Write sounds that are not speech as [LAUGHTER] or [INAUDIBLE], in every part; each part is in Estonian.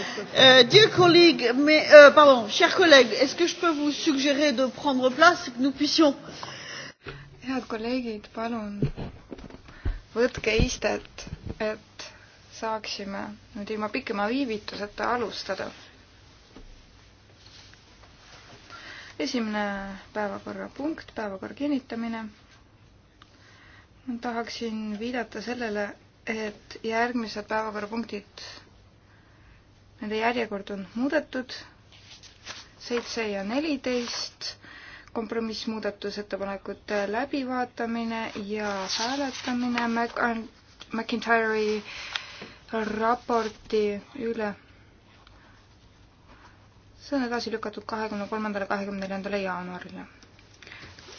Uh, dear colleague, mais, euh, pardon, chers collègues, est-ce que je peux vous suggérer de prendre place, que nous puissions. head kolleegid, palun võtke istet, et saaksime nüüd ilma pikema viivituseta alustada. esimene päevakorrapunkt, päevakorra kinnitamine. tahaksin viidata sellele, et järgmised päevakorrapunktid Nende järjekord on muudetud. seitse ja neliteist, kompromissmuudatusettepanekute läbivaatamine ja hääletamine Mac McIntyre'i raporti üle. see on edasi lükatud kahekümne kolmandale, kahekümne neljandale jaanuarile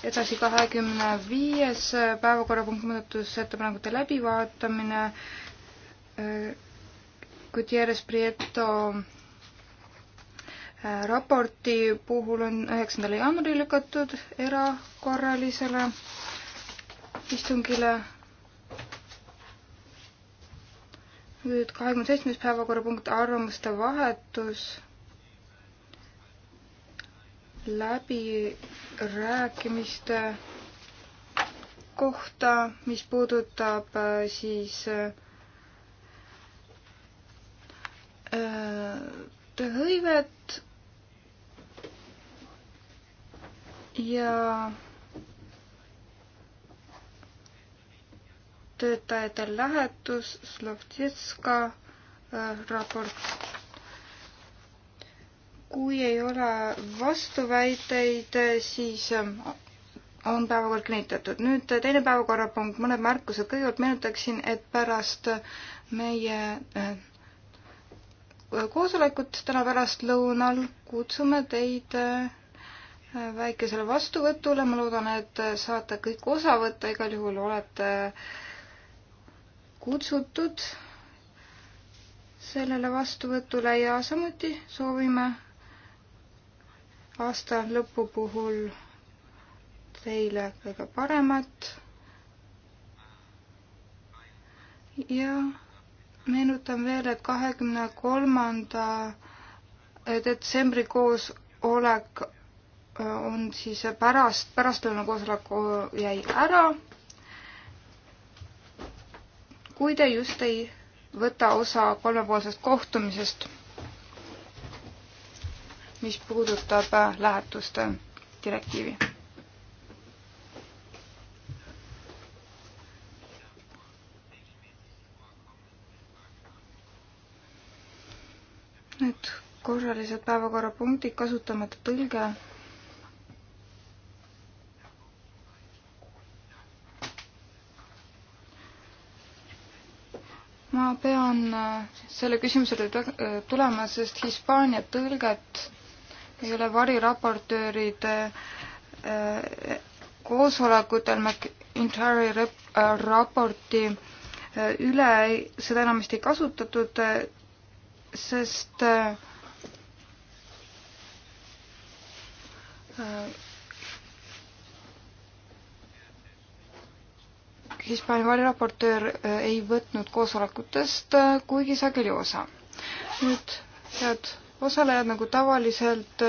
edasi kahekümne viies päevakorrapunkt muudatusettepanekute läbivaatamine. Gutierrez Prieto äh, raporti puhul on üheksandale jaanuari lükatud erakorralisele istungile. nüüd kahekümne seitsmes päevakorrapunkt, arvamuste vahetus läbirääkimiste kohta, mis puudutab äh, siis äh, tööhõivet ja töötajate lähetus, Slovtšetska raport. kui ei ole vastuväiteid, siis on päevakord kinnitatud. nüüd teine päevakorrapunkt, mõned märkused. kõigepealt meenutaksin, et pärast meie koosolekut täna pärastlõunal, kutsume teid äh, väikesele vastuvõtule, ma loodan, et saate kõik osa võtta, igal juhul olete kutsutud sellele vastuvõtule ja samuti soovime aasta lõpu puhul teile kõige paremat ja meenutan veel, et kahekümne kolmanda eh, detsembri koosolek eh, on siis pärast, pärastlõuna koosolek jäi ära. kui te just ei võta osa kolmepoolsest kohtumisest, mis puudutab eh, lähetuste direktiivi korralised päevakorrapunktid, kasutamata tõlge. ma pean äh, selle küsimusele äh, tulema, sest Hispaania tõlget ei ole variraportööride äh, koosolekutel McIntyre'i raporti üle seda enamasti ei kasutatud, sest äh, Hispaania variraportöör äh, ei võtnud koosolekutest äh, kuigi sageli osa. nüüd head osalejad, nagu tavaliselt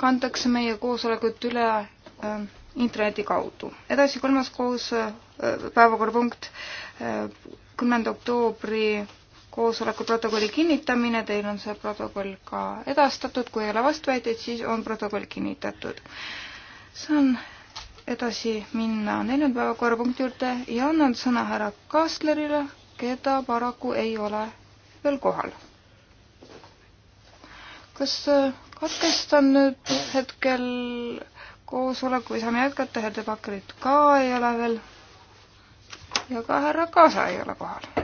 kantakse meie koosolekut üle äh, interneti kaudu. edasi kolmas koos äh, päevakorrapunkt äh, kümnenda äh, oktoobri koosoleku protokolli kinnitamine, teil on see protokoll ka edastatud, kui ei ole vastuväiteid, siis on protokoll kinnitatud. saan edasi minna neljanda päevakorrapunkti juurde ja annan sõna härra Kasslerile, keda paraku ei ole veel kohal. kas äh, katkestan nüüd hetkel koosoleku või saame jätkata, härra Debakrit ka ei ole veel ja ka härra Kaasa ei ole kohal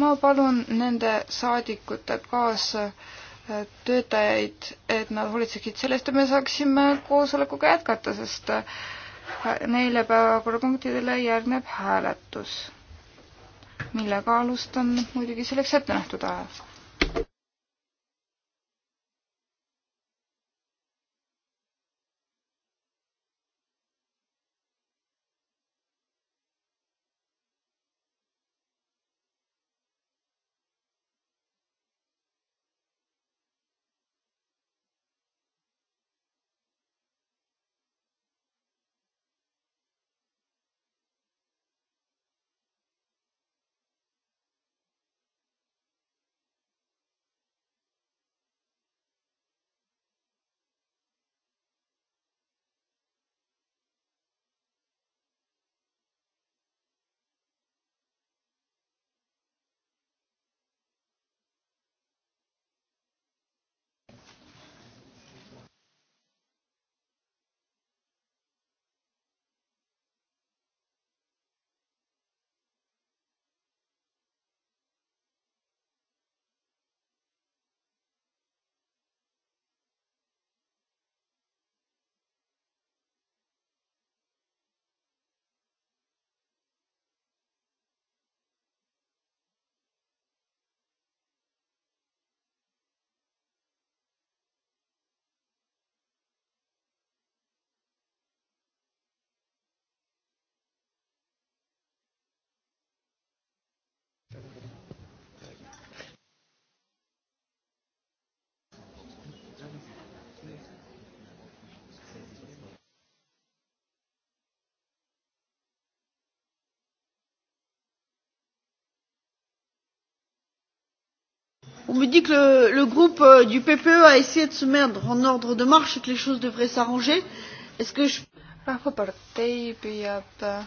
ma palun nende saadikute kaasa äh, töötajaid, et nad hoolitseksid sellest, et me saaksime koosolekuga jätkata, sest äh, neile päevakorrapunktidele järgneb hääletus, millega alustan muidugi selleks ette nähtud ajal. on me dit que le, le groupe euh, du PPE a essayé de se mettre en ordre de marche et que les choses devraient s'arranger. Est-ce que je... rahvapartei püüab äh,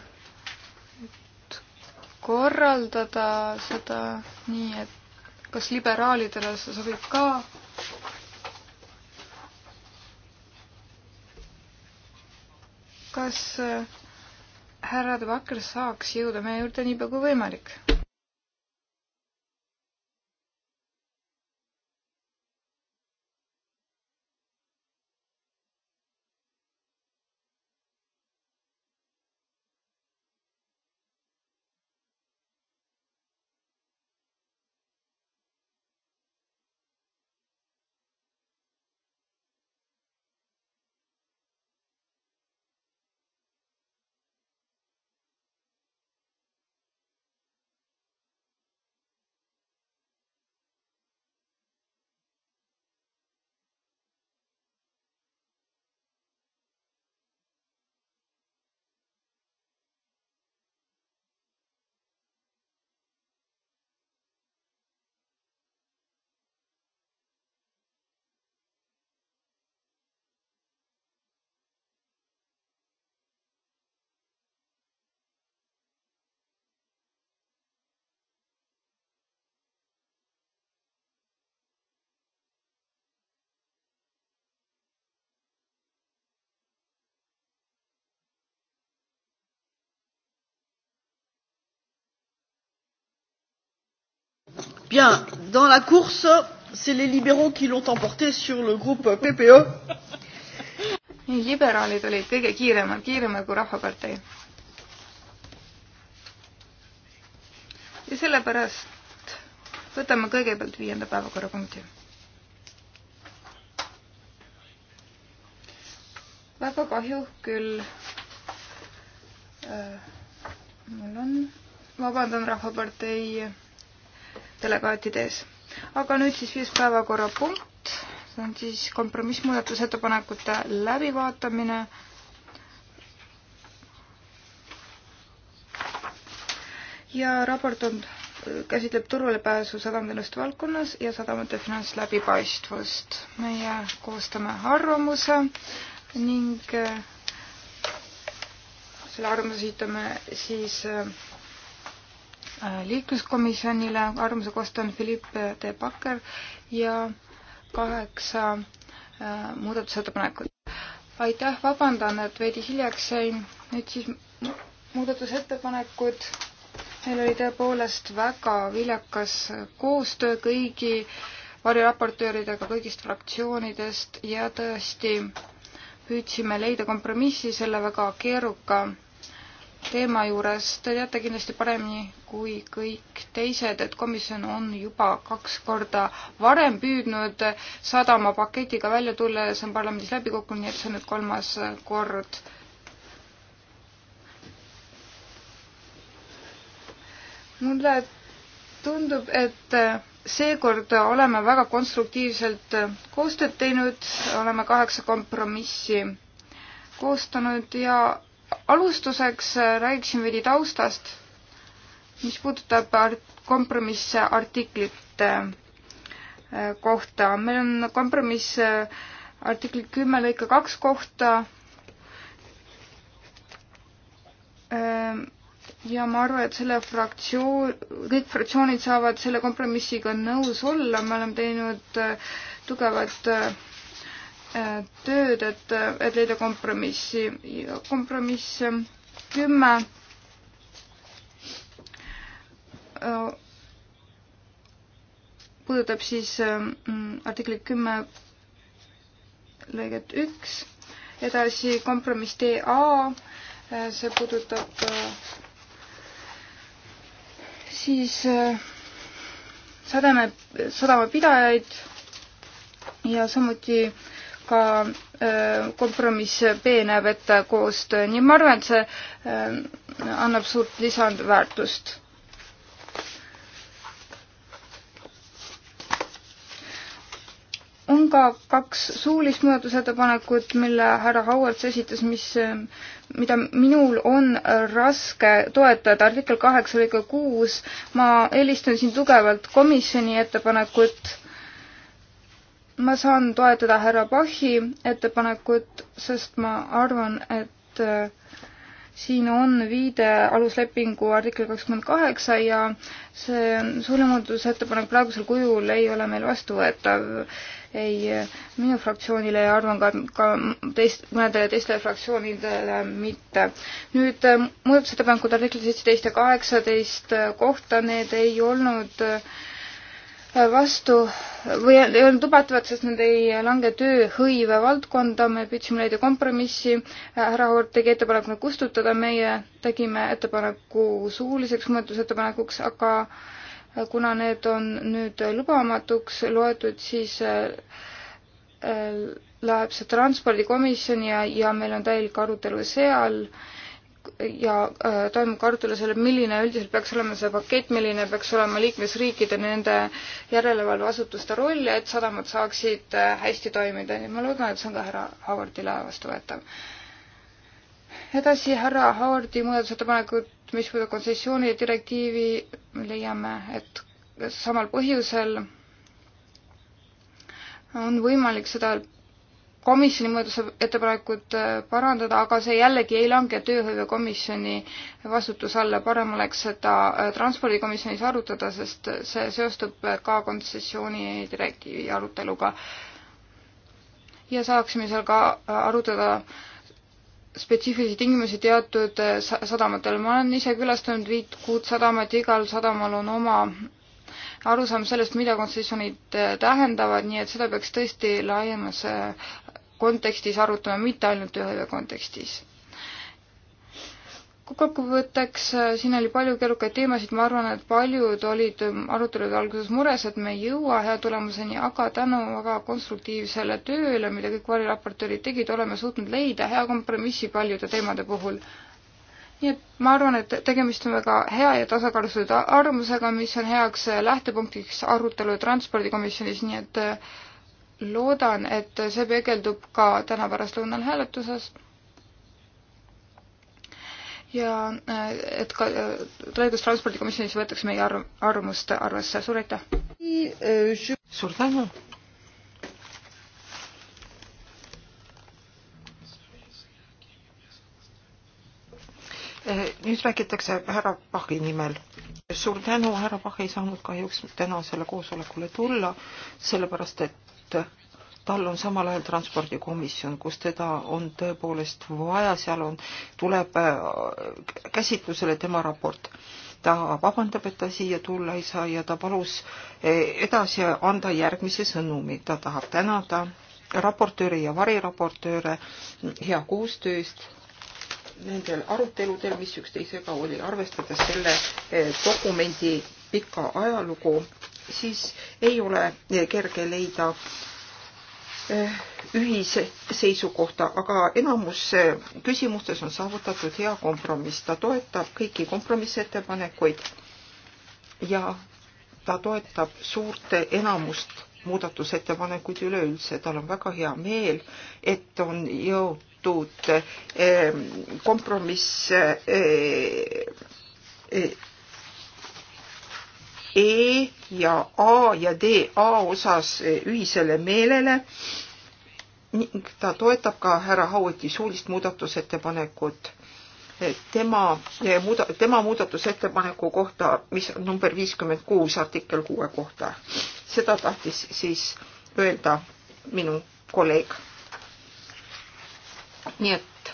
korraldada seda nii, et kas liberaalidele see sobib ka? kas äh, härra De Bakker saaks jõuda meie juurde niipea kui võimalik? Bien, dans la course, c'est les libéraux qui l'ont emporté sur le groupe PPE. liberaalid olid kõige kiiremad, kiiremad kui Rahvapartei. ja sellepärast võtame kõigepealt viienda päevakorrapunkti. väga kahju küll äh,. mul on, vabandan Rahvapartei delegaatide ees. aga nüüd siis viis päevakorrapunkt, see on siis kompromissmuudatusettepanekute läbivaatamine. ja raport on, käsitleb turvalepääsu sadamateenuste valdkonnas ja sadamate finantsläbipaistvust. meie koostame arvamuse ning äh, selle arvamuse esitame siis äh, Äh, liikluskomisjonile, arvamuse koostaja on Philippe de Backer ja kaheksa äh, muudatusettepanekut. aitäh, vabandan, et veidi hiljaks jäin. nüüd siis muudatusettepanekud. meil oli tõepoolest väga viljakas koostöö kõigi variraportööridega kõigist fraktsioonidest ja tõesti püüdsime leida kompromissi selle väga keeruka teema juures, te teate kindlasti paremini kui kõik teised, et komisjon on juba kaks korda varem püüdnud sadamapaketiga välja tulla ja see on parlamendis läbi kukkunud, nii et see on nüüd kolmas kord. mulle tundub, et seekord oleme väga konstruktiivselt koostööd teinud, oleme kaheksa kompromissi koostanud ja alustuseks äh, räägiksin veidi taustast, mis puudutab art-, kompromisse artiklite äh, kohta. meil on kompromiss äh, artikli kümme lõike kaks kohta. Ähm, ja ma arvan, et selle fraktsioon, kõik fraktsioonid saavad selle kompromissiga nõus olla, me oleme teinud tugevat tööd, et, et leida kompromissi. kompromiss äh, kümme äh, puudutab siis äh, artiklit kümme lõiget üks, edasi kompromiss DA, see puudutab siis sademe, sadamapidajaid ja samuti äh, ka äh, kompromiss B näeb ette koostöö, nii ma arvan, et see äh, annab suurt lisandväärtust. on ka kaks suulist muudatusettepanekut, mille härra Howards esitas, mis, äh, mida minul on raske toetada, artikkel kaheksa lõige kuus, ma eelistan siin tugevalt komisjoni ettepanekut ma saan toetada härra Bachi ettepanekut, sest ma arvan, et äh, siin on viide aluslepingu artikkel kakskümmend kaheksa ja see suunamuutusettepanek praegusel kujul ei ole meil vastuvõetav ei minu fraktsioonile ja arvan ka, ka teist, mõnedele teistele fraktsioonidele mitte. nüüd äh, muudatusettepanekud artikli seitseteist ja kaheksateist kohta, need ei olnud äh, vastu või ei olnud lubatavad, sest nad ei lange tööhõive valdkonda, me püüdsime leida kompromissi, härra Hoort tegi ettepaneku kustutada, meie tegime ettepaneku suuliseks muudatusettepanekuks, aga kuna need on nüüd lubamatuks loetud, siis äh, läheb see transpordikomisjoni ja, ja meil on täielik arutelu seal ja äh, toimub ka arutelu selle, milline üldiselt peaks olema see pakett, milline peaks olema liikmesriikide, nende järelevalveasutuste roll, et sadamad saaksid äh, hästi toimida, nii et ma loodan, et see on ka härra Howardile vastuvõetav. edasi härra Howardi muudatusettepanekud, mis puudutab kontsessiooni direktiivi, leiame, et samal põhjusel on võimalik seda komisjoni muudatusettepanekut äh, parandada, aga see jällegi ei lange tööhõivekomisjoni vastutuse alla, parem oleks seda äh, transpordikomisjonis arutada, sest see seostub äh, ka kontsessiooni direktiivi aruteluga. ja saaksime seal ka arutada spetsiifilisi tingimusi teatud sadamatel. ma olen ise külastanud viit kuud sadamat ja igal sadamal on oma arusaam sellest, mida kontsessioonid äh, tähendavad, nii et seda peaks tõesti laiemas äh, kontekstis arutama, mitte ainult ühe ühe kontekstis. kokkuvõtteks, äh, siin oli palju keerukaid teemasid, ma arvan, et paljud olid ähm, arutelude alguses mures, et me ei jõua hea tulemuseni, aga tänu väga konstruktiivsele tööle, mida kõik variraportöörid tegid, oleme suutnud leida hea kompromissi paljude teemade puhul nii et ma arvan, et tegemist on väga hea ja tasakaalustatud arvamusega, mis on heaks äh, lähtepunktiks arutelu Transpordikomisjonis, nii et äh, loodan, et see peegeldub ka täna pärastlõunal hääletuses. ja äh, et ka Leedus Transpordikomisjonis võetakse meie arv-, arvamust arvesse, suur aitäh! suur tänu! nüüd räägitakse härra Pahi nimel. suur tänu, härra Pah ei saanud kahjuks tänasele koosolekule tulla, sellepärast et tal on samal ajal transpordikomisjon, kus teda on tõepoolest vaja, seal on, tuleb äh, käsitlusele tema raport. ta vabandab, et ta siia tulla ei saa ja ta palus äh, edasi anda järgmise sõnumi, ta tahab tänada raportööre ja variraportööre hea koostöö eest nendel aruteludel, mis üksteisega oli, arvestades selle eh, dokumendi pika ajalugu, siis ei ole eh, kerge leida eh, ühisseisukohta, aga enamus küsimustes on saavutatud hea kompromiss, ta toetab kõiki kompromissettepanekuid ja ta toetab suurt enamust muudatusettepanekuid üleüldse, tal on väga hea meel, et on jõud antud eh, kompromiss eh, eh, E ja A ja D A osas ühisele meelele ning ta toetab ka härra Haueti suulist muudatusettepanekut tema muuda,, tema muudatusettepaneku kohta, mis on number viiskümmend kuus artikkel kuue kohta. seda tahtis siis öelda minu kolleeg nii et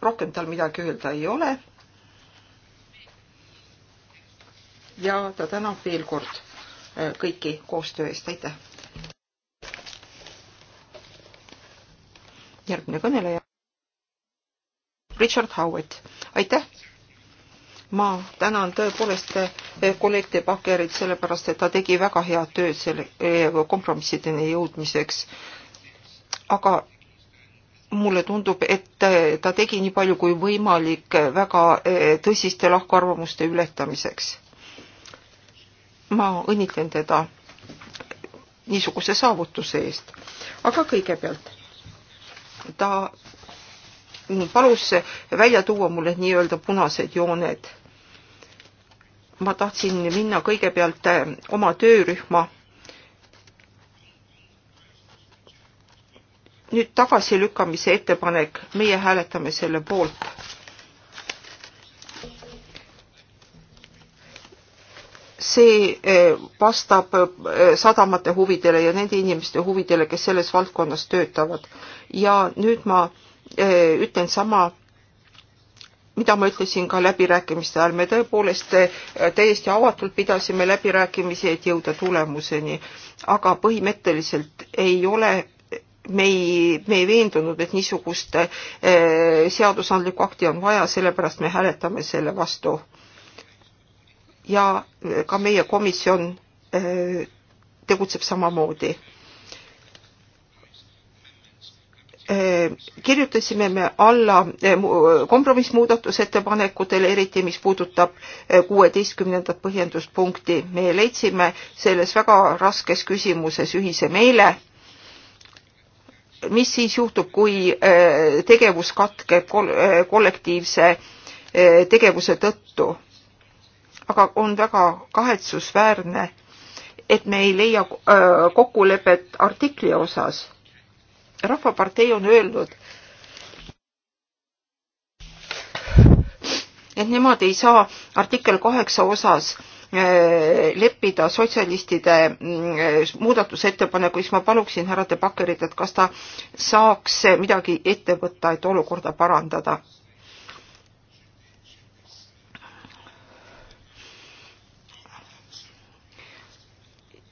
rohkem tal midagi öelda ei ole. ja ta tänab veel kord äh, kõiki koostöö eest, aitäh. järgmine kõneleja. Richard Howard, aitäh. ma tänan tõepoolest äh, kolleeg De Bacherit sellepärast, et ta tegi väga head tööd selle äh, kompromissideni jõudmiseks aga mulle tundub, et äh, ta tegi nii palju kui võimalik äh, väga äh, tõsiste lahkarvamuste ületamiseks. ma õnnitlen teda niisuguse saavutuse eest. aga kõigepealt ta palus välja tuua mulle nii-öelda punased jooned. ma tahtsin minna kõigepealt oma töörühma nüüd tagasilükkamise ettepanek, meie hääletame selle poolt. see eh, vastab eh, sadamate huvidele ja nende inimeste huvidele, kes selles valdkonnas töötavad. ja nüüd ma eh, ütlen sama mida ma ütlesin ka läbirääkimiste ajal, me tõepoolest täiesti avatult pidasime läbirääkimisi, et jõuda tulemuseni, aga põhimõtteliselt ei ole me ei, me ei veendunud, et niisugust äh, seadusandlikku akti on vaja, sellepärast me hääletame selle vastu. ja äh, ka meie komisjon äh, tegutseb samamoodi. kirjutasime me alla kompromissmuudatusettepanekutele, eriti mis puudutab kuueteistkümnendat põhjenduspunkti. me leidsime selles väga raskes küsimuses ühise meele mis siis juhtub, kui äh, tegevus katkeb äh, kollektiivse äh, tegevuse tõttu. aga on väga kahetsusväärne, et me ei leia kokkulepet artikli osas. rahvapartei on öelnud, et nemad ei saa artikkel kaheksa osas Äh, leppida sotsialistide äh, muudatusettepaneku, siis ma paluksin härra De Bakkerit, et kas ta saaks midagi ette võtta, et olukorda parandada.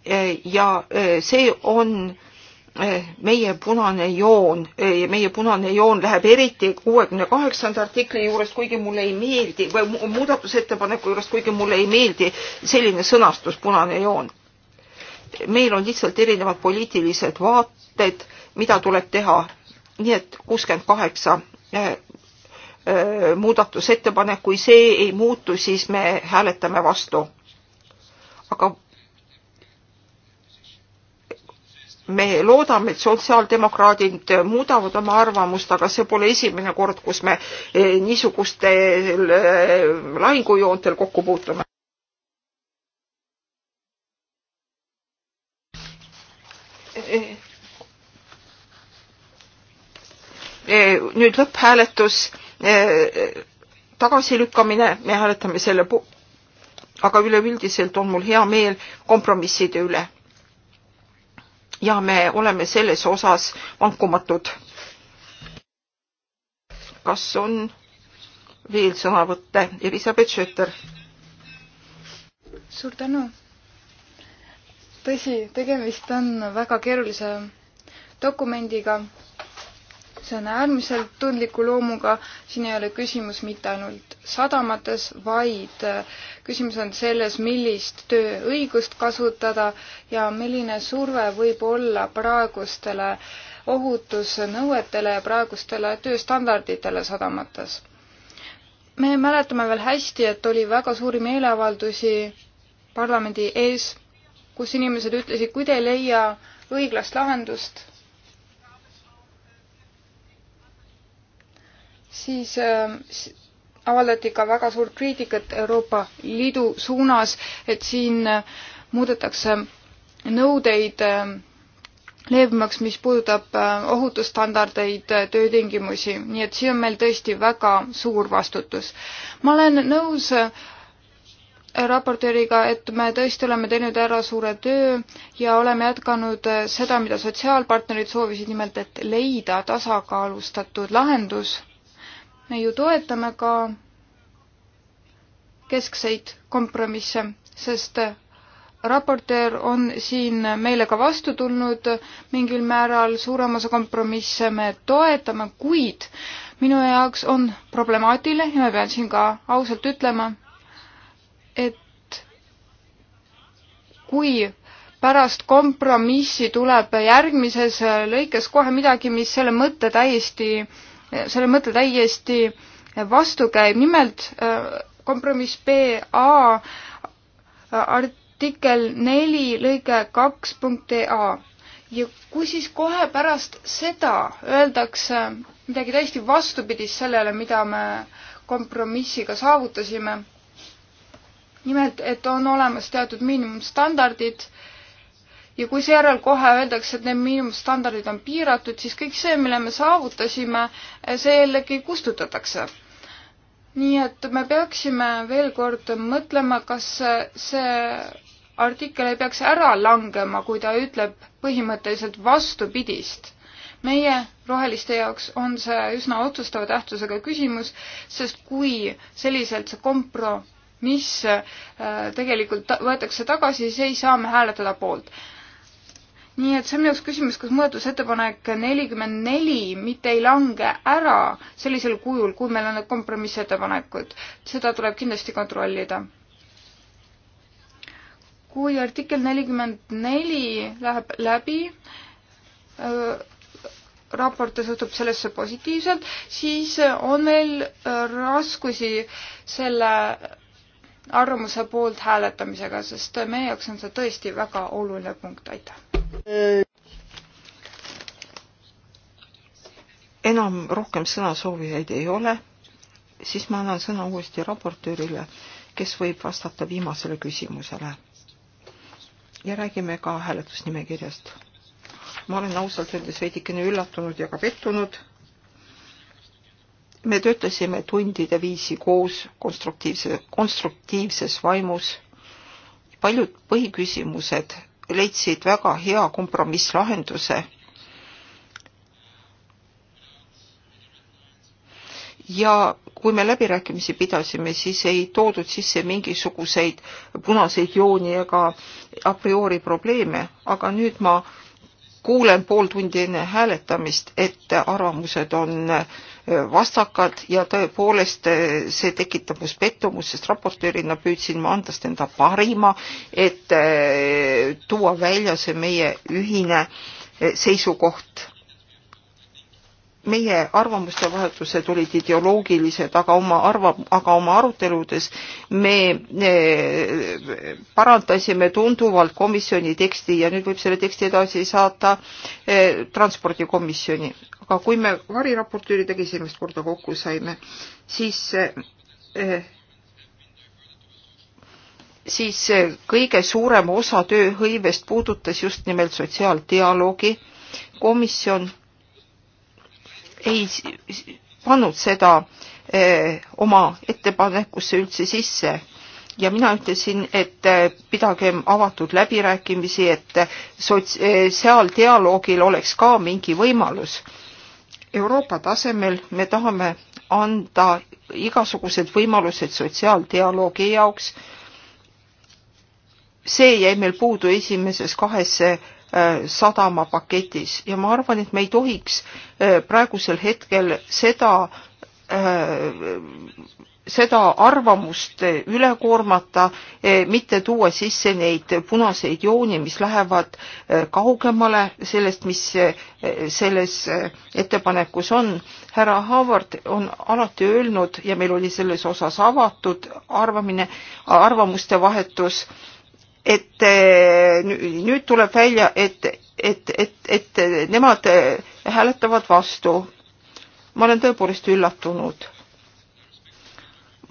Äh, ja see on Eh, meie punane joon, eh, meie punane joon läheb eriti kuuekümne kaheksanda artikli juurest, kuigi mulle ei meeldi või muudatusettepaneku juurest, kuigi mulle ei meeldi selline sõnastus, punane joon. meil on lihtsalt erinevad poliitilised vaated, mida tuleb teha, nii et kuuskümmend kaheksa eh, muudatusettepanek, kui see ei muutu, siis me hääletame vastu. aga me loodame, et sotsiaaldemokraadid muudavad oma arvamust, aga see pole esimene kord, kus me eh, niisugustel eh, lahingujoontel kokku puutume. Eh, nüüd lõpphääletus, tagasilükkamine, me hääletame selle, aga üleüldiselt on mul hea meel kompromisside üle ja me oleme selles osas vankumatud. kas on veel sõnavõtte? Elisabeth Schütter. suur tänu. tõsi, tegemist on väga keerulise dokumendiga see on äärmiselt tundliku loomuga, siin ei ole küsimus mitte ainult sadamates, vaid äh, küsimus on selles, millist tööõigust kasutada ja milline surve võib olla praegustele ohutusnõuetele ja praegustele tööstandarditele sadamates. me mäletame veel hästi, et oli väga suuri meeleavaldusi parlamendi ees, kus inimesed ütlesid, kui te ei leia õiglast lahendust, siis ähm, avaldati ka väga suurt kriitikat Euroopa Liidu suunas, et siin äh, muudetakse nõudeid äh, leebemaks, mis puudutab äh, ohutusstandardeid, töötingimusi, nii et siin on meil tõesti väga suur vastutus. ma olen nõus raportööriga, et me tõesti oleme teinud ära suure töö ja oleme jätkanud seda, mida sotsiaalpartnerid soovisid, nimelt et leida tasakaalustatud lahendus me ju toetame ka keskseid kompromisse, sest raportöör on siin meile ka vastu tulnud mingil määral, suurem osa kompromisse me toetame, kuid minu jaoks on problemaatiline ja ma pean siin ka ausalt ütlema, et kui pärast kompromissi tuleb järgmises lõikes kohe midagi, mis selle mõtte täiesti äh, selle mõte täiesti vastu käib. nimelt äh, kompromiss BA äh, artikkel neli lõige kaks punkt EA ja kui siis kohe pärast seda öeldakse midagi täiesti vastupidist sellele, mida me kompromissiga saavutasime, nimelt, et on olemas teatud miinimumstandardid ja kui seejärel kohe öeldakse, et need miinimumstandardid on piiratud, siis kõik see, mille me saavutasime, see jällegi kustutatakse. nii et me peaksime veel kord mõtlema, kas see artikkel ei peaks ära langema, kui ta ütleb põhimõtteliselt vastupidist. meie roheliste jaoks on see üsna otsustava tähtsusega küsimus, sest kui selliselt see kompromiss mis äh, tegelikult võetakse tagasi, siis ei saa me hääletada poolt nii et see on minu jaoks küsimus, kas muudatusettepanek nelikümmend neli mitte ei lange ära sellisel kujul, kui meil on need kompromissettepanekud. seda tuleb kindlasti kontrollida. kui artikkel nelikümmend neli läheb läbi, äh, raport suhtub sellesse positiivselt, siis on meil äh, raskusi selle arvamuse poolt hääletamisega, sest meie jaoks on see tõesti väga oluline punkt, aitäh. enam rohkem sõnasoovijaid ei ole, siis ma annan sõna uuesti raportöörile, kes võib vastata viimasele küsimusele. ja räägime ka hääletusnimekirjast. ma olen ausalt öeldes veidikene üllatunud ja ka pettunud me töötasime tundide viisi koos konstruktiivse, konstruktiivses vaimus. paljud põhiküsimused leidsid väga hea kompromisslahenduse. ja kui me läbirääkimisi pidasime, siis ei toodud sisse mingisuguseid punaseid jooni ega a priori probleeme, aga nüüd ma kuulen pool tundi enne hääletamist, et arvamused on äh, vastakad ja tõepoolest äh, see tekitab must pettumust, sest raportöörina püüdsin ma anda enda parima, et äh, tuua välja see meie ühine seisukoht meie arvamuste vahetused olid ideoloogilised, aga oma arva, aga oma aruteludes me parandasime tunduvalt komisjoni teksti ja nüüd võib selle teksti edasi saata eh, transpordikomisjoni. aga kui me variraportööridega esimest korda kokku saime, siis eh, siis kõige suurem osa tööhõivest puudutas just nimelt sotsiaaldialoogi. komisjon ei pannud seda eh, oma ettepanekusse üldse sisse ja mina ütlesin, et eh, pidagem avatud läbirääkimisi, et eh, sotsiaaldialoogil oleks ka mingi võimalus. Euroopa tasemel me tahame anda igasugused võimalused sotsiaaldialoogi jaoks. see jäi meil puudu esimeses kahes Äh, sadamapaketis ja ma arvan, et me ei tohiks äh, praegusel hetkel seda äh, seda arvamust üle koormata, mitte tuua sisse neid punaseid jooni, mis lähevad kaugemale sellest, mis selles ettepanekus on. härra Howard on alati öelnud ja meil oli selles osas avatud arvamine, arvamuste vahetus et eh, nüüd tuleb välja, et, et, et, et nemad eh, hääletavad vastu. ma olen tõepoolest üllatunud.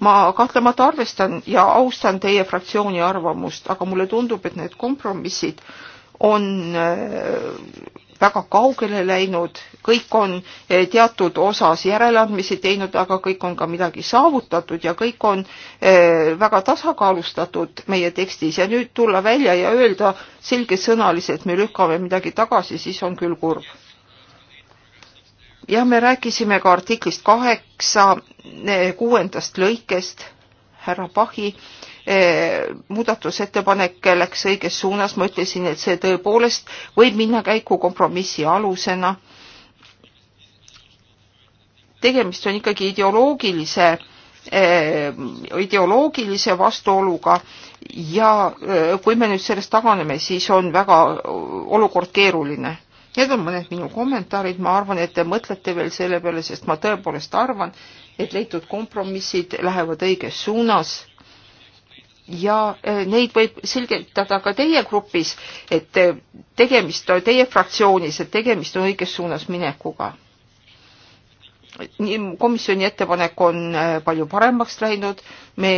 ma kahtlemata arvestan ja austan teie fraktsiooni arvamust, aga mulle tundub, et need kompromissid on eh, väga kaugele läinud, kõik on eh, teatud osas järeleandmisi teinud, aga kõik on ka midagi saavutatud ja kõik on eh, väga tasakaalustatud meie tekstis ja nüüd tulla välja ja öelda selgesõnaliselt, me lükkame midagi tagasi, siis on küll kurb ja me rääkisime ka artiklist kaheksa eh, kuuendast lõikest, härra Pahi muudatusettepanek läks õiges suunas, ma ütlesin, et see tõepoolest võib minna käiku kompromissi alusena. tegemist on ikkagi ideoloogilise eh, ideoloogilise vastuoluga ja eh, kui me nüüd sellest taganeme, siis on väga olukord keeruline. Need on mõned minu kommentaarid, ma arvan, et te mõtlete veel selle peale, sest ma tõepoolest arvan, et leitud kompromissid lähevad õiges suunas ja eh, neid võib selgitada ka teie grupis, et eh, tegemist, teie fraktsioonis, et tegemist on õiges suunas minekuga. komisjoni ettepanek on eh, palju paremaks läinud, me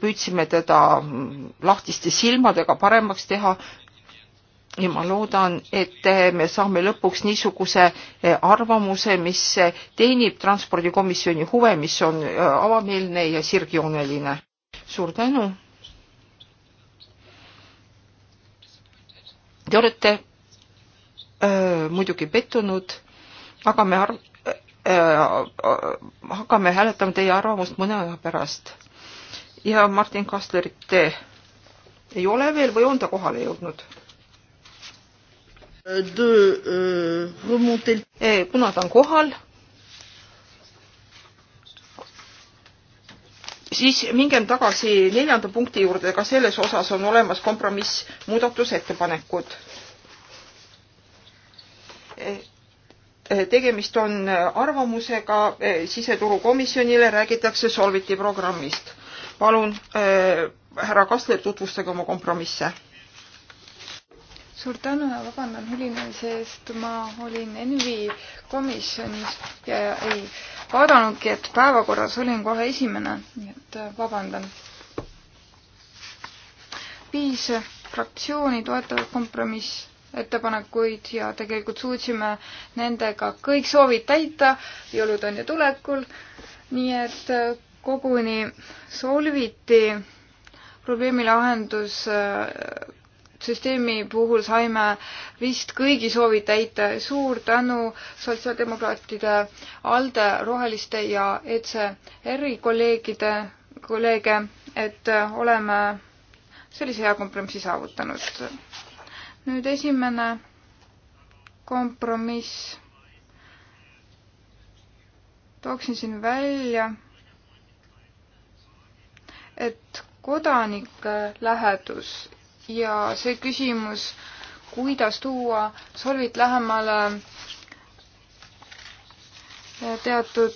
püüdsime teda mm, lahtiste silmadega paremaks teha ja ma loodan, et me saame lõpuks niisuguse arvamuse, mis teenib transpordikomisjoni huve, mis on avameelne ja sirgjooneline. suur tänu! Te olete öö, muidugi pettunud, aga me arv-, hakkame hääletama teie arvamust mõne aja pärast. ja Martin Kastlerit ei ole veel või on ta kohale jõudnud? kuna ta on kohal siis mingem tagasi neljanda punkti juurde, ka selles osas on olemas kompromiss muudatusettepanekud. E, e, tegemist on arvamusega e, siseturukomisjonile, räägitakse Solviti programmist. palun, härra Kastler, tutvustage oma kompromisse suur tänu ja vabandan hilinemise eest, ma olin Envi komisjonis ja ei vaadanudki, et päevakorras olin kohe esimene, nii et äh, vabandan. viis fraktsiooni toetavad kompromiss ettepanekuid ja tegelikult suutsime nendega kõik soovid täita jõulud on ju tulekul. nii et äh, koguni solviti probleemi lahendus äh, süsteemi puhul saime vist kõigi soovid täita. suur tänu sotsiaaldemokraatide, ALDE, Roheliste ja ECR-i kolleegide, kolleege, et oleme sellise hea kompromissi saavutanud. nüüd esimene kompromiss. tooksin siin välja, et kodanike lähedus ja see küsimus, kuidas tuua solvit lähemale eh, teatud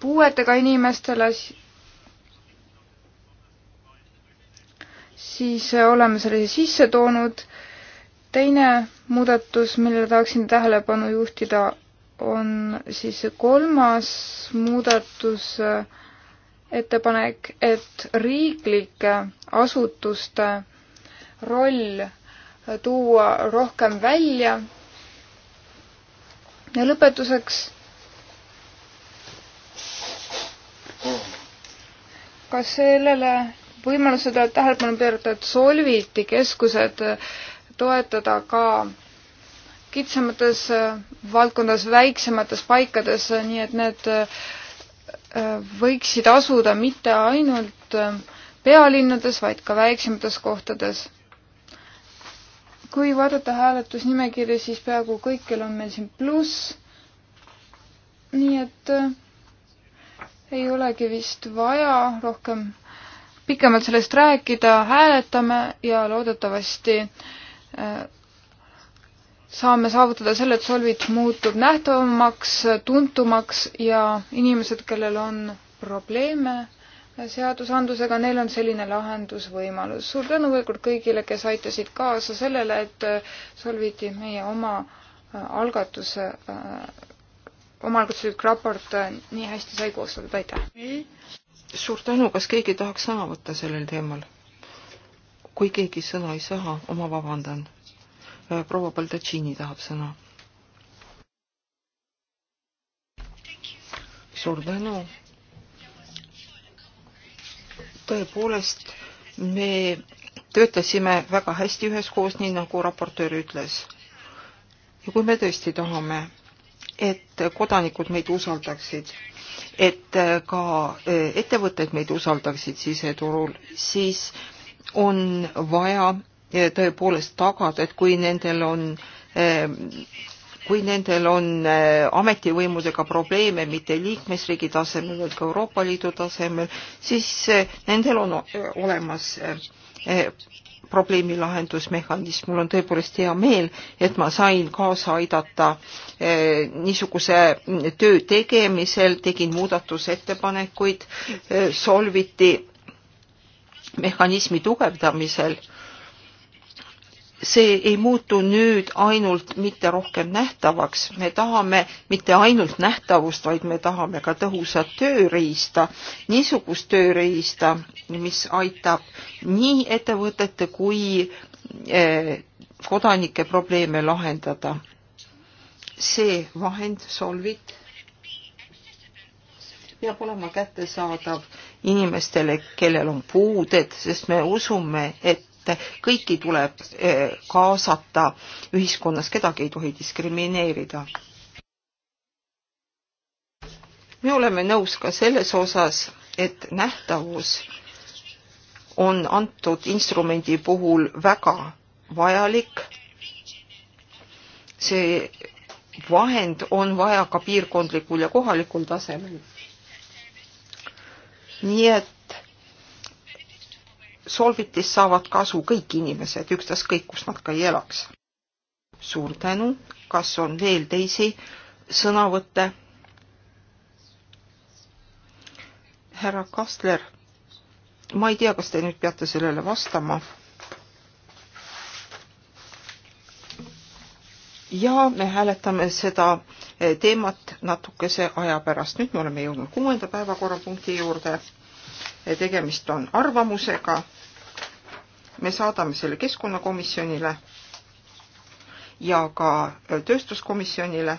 puuetega inimestele, siis eh, oleme selle sisse toonud. teine muudatus, millele tahaksin tähelepanu juhtida, on siis kolmas muudatus äh, ettepanek, et riiklike asutuste roll tuua rohkem välja. ja lõpetuseks. ka sellele võimalusele tähelepanu pöörata, et solviti keskused toetada ka kitsamates valdkondades, väiksemates paikades, nii et need äh, võiksid asuda mitte ainult äh, pealinnades, vaid ka väiksemates kohtades. kui vaadata hääletusnimekirja, siis peaaegu kõikjal on meil siin pluss. nii et äh, ei olegi vist vaja rohkem pikemalt sellest rääkida, hääletame ja loodetavasti äh, saame saavutada selle, et Solvit muutub nähtavamaks, tuntumaks ja inimesed, kellel on probleeme seadusandlusega, neil on selline lahendusvõimalus. suur tänu veel kord kõigile, kes aitasid kaasa sellele, et Solviti meie oma äh, algatuse, äh, omaalgatuslik raport nii hästi sai koostatud, aitäh! suur tänu, kas keegi tahaks sõna võtta sellel teemal? kui keegi sõna ei saa, oma vabandan Äh, proua Baldacini tahab sõna. suur tänu. tõepoolest, me töötasime väga hästi üheskoos, nii nagu raportöör ütles. ja kui me tõesti tahame, et kodanikud meid usaldaksid, et ka äh, ettevõtted meid usaldaksid siseturul, siis on vaja tõepoolest tagada, et kui nendel on ehm, kui nendel on eh, ametivõimudega probleeme mitte liikmesriigi tasemel, vaid ka Euroopa Liidu tasemel, siis eh, nendel on olemas eh, probleemi lahendusmehhanism. mul on tõepoolest hea meel, et ma sain kaasa aidata niisuguse töö tegemisel, tegin muudatusettepanekuid Solviti mehhanismi tugevdamisel see ei muutu nüüd ainult mitte rohkem nähtavaks, me tahame mitte ainult nähtavust, vaid me tahame ka tõhusat tööriista, niisugust tööriista, mis aitab nii ettevõtete kui eh, kodanike probleeme lahendada. see vahend, Solvit, peab olema kättesaadav inimestele, kellel on puuded, sest me usume, et mitte, kõiki tuleb eh, kaasata ühiskonnas, kedagi ei tohi diskrimineerida. me oleme nõus ka selles osas, et nähtavus on antud instrumendi puhul väga vajalik. see vahend on vaja ka piirkondlikul ja kohalikul tasemel. nii et solvitist saavad kasu kõik inimesed, ükstaskõik, kus nad ka ei elaks. suur tänu, kas on veel teisi sõnavõtte? härra Kastler, ma ei tea, kas te nüüd peate sellele vastama. ja me hääletame seda teemat natukese aja pärast. nüüd me oleme jõudnud kuuenda päevakorrapunkti juurde tegemist on arvamusega me saadame selle keskkonnakomisjonile ja ka äh, tööstuskomisjonile.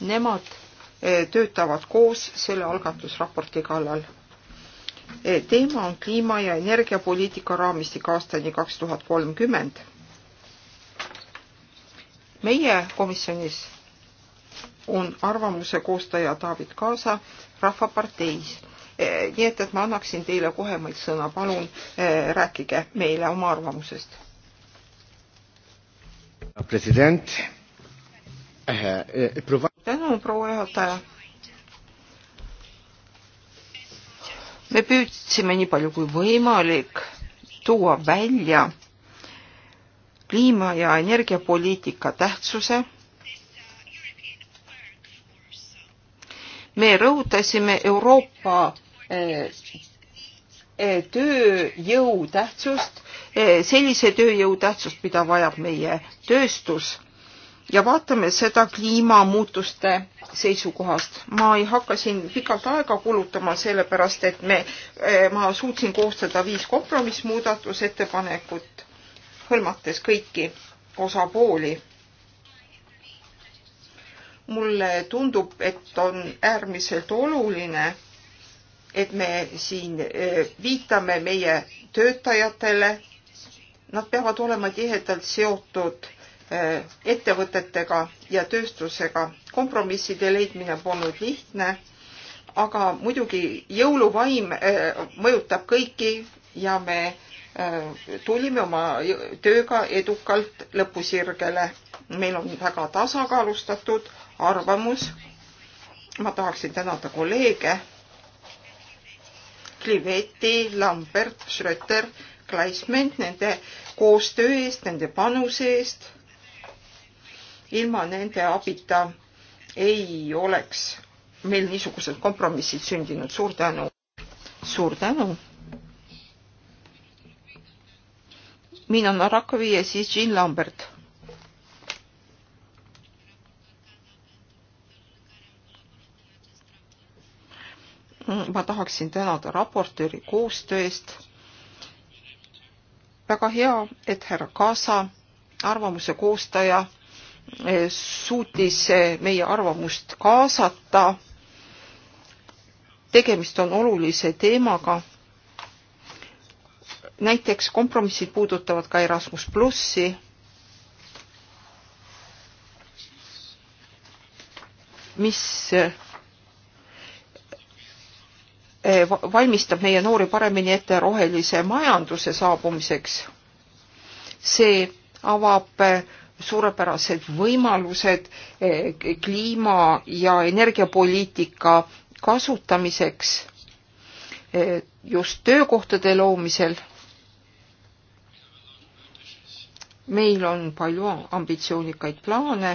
Nemad äh, töötavad koos selle algatusraporti kallal. Äh, teema on kliima- ja energiapoliitika raamistik aastani kaks tuhat kolmkümmend. meie komisjonis on arvamuse koostaja David Kaasa Rahvaparteist nii et, et ma annaksin teile kohe meilt sõna, palun eh, rääkige meile oma arvamusest. president. Eh, eh, tänu, proua juhataja. me püüdsime nii palju kui võimalik tuua välja kliima ja energiapoliitika tähtsuse me rõhutasime Euroopa Äh, äh, tööjõu tähtsust, äh, sellise tööjõu tähtsust, mida vajab meie tööstus ja vaatame seda kliimamuutuste seisukohast. ma ei hakka siin pikalt aega kulutama, sellepärast et me, ma suutsin koostada viis kompromissmuudatusettepanekut, hõlmates kõiki osapooli. mulle tundub, et on äärmiselt oluline et me siin äh, viitame meie töötajatele, nad peavad olema tihedalt seotud äh, ettevõtetega ja tööstusega. kompromisside leidmine polnud lihtne, aga muidugi jõuluvaim äh, mõjutab kõiki ja me tulime oma tööga edukalt lõpusirgele. meil on väga tasakaalustatud arvamus. ma tahaksin tänada kolleege Kliveti, Lambert, Schröter, Kleismann nende koostöö eest, nende panuse eest. ilma nende abita ei oleks meil niisugused kompromissid sündinud. suur tänu. suur tänu. mina Narakovi ja siis Jean Lambert ma tahaksin tänada raportööri koostöö eest. väga hea, et härra Kaasa, arvamuse koostaja, eh, suutis eh, meie arvamust kaasata. tegemist on olulise teemaga. näiteks kompromissid puudutavad ka Erasmus plussi. mis eh, Eh, valmistab meie noori paremini ette rohelise majanduse saabumiseks. see avab eh, suurepärased võimalused eh, kliima ja energiapoliitika kasutamiseks just töökohtade loomisel. meil on palju ambitsioonikaid plaane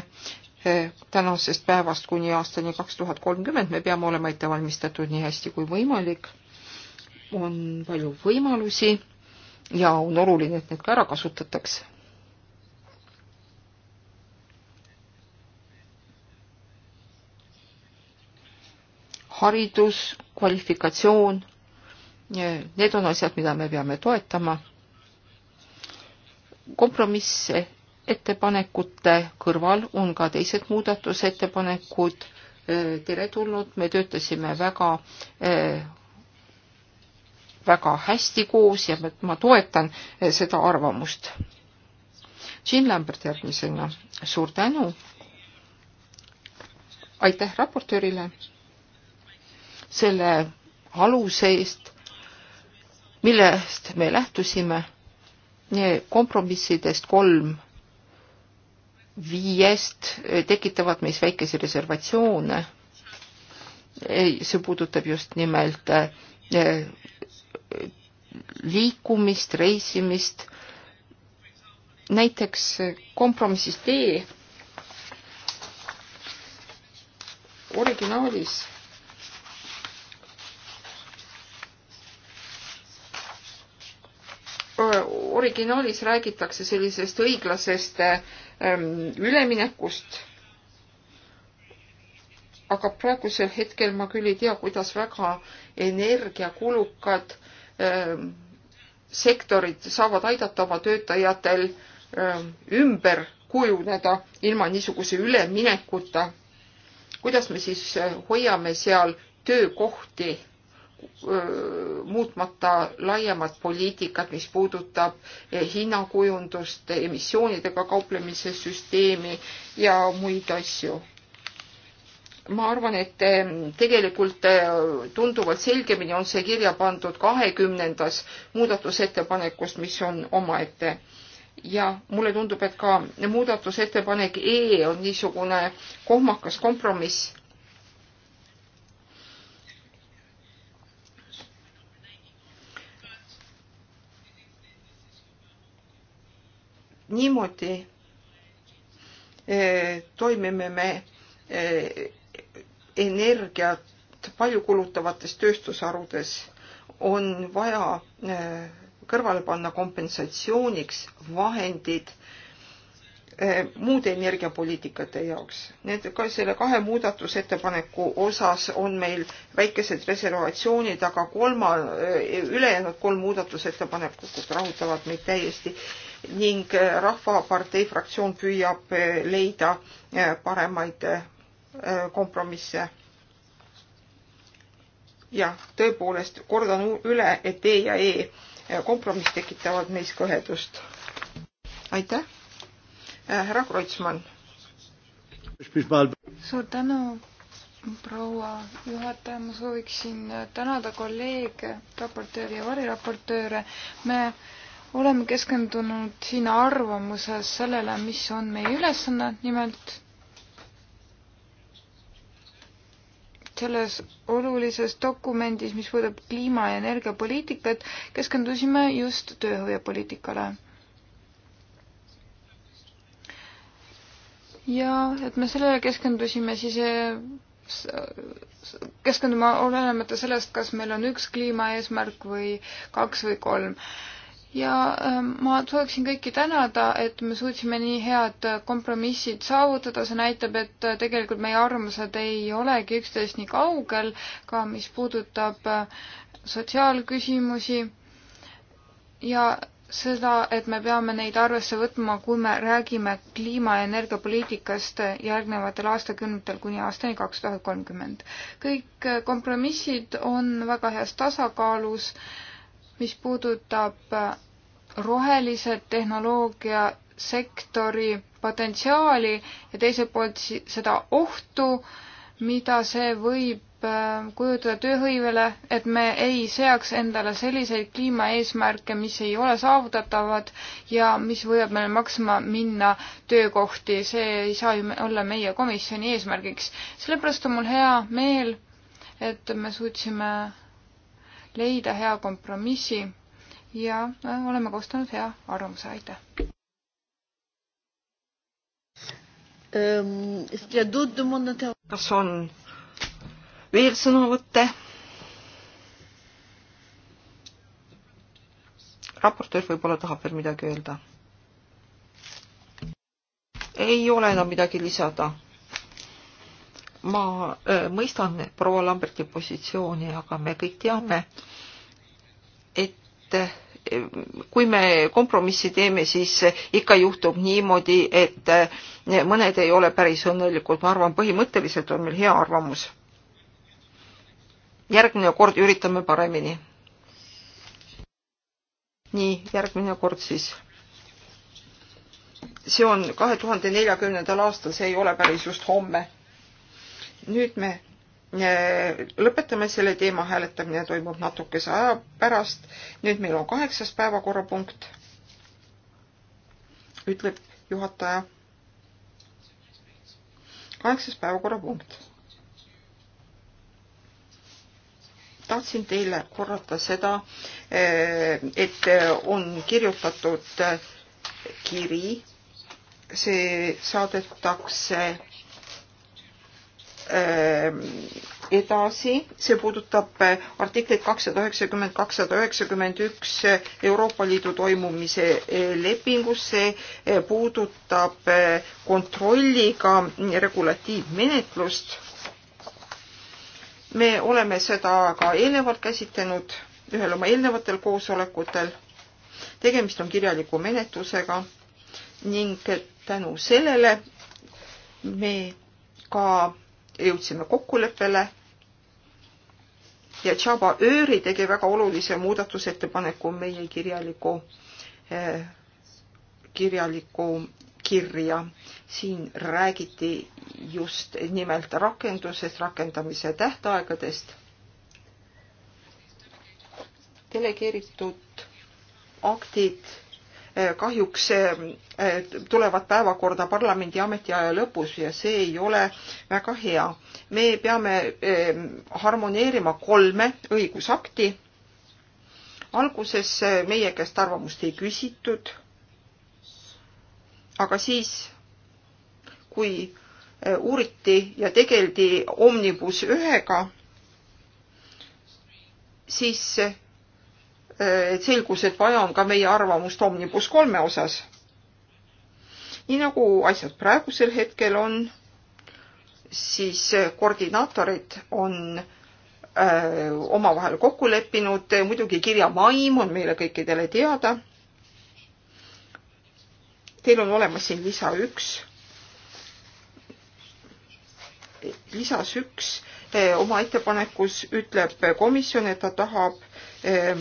tänasest päevast kuni aastani kaks tuhat kolmkümmend me peame olema ettevalmistatud nii hästi kui võimalik. on palju võimalusi ja on oluline, et need ka ära kasutataks. haridus, kvalifikatsioon, need on asjad, mida me peame toetama. kompromisse ettepanekute kõrval on ka teised muudatusettepanekud eh, teretulnud, me töötasime väga eh, väga hästi koos ja ma toetan eh, seda arvamust. Jean Lambert järgmisena, suur tänu. aitäh raportöörile selle aluse eest, millest me lähtusime kompromissidest kolm viiest eh, tekitavad meis väikese reservatsioone. see puudutab just nimelt eh, eh, liikumist, reisimist. näiteks kompromissis D originaalis originaalis räägitakse sellisest õiglasest ähm, üleminekust. aga praegusel hetkel ma küll ei tea, kuidas väga energiakulukad ähm, sektorid saavad aidata oma töötajatel ähm, ümber kujuneda ilma niisuguse üleminekuta. kuidas me siis äh, hoiame seal töökohti? muutmata laiemat poliitikat, mis puudutab eh, hinnakujundust, emissioonidega kauplemise süsteemi ja muid asju. ma arvan, et eh, tegelikult eh, tunduvalt selgemini on see kirja pandud kahekümnendas muudatusettepanekust, mis on omaette ja mulle tundub, et ka muudatusettepanek E on niisugune kohmakas kompromiss niimoodi toimime me energiat palju kulutavates tööstusharudes on vaja kõrvale panna kompensatsiooniks vahendid muude energiapoliitikate jaoks. Need ka selle kahe muudatusettepaneku osas on meil väikesed reservatsioonid, aga kolma, ülejäänud kolm muudatusettepanekut rahutavad meid täiesti ning eh, Rahvapartei fraktsioon püüab eh, leida eh, paremaid kompromisse. jah, tõepoolest kordan üle, et E ja E kompromiss tekitavad meis kõhedust. aitäh, härra Kreutzmann. suur tänu, proua juhataja, ma sooviksin tänada kolleege, raportööri ja variraportööre. me äh, oleme keskendunud siin arvamuses sellele, mis on meie ülesanne, nimelt selles olulises dokumendis, mis puudutab kliima- ja energiapoliitikat, keskendusime just tööhõivepoliitikale. ja et me sellele keskendusime, siis eh, keskendume olenemata sellest, kas meil on üks kliimaeesmärk või kaks või kolm ja ähm, ma sooviksin kõiki tänada, et me suutsime nii head äh, kompromissid saavutada, see näitab, et äh, tegelikult meie arvamused ei olegi üksteisest nii kaugel, ka mis puudutab äh, sotsiaalküsimusi ja seda, et me peame neid arvesse võtma, kui me räägime kliima- ja energiapoliitikast järgnevatel aastakümnetel kuni aastani kaks tuhat kolmkümmend. kõik kompromissid on väga heas tasakaalus, mis puudutab rohelise tehnoloogia sektori potentsiaali ja teiselt poolt seda ohtu, mida see võib äh, kujutada tööhõivele, et me ei seaks endale selliseid kliimaeesmärke, mis ei ole saavutatavad ja mis võivad meile maksma minna töökohti, see ei saa ju olla meie komisjoni eesmärgiks. sellepärast on mul hea meel, et me suutsime leida hea kompromissi ja äh, oleme koostanud hea arvamuse, aitäh. Ähm, kas on veel sõnavõtte? raportöör võib-olla tahab veel midagi öelda. ei ole enam midagi lisada. ma öö, äh, mõistan proua Lamberti positsiooni, aga me kõik teame, et kui me kompromissi teeme, siis ikka juhtub niimoodi, et eh, mõned ei ole päris õnnelikud, ma arvan, põhimõtteliselt on meil hea arvamus. järgmine kord üritame paremini. nii, järgmine kord siis. see on kahe tuhande neljakümnendal aastal, see ei ole päris just homme. nüüd me Äh, lõpetame selle teema, hääletamine toimub natukese aja pärast. nüüd meil on kaheksas päevakorrapunkt, ütleb juhataja. kaheksas päevakorrapunkt. tahtsin teile korrata seda, äh, et äh, on kirjutatud kiri, see saadetakse Äh, edasi, see puudutab äh, artiklit kakssada üheksakümmend, kakssada üheksakümmend üks äh, Euroopa Liidu toimumise lepingus, see puudutab kontrolliga regulatiivmenetlust. me oleme seda ka eelnevalt käsitlenud ühel oma eelnevatel koosolekutel. tegemist on kirjaliku menetlusega ning tänu sellele me ka jõudsime kokkuleppele ja Tšaba Ööri tegi väga olulise muudatusettepaneku meie kirjaliku, eh, kirjaliku kirja. siin räägiti just nimelt rakendusest, rakendamise tähtaegadest. delegeeritud aktid kahjuks eh, tulevad päevakorda parlamendi ametiaja lõpus ja see ei ole väga hea. me peame eh, harmoneerima kolme õigusakti. alguses eh, meie käest arvamust ei küsitud. aga siis, kui uuriti ja tegeldi Omnibus ühega, siis et selgus, et vaja on ka meie arvamust Omnibus kolme osas. nii nagu asjad praegusel hetkel on, siis koordinaatorid on äh, omavahel kokku leppinud, muidugi kirja maim on meile kõikidele teada. Teil on olemas siin lisa üks. lisas üks äh, oma ettepanekus ütleb komisjon, et ta tahab äh,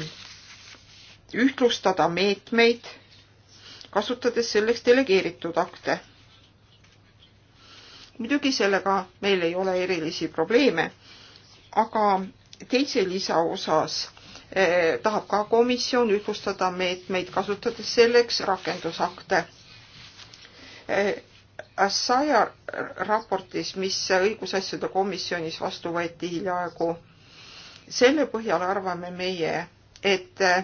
ühtlustada meetmeid, kasutades selleks delegeeritud akte. muidugi sellega meil ei ole erilisi probleeme, aga teise lisa osas eh, tahab ka komisjon ühtlustada meetmeid, kasutades selleks rakendusakte eh,. Assaja raportis, mis õigusasjade komisjonis vastu võeti hiljaaegu, selle põhjal arvame meie, et eh,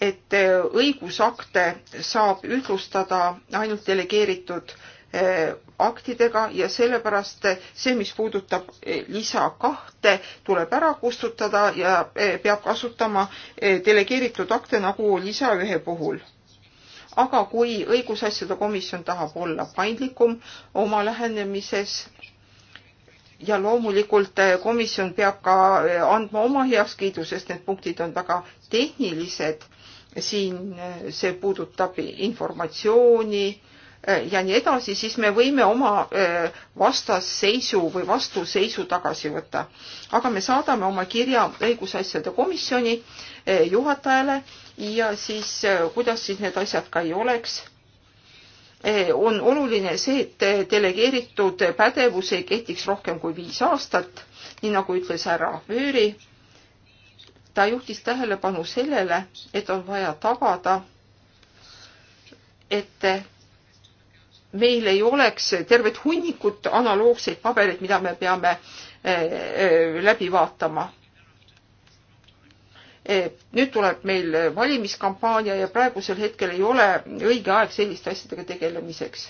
et eh, õigusakte saab ühtlustada ainult delegeeritud eh, aktidega ja sellepärast eh, see, mis puudutab lisa kahte, tuleb ära kustutada ja peab kasutama delegeeritud akte nagu lisa ühe puhul. aga kui õigusasjade komisjon tahab olla paindlikum oma lähenemises ja loomulikult komisjon peab ka andma oma heakskiidu, sest need punktid on väga tehnilised siin eh, see puudutab informatsiooni eh, ja nii edasi, siis me võime oma eh, vastasseisu või vastuseisu tagasi võtta. aga me saadame oma kirja õigusasjade komisjoni juhatajale ja siis, kuidas siis need asjad ka ei oleks, on oluline see, et delegeeritud pädevus ei kehtiks rohkem kui viis aastat, nii nagu ütles härra Vööri ta juhtis tähelepanu sellele, et on vaja tagada, et meil ei oleks tervet hunnikut analoogseid pabereid, mida me peame eh, eh, läbi vaatama. Eh, nüüd tuleb meil valimiskampaania ja praegusel hetkel ei ole õige aeg selliste asjadega tegelemiseks.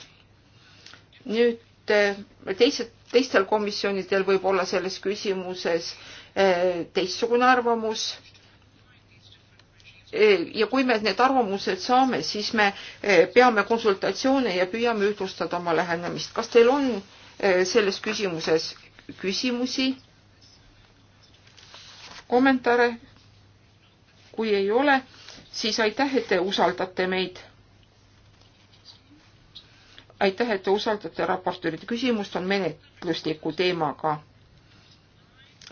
nüüd teised, teistel komisjonidel võib olla selles küsimuses teistsugune arvamus eh, ja kui me need arvamused saame, siis me eh, peame konsultatsioone ja püüame ühtlustada oma lähenemist. kas teil on eh, selles küsimuses küsimusi, kommentaare? kui ei ole, siis aitäh, et te usaldate meid. aitäh, et te usaldate raportöörid. küsimust on menetlusliku teemaga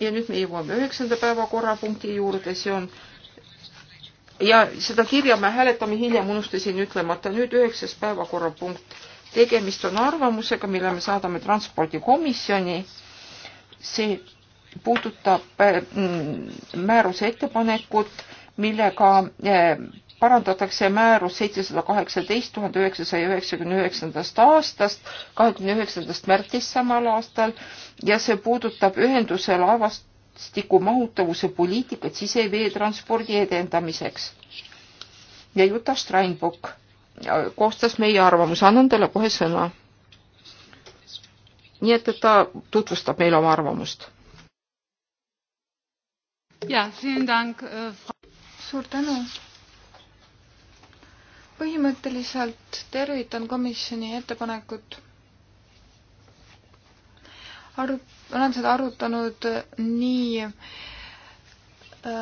ja nüüd me jõuame üheksanda päevakorrapunkti juurde, see on ja seda kirja me hääletame hiljem, unustasin ütlemata, nüüd üheksas päevakorrapunkt. tegemist on arvamusega, mille me saadame transpordikomisjoni. see puudutab äh, mm, määruse ettepanekut, millega äh, parandatakse määrus seitsesada kaheksateist tuhande üheksasaja üheksakümne üheksandast aastast kahekümne üheksandast märtsist samal aastal ja see puudutab ühenduse laevastiku mahutavuse poliitikat siseveetranspordi edendamiseks. ja Juta Steinbock koostas meie arvamuse, annan talle kohe sõna. nii et, et ta tutvustab meile oma arvamust. jah, äh, suur tänu põhimõtteliselt tervitan komisjoni ettepanekut. Aru-, olen seda arutanud nii äh,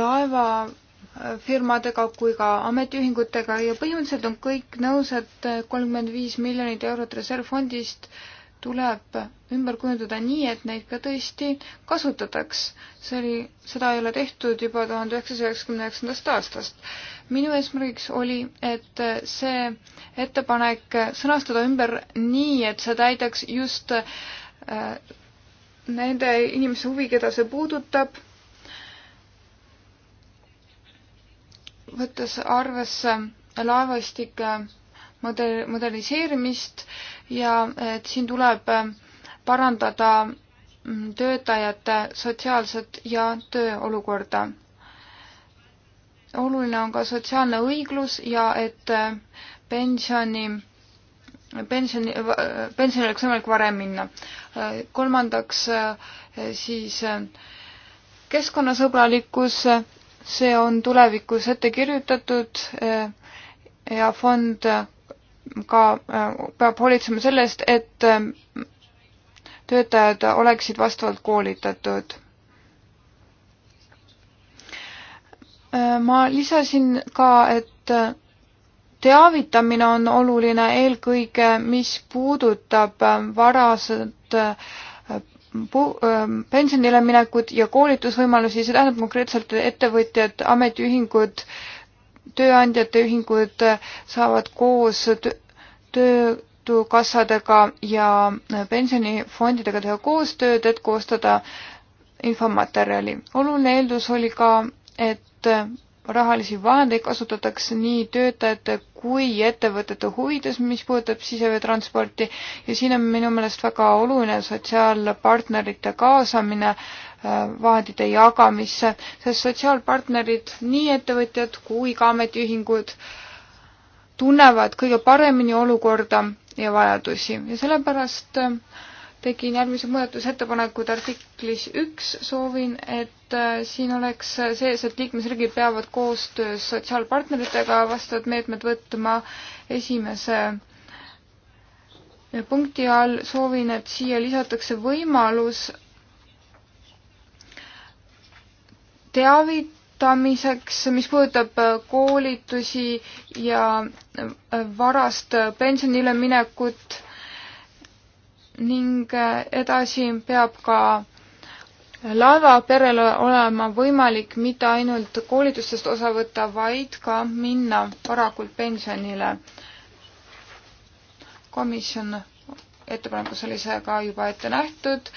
laevafirmadega kui ka ametiühingutega ja põhimõtteliselt on kõik nõus, et kolmkümmend viis miljonit eurot reservfondist äh, tuleb ümber kujundada nii, et neid ka tõesti kasutataks. see oli, seda ei ole tehtud juba tuhande üheksasaja üheksakümne üheksandast aastast. minu eesmärgiks oli, et see ettepanek sõnastada ümber nii, et see täidaks just äh, nende inimeste huvi, keda see puudutab, võttes arvesse laevastike model, modelliseerimist äh,, ja et siin tuleb äh, parandada mm, töötajate sotsiaalset ja tööolukorda. oluline on ka sotsiaalne õiglus ja et äh, pensioni, pensioni, pensionile oleks võimalik varem minna. Äh, kolmandaks siis keskkonnasõbralikkus, see on tulevikus ette kirjutatud ja fond ka äh, peab hoolitsema selle eest, et ähm, töötajad oleksid vastavalt koolitatud. Äh, ma lisasin ka, et äh, teavitamine on oluline eelkõige, mis puudutab varaselt pensionile minekut ja koolitusvõimalusi, see tähendab konkreetselt ettevõtjad, ametiühingud äh, tööandjate ühingud saavad koos töötukassadega ja pensionifondidega teha koostööd, et koostada infomaterjali. oluline eeldus oli ka, et rahalisi vahendeid kasutatakse nii töötajate kui ettevõtete huvides, mis puudutab siseveetransporti ja siin on minu meelest väga oluline sotsiaalpartnerite kaasamine äh, vahendite jagamisse, sest sotsiaalpartnerid, nii ettevõtjad kui ka ametiühingud, tunnevad kõige paremini olukorda ja vajadusi ja sellepärast äh, tegin järgmised muudatusettepanekud artiklis üks, soovin, et äh, siin oleks sees, et liikmesriigid peavad koostöös sotsiaalpartneritega vastavad meetmed võtma esimese äh, punkti all soovin, et siia lisatakse võimalus teavitamiseks, mis puudutab koolitusi ja varast pensionile minekut ning edasi peab ka laevaperel olema võimalik mitte ainult koolitustest osa võtta, vaid ka minna varakult pensionile. komisjon ettepanekus oli see ka juba ette nähtud.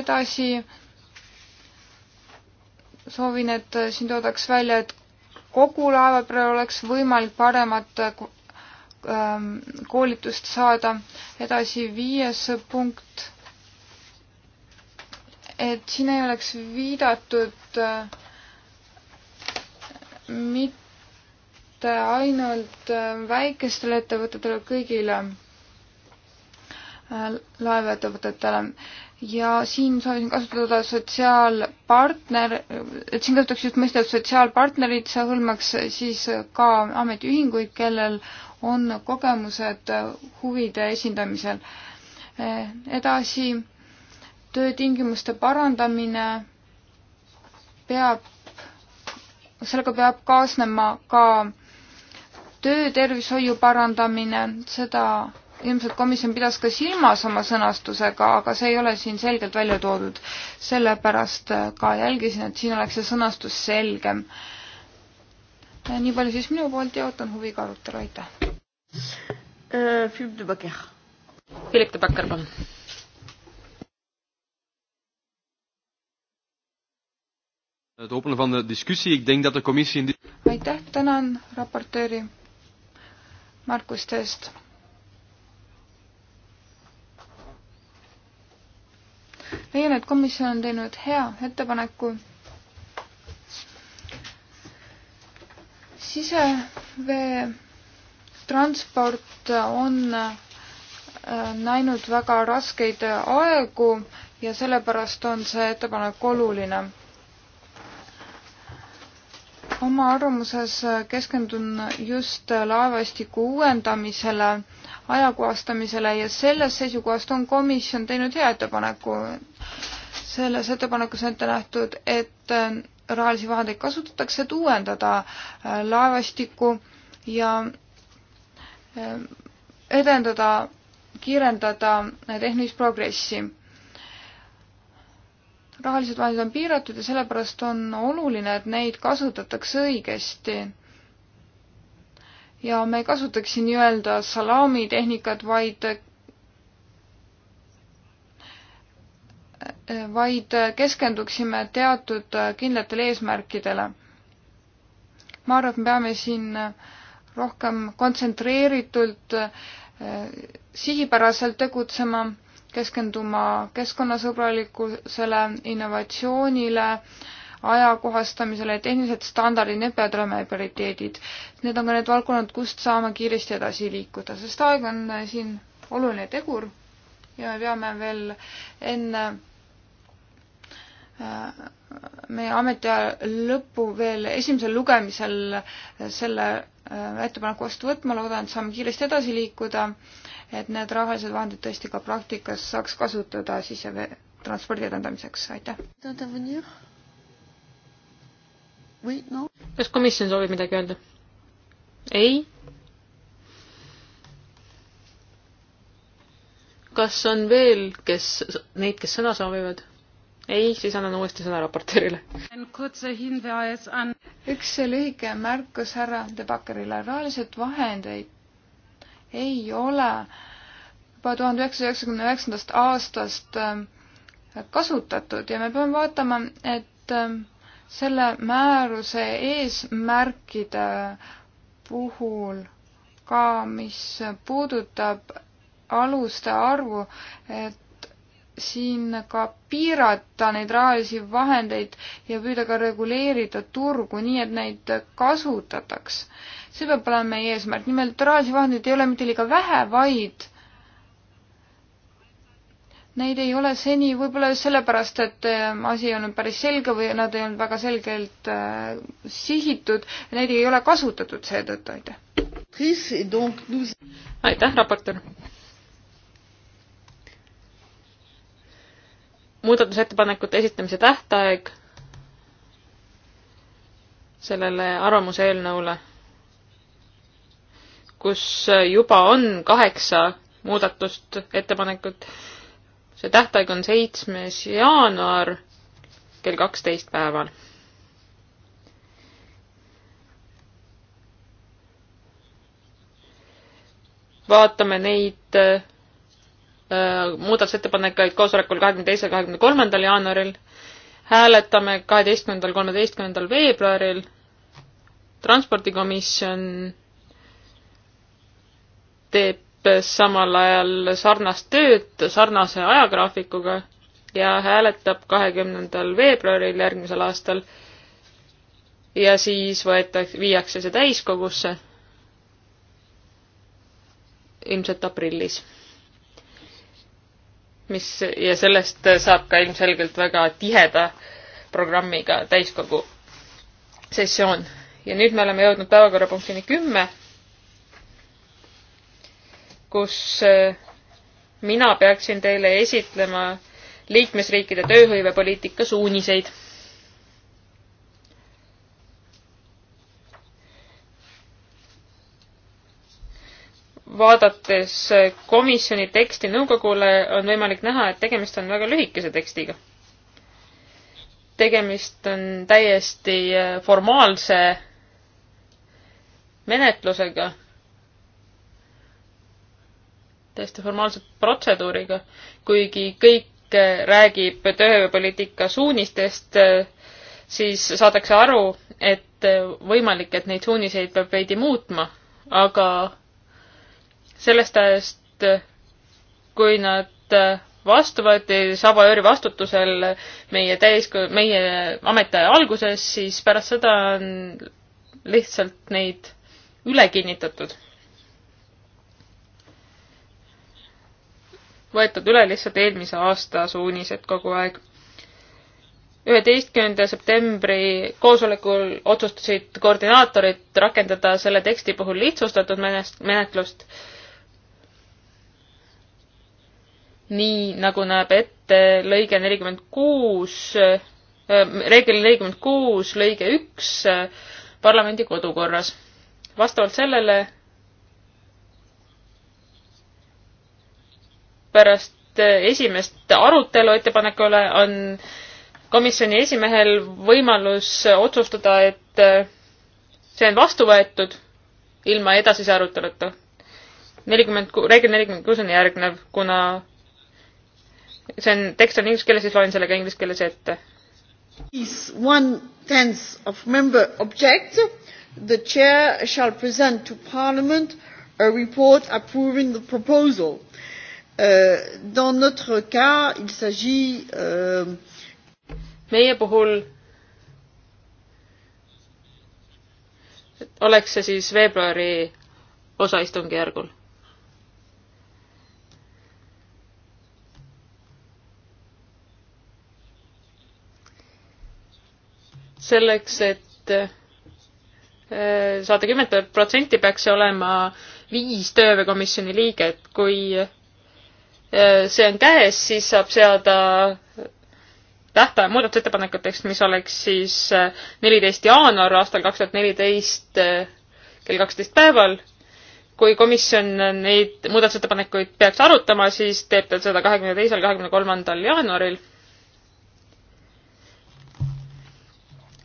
edasi soovin, et siin toodaks välja, et kogu laeva peal oleks võimalik paremat ähm, koolitust saada. edasi viies punkt. et siin ei oleks viidatud äh, mitte ainult äh, väikestele ettevõtetele, kõigile äh, laevaettevõtetele ja siin soovisin kasutada sotsiaalpartner, et siin kasutaks just mõistet sotsiaalpartnerid, see hõlmaks siis ka ametiühinguid, kellel on kogemused huvide esindamisel. edasi, töötingimuste parandamine peab, sellega peab kaasnema ka töötervishoiu parandamine, seda ilmselt komisjon pidas ka silmas oma sõnastusega, aga see ei ole siin selgelt välja toodud. sellepärast äh, ka jälgisin, et siin oleks see sõnastus selgem. nii palju siis minu poolt ja ootan huviga arutelu, aitäh. Äh, Philippe de Backer. Philippe de Backer, palun. Het openen van de discussie. Ik denk dat de commissie in dit. Aitäh, tänan raportööri Markus Tööst leian, et komisjon on teinud hea ettepaneku siseveetransport on äh, näinud väga raskeid aegu ja sellepärast on see ettepanek oluline. oma arvamuses keskendun just laevastiku uuendamisele ajakohastamisele ja sellest seisukohast on komisjon teinud hea ettepaneku. selles ettepanekus on ette nähtud, et äh, rahalisi vahendeid kasutatakse, et uuendada äh, laevastikku ja äh, edendada, kiirendada tehnilist progressi. rahalised vahendid on piiratud ja sellepärast on oluline, et neid kasutatakse õigesti ja me ei kasutaks siin nii-öelda salami tehnikat, vaid vaid keskenduksime teatud kindlatele eesmärkidele. ma arvan, et me peame siin rohkem kontsentreeritult, eh, sihipäraselt tegutsema, keskenduma keskkonnasõbralikkusele, innovatsioonile äh,, ajakohastamisele, tehnilised standardid, need peavad olema ja prioriteedid. Need on ka need valdkonnad, kust saame kiiresti edasi liikuda, sest aeg on äh, siin oluline tegur ja me peame veel enne äh, meie ametiaja lõppu veel esimesel lugemisel äh, selle ettepaneku vastu võtma, loodan, et saame kiiresti edasi liikuda, et need rahalised vahendid tõesti ka praktikas saaks kasutada sisetranspordi edendamiseks, aitäh! või no. kas komisjon soovib midagi öelda? ei? kas on veel, kes, neid, kes sõna soovivad? ei, siis annan uuesti sõna raportöörile. üks lühike märkus härra De Bakkerile. rahaliselt vahendeid ei ole juba tuhande üheksasaja üheksakümne üheksandast aastast ähm, kasutatud ja me peame vaatama, et ähm, selle määruse eesmärkide puhul ka, mis puudutab aluste arvu, et siin ka piirata neid rahalisi vahendeid ja püüda ka reguleerida turgu nii, et neid kasutataks. see peab olema meie eesmärk, nimelt rahalisi vahendeid ei ole mitte liiga vähe, vaid Neid ei ole seni võib-olla just sellepärast, et ähm, asi ei olnud päris selge või nad ei olnud väga selgelt äh, sihitud, neid ei ole kasutatud seetõttu, aitäh. aitäh, raportöör. muudatusettepanekute esitamise tähtaeg sellele arvamuse eelnõule, kus juba on kaheksa muudatust, ettepanekut see tähtaeg on seitsmes jaanuar kell kaksteist päeval. vaatame neid äh, muudatusettepanekuid koosolekul kahekümne teisel, kahekümne kolmandal jaanuaril, hääletame kaheteistkümnendal, kolmeteistkümnendal veebruaril, transpordikomisjon teeb samal ajal sarnast tööd sarnase ajagraafikuga ja hääletab kahekümnendal veebruaril järgmisel aastal. ja siis võetakse, viiakse see täiskogusse ilmselt aprillis. mis ja sellest saab ka ilmselgelt väga tiheda programmiga täiskogu sessioon. ja nüüd me oleme jõudnud päevakorrapunktini kümme kus eh, mina peaksin teile esitlema liikmesriikide tööhõivepoliitika suuniseid. vaadates komisjoni teksti nõukogule, on võimalik näha, et tegemist on väga lühikese tekstiga. tegemist on täiesti eh, formaalse menetlusega täiesti formaalse protseduuriga, kuigi kõik eh, räägib tööpoliitika suunistest, eh, siis saadakse aru, et eh, võimalik, et neid suuniseid peab veidi muutma, aga sellest ajast, kui nad vastu võeti Savoööri vastutusel meie täis, meie ametiaja alguses, siis pärast seda on lihtsalt neid üle kinnitatud võetud üle lihtsalt eelmise aasta suunised kogu aeg. üheteistkümnenda septembri koosolekul otsustasid koordinaatorid rakendada selle teksti puhul lihtsustatud menetlust, nii nagu näeb ette lõige nelikümmend kuus, äh, reegel nelikümmend kuus, lõige üks äh, parlamendi kodukorras. vastavalt sellele pärast äh, esimest arutelu ettepaneku üle on komisjoni esimehel võimalus otsustada, et äh, see on vastu võetud ilma edasise aruteluta. nelikümmend, reegel nelikümmend kuus on järgnev, kuna see on, tekst on inglise keeles, siis loen selle ka inglise keeles ette. Is one tenth of member object, the chair shall present to parliament a report approving the proposal Euh, dans notre cas, il s'agit euh... meie puhul oleks see siis veebruari osaistungjärgul. selleks, et äh, saada kümmet protsenti, peaks see olema viis tööväekomisjoni liiget, kui Äh, see on käes, siis saab seada tähtaja muudatusettepanekuteks, mis oleks siis äh, neliteist jaanuar aastal kaks tuhat neliteist äh, kell kaksteist päeval. kui komisjon neid muudatusettepanekuid peaks arutama, siis teeb ta seda kahekümne teisel, kahekümne kolmandal jaanuaril.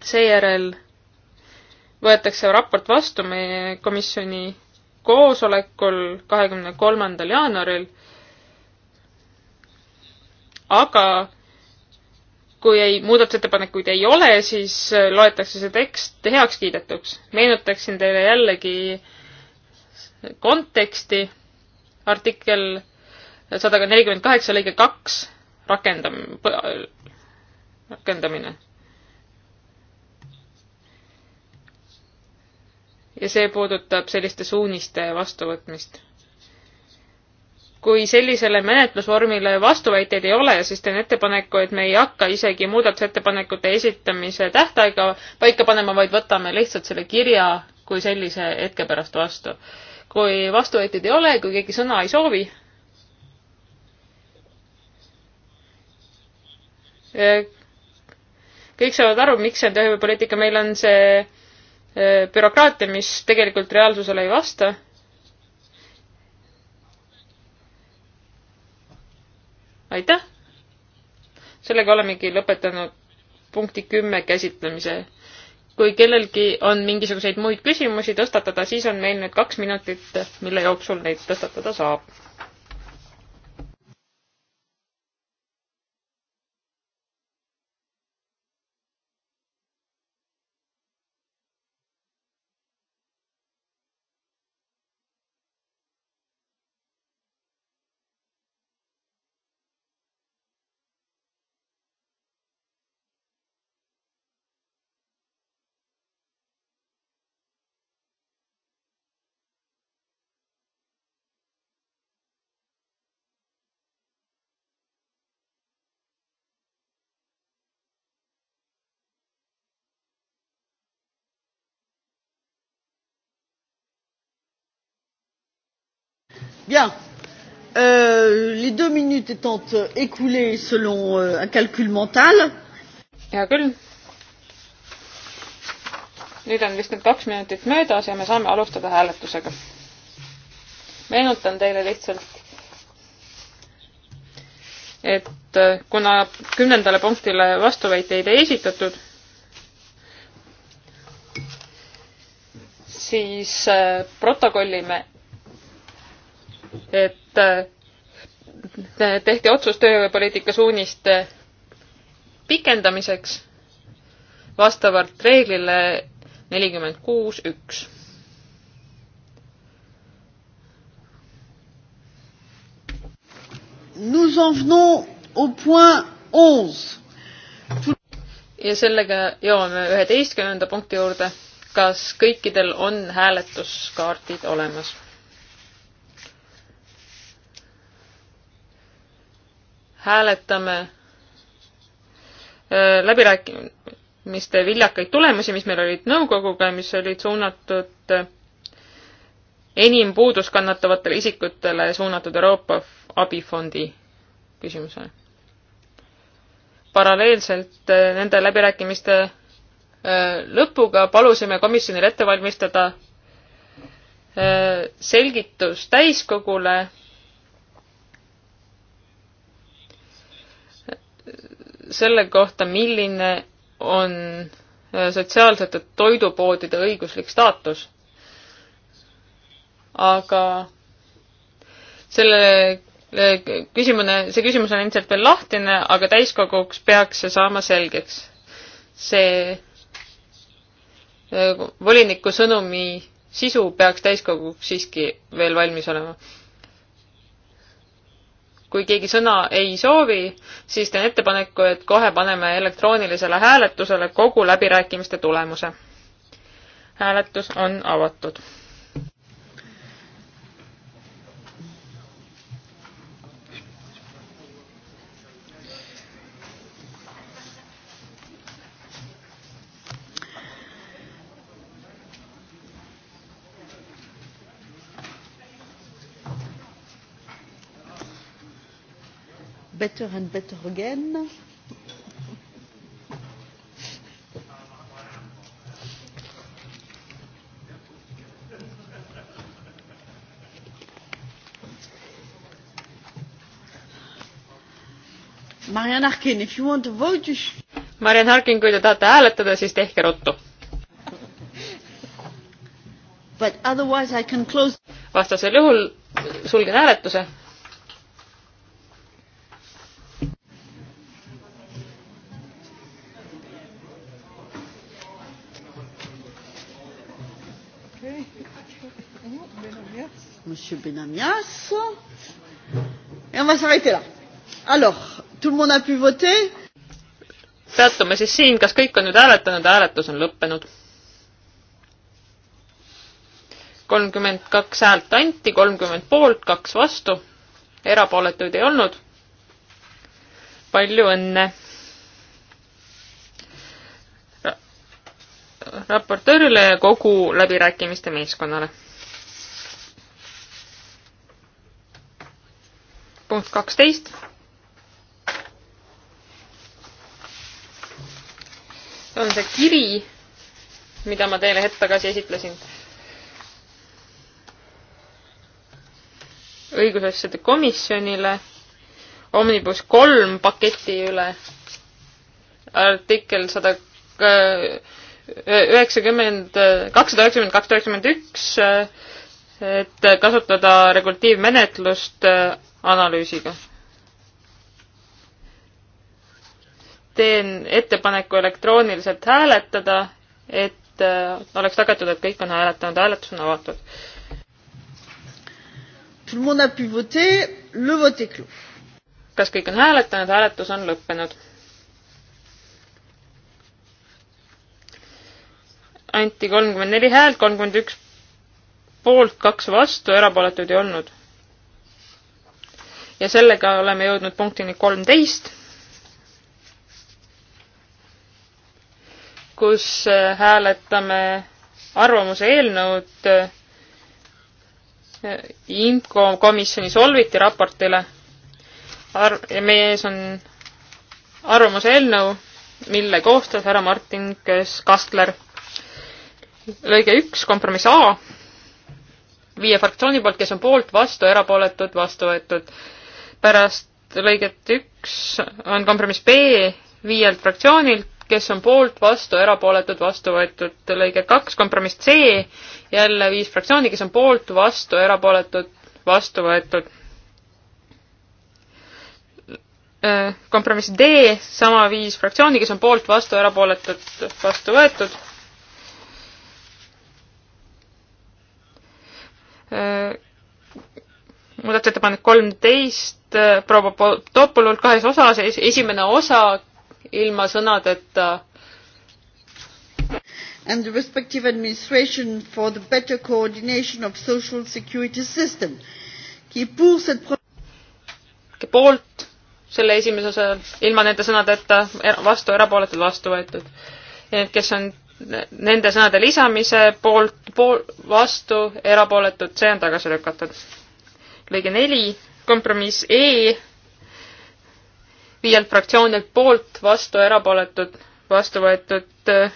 seejärel võetakse raport vastu meie komisjoni koosolekul kahekümne kolmandal jaanuaril aga kui ei, muudatusettepanekuid ei ole, siis äh, loetakse see tekst heaks kiidetuks. meenutaksin teile jällegi konteksti, artikkel sada nelikümmend kaheksa lõige kaks, rakendam-, rakendamine. ja see puudutab selliste suuniste vastuvõtmist kui sellisele menetlusvormile vastuväiteid ei ole, siis teen ettepaneku, et me ei hakka isegi muudatusettepanekute esitamise tähtaega paika panema, vaid võtame lihtsalt selle kirja kui sellise hetke pärast vastu. kui vastuväiteid ei ole, kui keegi sõna ei soovi, e, kõik saavad aru, miks see on tööhõivepoliitika, meil on see e, bürokraatia, mis tegelikult reaalsusele ei vasta aitäh! sellega olemegi lõpetanud punkti kümme käsitlemise. kui kellelgi on mingisuguseid muid küsimusi tõstatada, siis on meil nüüd kaks minutit, mille jooksul neid tõstatada saab. Bien. Euh, les deux minutes étant écoulées selon euh, un calcul mental. hea küll. nüüd on vist need kaks minutit möödas ja me saame alustada hääletusega. meenutan teile lihtsalt, et äh, kuna kümnendale punktile vastuväiteid ei esitatud, siis äh, protokollime et äh, tehti otsus tööpoliitika suuniste pikendamiseks vastavalt reeglile nelikümmend kuus üks. Nous en venons au point onze. ja sellega jõuame üheteistkümnenda punkti juurde. kas kõikidel on hääletuskaardid olemas? hääletame äh, läbirääkimiste viljakaid tulemusi, mis meil olid nõukoguga ja mis olid suunatud äh, enim puudust kannatavatele isikutele suunatud Euroopa abifondi küsimusele. paralleelselt äh, nende läbirääkimiste lõpuga palusime komisjonil ette valmistada selgitus täiskogule selle kohta, milline on äh, sotsiaalsete toidupoodide õiguslik staatus. aga selle äh, küsimune, see küsimus on ilmselt veel lahtine, aga täiskoguks peaks see saama selgeks. see äh, voliniku sõnumi sisu peaks täiskoguks siiski veel valmis olema kui keegi sõna ei soovi, siis teen ettepaneku, et kohe paneme elektroonilisele hääletusele kogu läbirääkimiste tulemuse. hääletus on avatud better and better again. Marianne Harkin, if you want to vote, you should... Marianne Harkin, kui te tahate hääletada, siis tehke ruttu. But otherwise I can close... vastasel juhul sulgen hääletuse Monsieur Benamias. ja ma s'arrête là. Alors, tout le monde a pu voter? peatume siis siin, kas kõik on nüüd hääletanud, hääletus on lõppenud. kolmkümmend kaks häält anti, kolmkümmend poolt, kaks vastu, erapooletuid ei olnud. palju õnne Ra! raportöörile ja kogu läbirääkimiste meeskonnale punkt kaksteist. on see kiri, mida ma teile hetk tagasi esitlesin. õigusasjade komisjonile Omnibus kolm paketi üle artikkel sada äh, üheksakümmend, kakssada üheksakümmend, kakssada üheksakümmend üks, äh, et kasutada regulatiivmenetlust äh, analüüsiga. teen ettepaneku elektrooniliselt hääletada, et äh, oleks tagatud, et kõik on hääletanud, hääletus on avatud. kas kõik on hääletanud, hääletus on lõppenud anti kolmkümmend neli häält, kolmkümmend üks poolt, kaks vastu, erapooletuid ei olnud ja sellega oleme jõudnud punktini kolmteist, kus äh, hääletame arvamuse eelnõud äh, IMCO komisjoni Solviti raportile Ar-, ja meie ees on arvamuse eelnõu, mille koostas härra Martin Kastler. lõige üks, kompromiss A, viie fraktsiooni poolt, kes on poolt, vastu, erapooletud, vastu võetud pärast lõiget üks on kompromiss B viielt fraktsioonilt, kes on poolt, vastu, erapooletud, vastu võetud lõige kaks, kompromiss C, jälle viis fraktsiooni, kes on poolt, vastu, erapooletud, vastu võetud. Äh, kompromiss D, sama viis fraktsiooni, kes on poolt, vastu, erapooletud, vastu võetud. Äh, muudatusettepanek kolmteist raportist äh, proua Popolult kahes osas, esimene osa ilma sõnadeta. And the respective administration for the better coordination of social security system. poolt selle esimese osa ilma nende sõnadeta, er-, vastu, erapooletud, vastu võetud. ja need, kes on nende sõnade lisamise poolt, pool, vastu, erapooletud, see on tagasi lükatud. lõige neli kompromiss E viielt fraktsioonilt poolt, vastu, erapooletud, vastu võetud äh,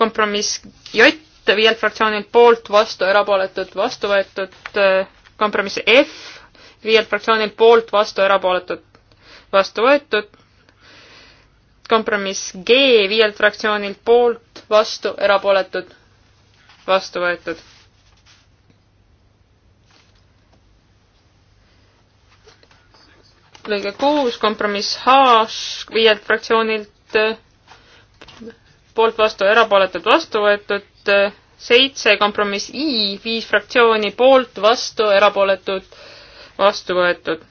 kompromiss J viielt fraktsioonilt poolt, vastu, erapooletud, vastu võetud äh, kompromiss F viielt fraktsioonilt poolt, vastu, erapooletud, vastu võetud kompromiss G viielt fraktsioonilt poolt, vastu, erapooletud, vastu võetud lõige kuus, kompromiss H viielt fraktsioonilt äh, poolt vastu, erapooletult vastu võetud, äh, seitse kompromiss I, viis fraktsiooni poolt vastu, erapooletult vastu võetud.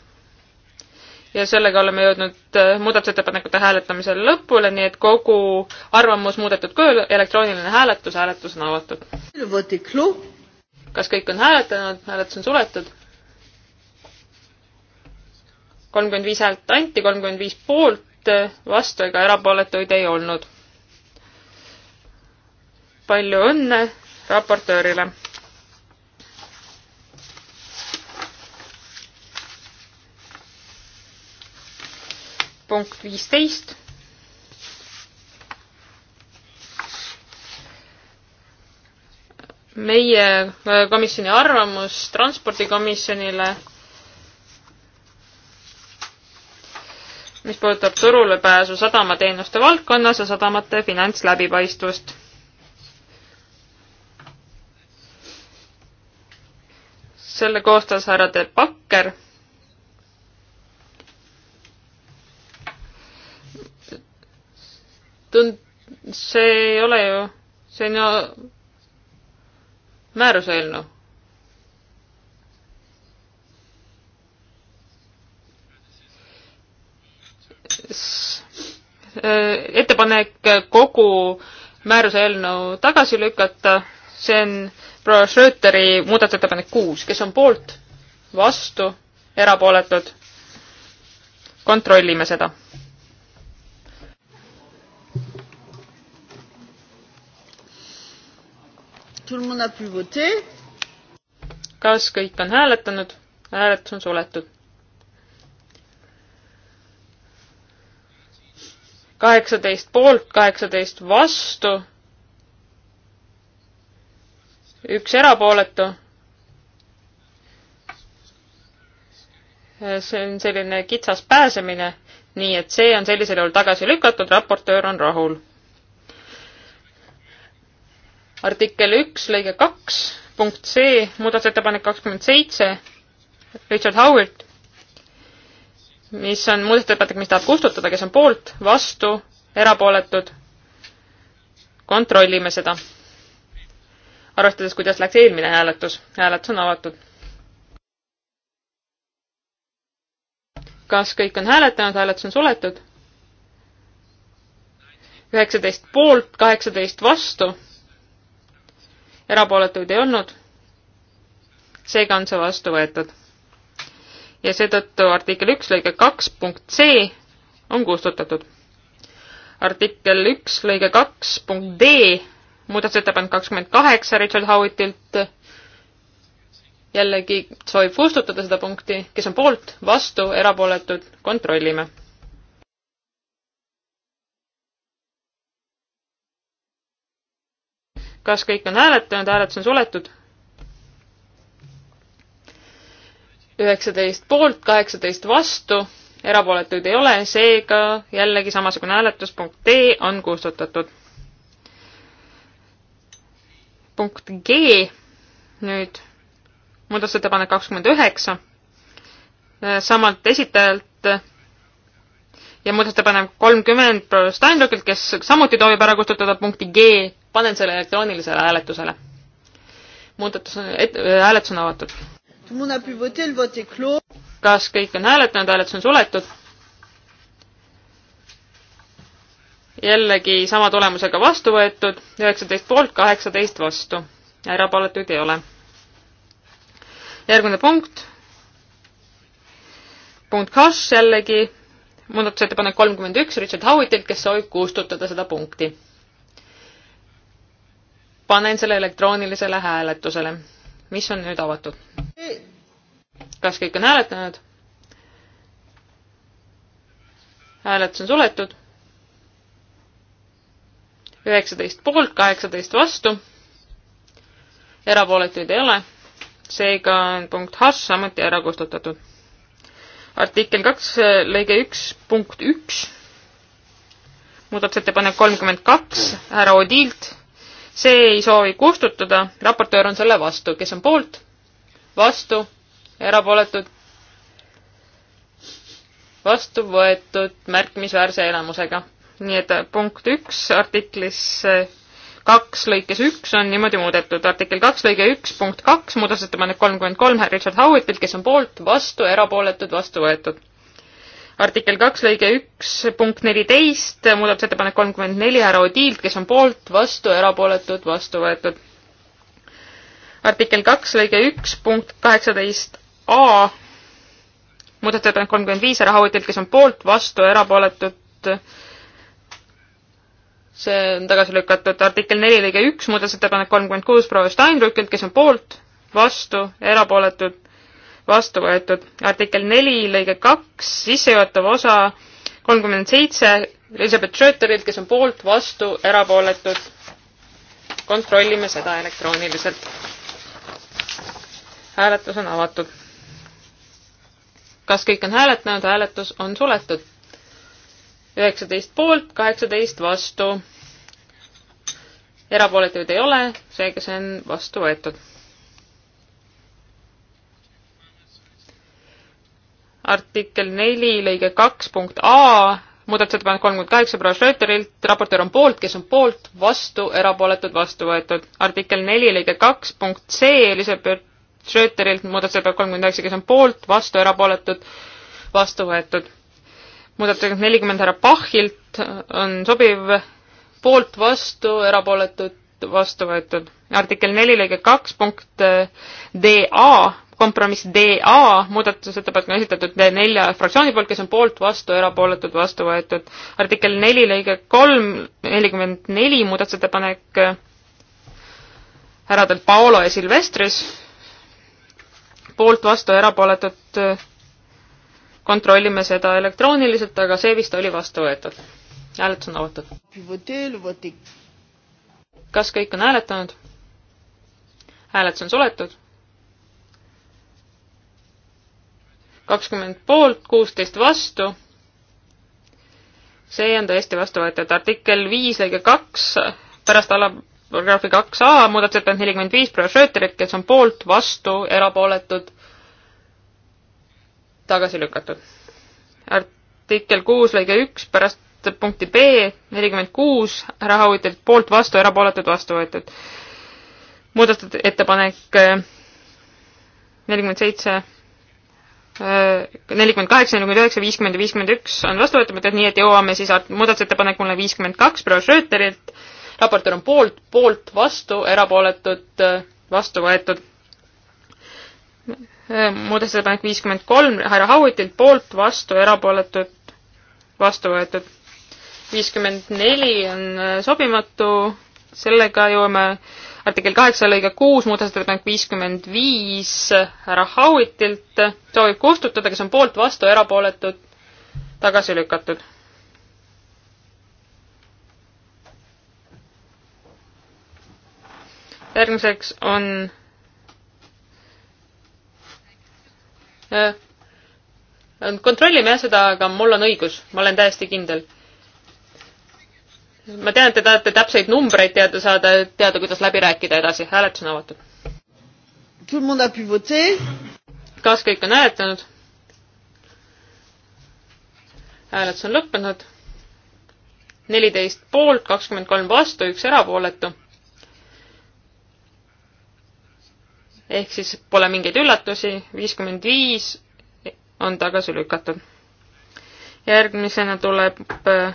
ja sellega oleme jõudnud äh, muudatusettepanekute hääletamisele lõpule, nii et kogu arvamus muudetud kujul, elektrooniline hääletus, hääletus on avatud. kas kõik on hääletanud, hääletus on suletud? kolmkümmend viis häält anti, kolmkümmend viis poolt, vastu ega erapooletuid ei olnud. palju õnne raportöörile! punkt viisteist. meie äh, komisjoni arvamus transpordikomisjonile mis puudutab turulepääsu sadamateenuste valdkonnas ja sadamate finantsläbipaistvust. selle koostas härra De Bakker. tund-, see ei ole ju, see on ju määruse eelnõu Äh, ettepanek kogu määruse eelnõu tagasi lükata, see on proua Schröteri muudatusettepanek kuus, kes on poolt, vastu, erapooletud. kontrollime seda. kas kõik on hääletanud? hääletus on suletud kaheksateist poolt, kaheksateist vastu, üks erapooletu. see on selline kitsas pääsemine, nii et see on sellisel juhul tagasi lükatud, raportöör on rahul. artikkel üks, lõige kaks, punkt C, muudatusettepanek kakskümmend seitse, Richard Howard mis on muudatusettepanek, mis tahab kustutada, kes on poolt, vastu, erapooletud. kontrollime seda. arvestades, kuidas läks eelmine hääletus, hääletus on avatud. kas kõik on hääletanud, hääletus on suletud? üheksateist poolt, kaheksateist vastu. erapooletuid ei olnud. seega on see vastu võetud ja seetõttu artikkel üks lõige kaks punkt C on kustutatud. artikkel üks lõige kaks punkt D muudatusettepanek kakskümmend kaheksa Richard Howitilt jällegi soovib kustutada seda punkti, kes on poolt, vastu, erapooletud, kontrollime. kas kõik on hääletanud, hääletus on suletud? üheksateist poolt, kaheksateist vastu, erapooletuid ei ole, seega jällegi samasugune hääletus, punkt D on kustutatud. punkt G nüüd, muudatusettepanek kakskümmend üheksa, äh, samalt esitajalt ja muudatusettepanek kolmkümmend proua Steinbrückilt, kes samuti toovib ära kustutada punkti G, panen selle elektroonilisele hääletusele. muudatus on, äh, hääletus on avatud kas kõik on hääletanud, hääletus on suletud? jällegi sama tulemusega vastu võetud, üheksateist poolt, kaheksateist vastu. erapooletuid ei ole. järgmine punkt. punkt hash jällegi, muudatusettepanek kolmkümmend üks Richard Howitilt, kes soovib kustutada seda punkti. panen selle elektroonilisele hääletusele mis on nüüd avatud. kas kõik on hääletanud? hääletus on suletud. üheksateist poolt, kaheksateist vastu. erapooletuid ei ole. seega on punkt H samuti ära kustutatud. artikkel kaks lõige üks punkt üks. muudatusettepanek kolmkümmend kaks härra Odilt see ei soovi kustutada, raportöör on selle vastu, kes on poolt, vastu, erapooletud, vastu võetud märkimisväärse elamusega. nii et punkt üks artiklis kaks lõikes üks on niimoodi muudetud. artikkel kaks lõige üks punkt kaks, muudatusettepanek kolmkümmend kolm Richard Howitilt, kes on poolt, vastu, erapooletud, vastu võetud artikkel kaks lõige üks punkt neliteist, muudatusettepanek kolmkümmend neli härra Odilt, kes on poolt, vastu, erapooletud, vastu võetud. artikkel kaks lõige üks punkt kaheksateist A, muudatusettepanek kolmkümmend viis härra Hautilt, kes on poolt, vastu, erapooletud, see on tagasi lükatud. artikkel neli lõige üks, muudatusettepanek kolmkümmend kuus proua Steinrückilt, kes on poolt, vastu, erapooletud, vastu võetud. artikkel neli lõige kaks, sissejuhatav osa kolmkümmend seitse Elizabeth Schröterilt, kes on poolt, vastu, erapooletud. kontrollime seda elektrooniliselt. hääletus on avatud. kas kõik on hääletanud, hääletus on suletud. üheksateist poolt, kaheksateist vastu. erapooletuid ei ole, seega see on vastu võetud artikkel neli lõige kaks punkt A, muudatusettepanek kolmkümmend kaheksa proua Schröterilt, raportöör on poolt, kes on poolt, vastu, erapooletud, vastu võetud. artikkel neli lõige kaks punkt C, Elizabeth Schröterilt, muudatusettepanek kolmkümmend üheksa, kes on poolt, vastu, erapooletud, vastu võetud. muudatusettepanek nelikümmend härra Pachilt on sobiv, poolt, vastu, erapooletud, vastu võetud. artikkel neli lõige kaks punkt äh, DA, kompromiss DA, muudatusettepanek on esitatud nelja fraktsiooni poolt, kes on poolt, vastu, erapooletud, vastu võetud. artikkel neli lõige kolm, nelikümmend neli muudatusettepanek äh, härradelt Paolo ja Silvestris, poolt, vastu, erapooletud, äh, kontrollime seda elektrooniliselt, aga see vist oli vastu võetud. hääletus on avatud kas kõik on hääletanud? hääletus on suletud. kakskümmend poolt, kuusteist vastu. see on tõesti vastu võetud. artikkel viis lõige kaks pärast alaparagrahvi kaks A muudatusettepanek nelikümmend viis proua Schröterit, kes on poolt, vastu, erapooletud, tagasi lükatud. artikkel kuus lõige üks pärast pärast punkti B nelikümmend kuus rahahoidjalt poolt vastu, erapooletud vastu võetud. muudetud ettepanek äh, nelikümmend seitse äh, nelikümmend kaheksa, nelikümmend üheksa, viiskümmend ja viiskümmend üks on vastu võetamata, nii et jõuame siis muudatusettepanekule viiskümmend kaks proua Schröterilt. raportöör on poolt, poolt vastu, erapooletud äh, vastu võetud. muudatusettepanek viiskümmend kolm härra Hauitilt poolt, vastu, erapooletud, vastu võetud viiskümmend neli on äh, sobimatu, sellega jõuame artikkel kaheksa lõige kuus, muudatusettepanek viiskümmend viis härra Howitilt, soovib kustutada, kes on poolt, vastu, erapooletud, tagasi lükatud. järgmiseks äh, on kontrollime jah seda, aga mul on õigus, ma olen täiesti kindel ma tean, et te tahate täpseid numbreid teada saada, et teada, kuidas läbi rääkida edasi. hääletus on avatud. kas kõik on hääletanud? hääletus on lõppenud. neliteist poolt, kakskümmend kolm vastu, üks erapooletu. ehk siis pole mingeid üllatusi, viiskümmend viis on tagasi lükatud. järgmisena tuleb äh,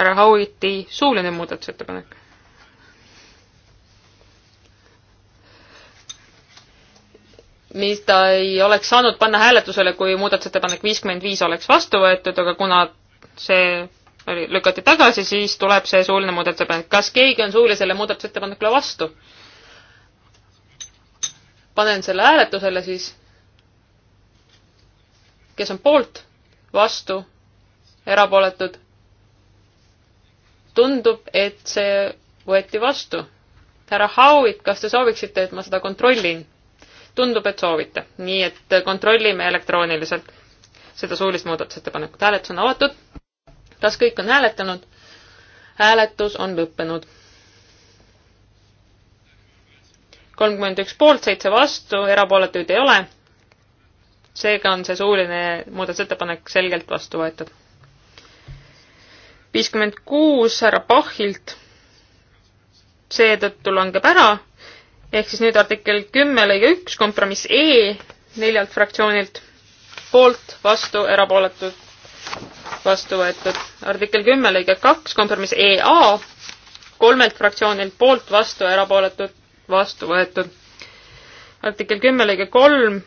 härra Howiti suuline muudatusettepanek. mis ta ei oleks saanud panna hääletusele, kui muudatusettepanek viiskümmend viis oleks vastu võetud, aga kuna see oli, lükati tagasi, siis tuleb see suuline muudatusettepanek. kas keegi on suulisele muudatusettepanekule vastu? panen selle hääletusele siis. kes on poolt, vastu, erapooletud tundub, et see võeti vastu. härra Howitt, kas te sooviksite, et ma seda kontrollin? tundub, et soovite, nii et kontrollime elektrooniliselt seda suulist muudatusettepanekut. hääletus on avatud. kas kõik on hääletanud? hääletus on lõppenud. kolmkümmend üks poolt, seitse vastu, erapooletuid ei ole. seega on see suuline muudatusettepanek selgelt vastu võetud viiskümmend kuus härra Pachilt seetõttu langeb ära, ehk siis nüüd artikkel kümme lõige üks, kompromiss E neljalt fraktsioonilt, poolt, vastu, erapooletud, vastu võetud. artikkel kümme lõige kaks, kompromiss EA kolmelt fraktsioonilt, poolt, vastu, erapooletud, vastu võetud. artikkel kümme lõige kolm,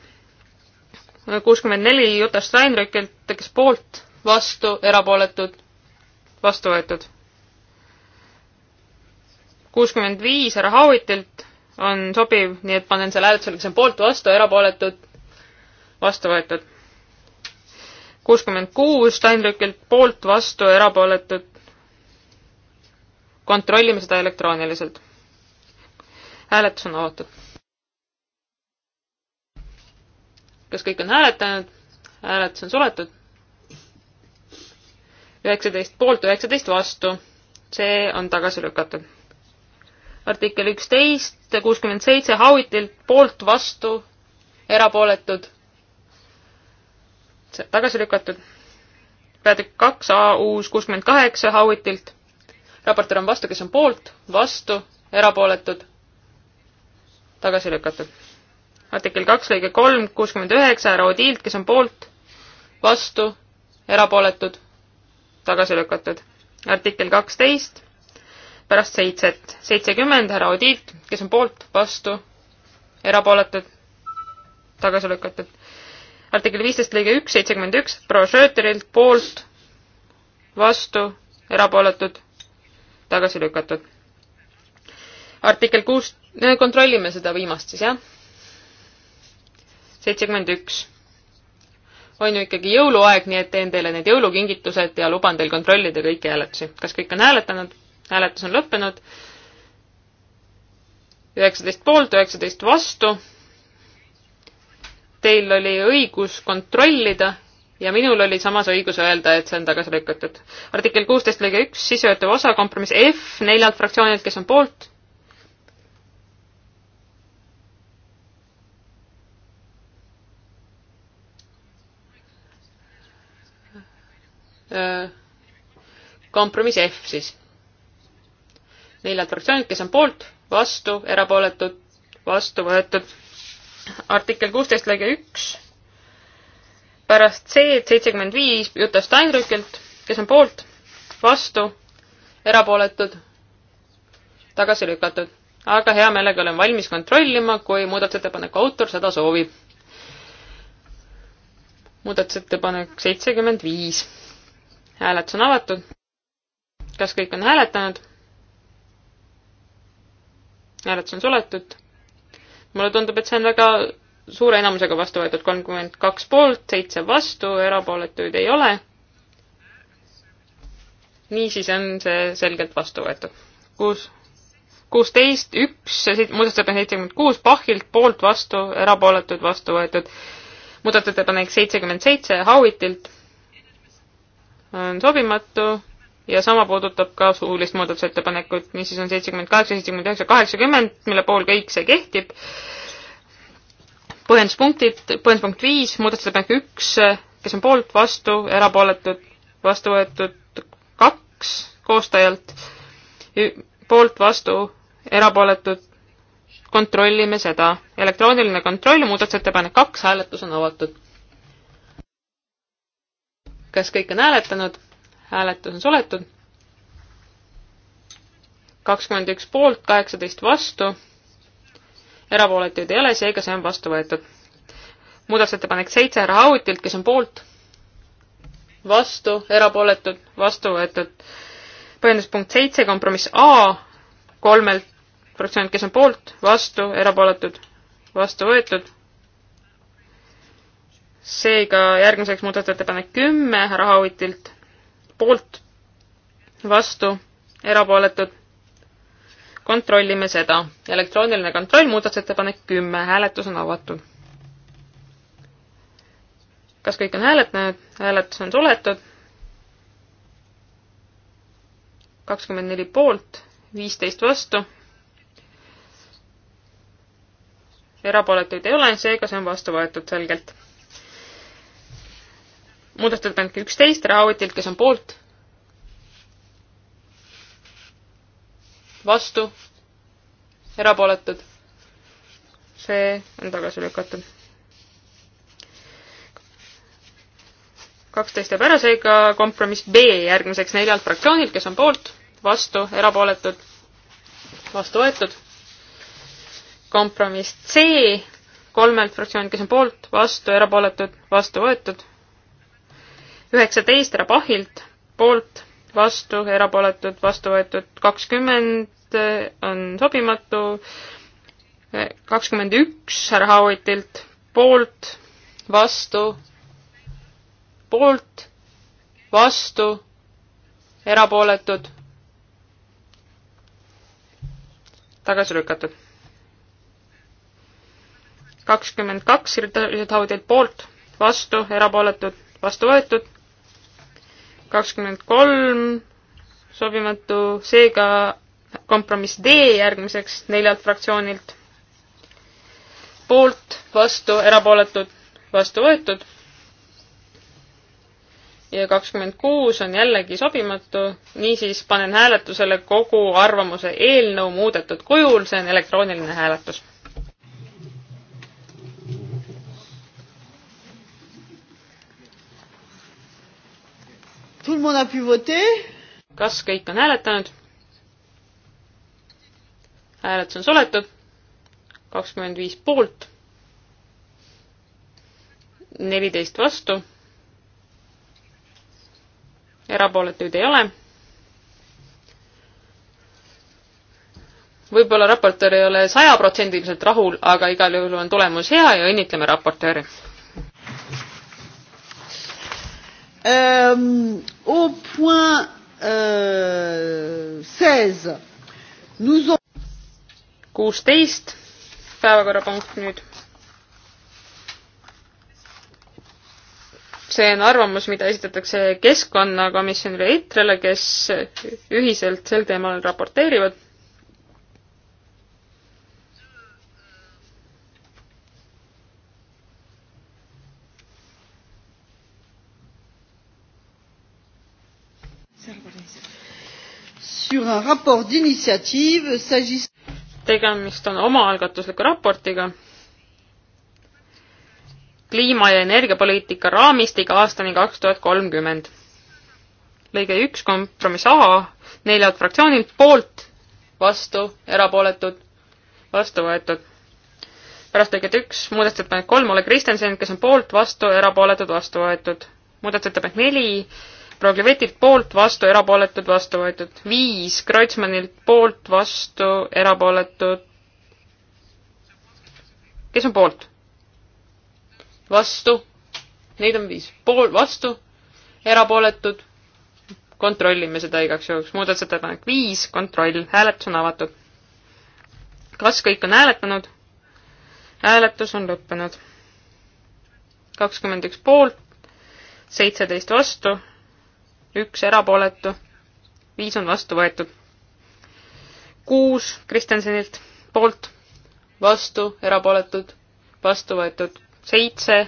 kuuskümmend neli Juta Steinrückilt, kes poolt, vastu, erapooletud, vastu võetud. kuuskümmend viis härra Howitilt on sobiv, nii et panen selle hääletusele, kes on poolt, vastu, erapooletud, vastu võetud. kuuskümmend kuus Steinbrückilt poolt, vastu, erapooletud. kontrollime seda elektrooniliselt. hääletus on avatud. kas kõik on hääletanud? hääletus on suletud üheksateist poolt, üheksateist vastu. see on tagasi lükatud. artikkel üksteist, kuuskümmend seitse, Howitilt poolt, vastu, erapooletud. tagasi lükatud. peatükk kaks A uus kuuskümmend kaheksa Howitilt. raportöör on vastu, kes on poolt, vastu, erapooletud, tagasi lükatud. artikkel kaks lõige kolm, kuuskümmend üheksa, Raudilt, kes on poolt, vastu, erapooletud tagasi lükatud. artikkel kaksteist, pärast seitset, seitsekümmend, härra Odiit, kes on poolt, vastu, erapooletud, tagasi lükatud. artikkel viisteist lõige üks, seitsekümmend üks, proua Schröterilt poolt, vastu, erapooletud, tagasi lükatud. artikkel kuus, kontrollime seda viimast siis, jah? seitsekümmend üks on ju ikkagi jõuluaeg, nii et teen teile need jõulukingitused ja luban teil kontrollida kõiki hääletusi. kas kõik on hääletanud? hääletus on lõppenud. üheksateist poolt, üheksateist vastu. Teil oli õigus kontrollida ja minul oli samas õigus öelda, et see on tagasi lükatud. artikkel kuusteist lõige üks, sissejuhatav osa, kompromiss F neljalt fraktsioonilt, kes on poolt, Äh, kompromiss F siis. neljad fraktsioonid, kes on poolt, vastu, erapooletud, vastu võetud. artikkel kuusteist lõige üks. pärast C-d seitsekümmend viis Juta Steinrückilt, kes on poolt, vastu, erapooletud, tagasi lükatud. aga hea meelega olen valmis kontrollima, kui muudatusettepaneku autor seda soovib. muudatusettepanek seitsekümmend viis hääletus on avatud. kas kõik on hääletanud? hääletus on suletud. mulle tundub, et see on väga suure enamusega vastu võetud, kolmkümmend kaks poolt, seitse vastu, erapooletuid ei ole. niisiis on see selgelt vastu võetud. kuus, kuusteist, üks, muudatusettepanek seitsekümmend kuus, Pahilt poolt vastu, erapooletuid vastu võetud. muudatusettepanek seitsekümmend seitse, Howitilt on sobimatu ja sama puudutab ka suulist muudatusettepanekut, mis siis on seitsekümmend kaheksa, seitsekümmend üheksa, kaheksakümmend, mille puhul kõik see kehtib. põhjenduspunktid, põhjenduspunkt viis, muudatusettepanek üks, kes on poolt, vastu, erapooletud, vastu võetud kaks koostajalt, poolt, vastu, erapooletud, kontrollime seda. elektrooniline kontroll, muudatusettepanek kaks, hääletus on avatud kas kõik on hääletanud? hääletus on suletud. kakskümmend üks poolt, kaheksateist vastu. erapooletuid ei ole, seega see on vastu võetud. muudatusettepanek seitse härra Autilt, kes on poolt? vastu, erapooletud, vastu võetud. põhjenduspunkt seitse, kompromiss A kolmelt fraktsioonilt, kes on poolt, vastu, erapooletud, vastu võetud seega järgmiseks muudatusettepanek kümme härra Haavitilt poolt, vastu, erapooletud. kontrollime seda. elektrooniline kontroll, muudatusettepanek kümme, hääletus on avatud. kas kõik on hääletanud? hääletus on suletud. kakskümmend neli poolt, viisteist vastu. erapooletuid ei ole, seega see on vastu võetud selgelt muudatusettepanek üksteist Raavutilt, kes on poolt? vastu? erapooletud? see on tagasi lükatud. kaksteist jääb ära, seega kompromiss B järgmiseks neljalt fraktsioonilt, kes on poolt, vastu, erapooletud, vastu võetud. kompromiss C kolmelt fraktsioonilt, kes on poolt, vastu, erapooletud, vastu võetud üheksateist Rabahilt poolt, vastu, erapooletud, vastu võetud kakskümmend eh, on sobimatu, eh, kakskümmend üks härra Howitilt poolt, vastu, poolt, vastu, erapooletud, tagasi lükatud. kakskümmend kaks Richard Howitilt poolt, vastu, erapooletud, vastu võetud, kakskümmend kolm sobimatu, seega kompromiss D järgmiseks neljalt fraktsioonilt. poolt, vastu, erapooletud, vastu võetud. ja kakskümmend kuus on jällegi sobimatu, niisiis panen hääletusele kogu arvamuse eelnõu muudetud kujul, see on elektrooniline hääletus kas kõik on hääletanud? hääletus on suletud, kakskümmend viis poolt, neliteist vastu, erapooletuid ei ole. võib-olla raportöör ei ole sajaprotsendiliselt rahul, aga igal juhul on tulemus hea ja õnnitleme raportööri Euh, au point euh, seize euh, nous on... kuusteist päevakorrapunkt nüüd. see on arvamus, mida esitatakse Keskkonnakomisjonile EITRE-le, kes ühiselt sel teemal raporteerivad sur un rapport d'initiative s'agissant tegemist on omaalgatusliku raportiga kliima- ja energiapoliitika raamistiga aastani kaks tuhat kolmkümmend. lõige üks kompromiss A neljalt fraktsioonilt poolt, vastu, erapooletud, vastu võetud. pärast lõiget üks muudatusettepanek kolm Olle Kristjansen, kes on poolt, vastu, erapooletud, vastu võetud. muudatusettepanek neli Proglivetilt poolt, vastu, erapooletud, vastu võetud. viis Kreutzmannilt poolt, vastu, erapooletud. kes on poolt? vastu, neid on viis, pool, vastu, erapooletud, kontrollime seda igaks juhuks, muudatusettepanek viis, kontroll, hääletus on avatud. kas kõik on hääletanud? hääletus on lõppenud. kakskümmend üks poolt, seitseteist vastu, üks erapooletu, viis on vastu võetud. kuus Kristjansenilt poolt, vastu, erapooletud, vastu võetud. seitse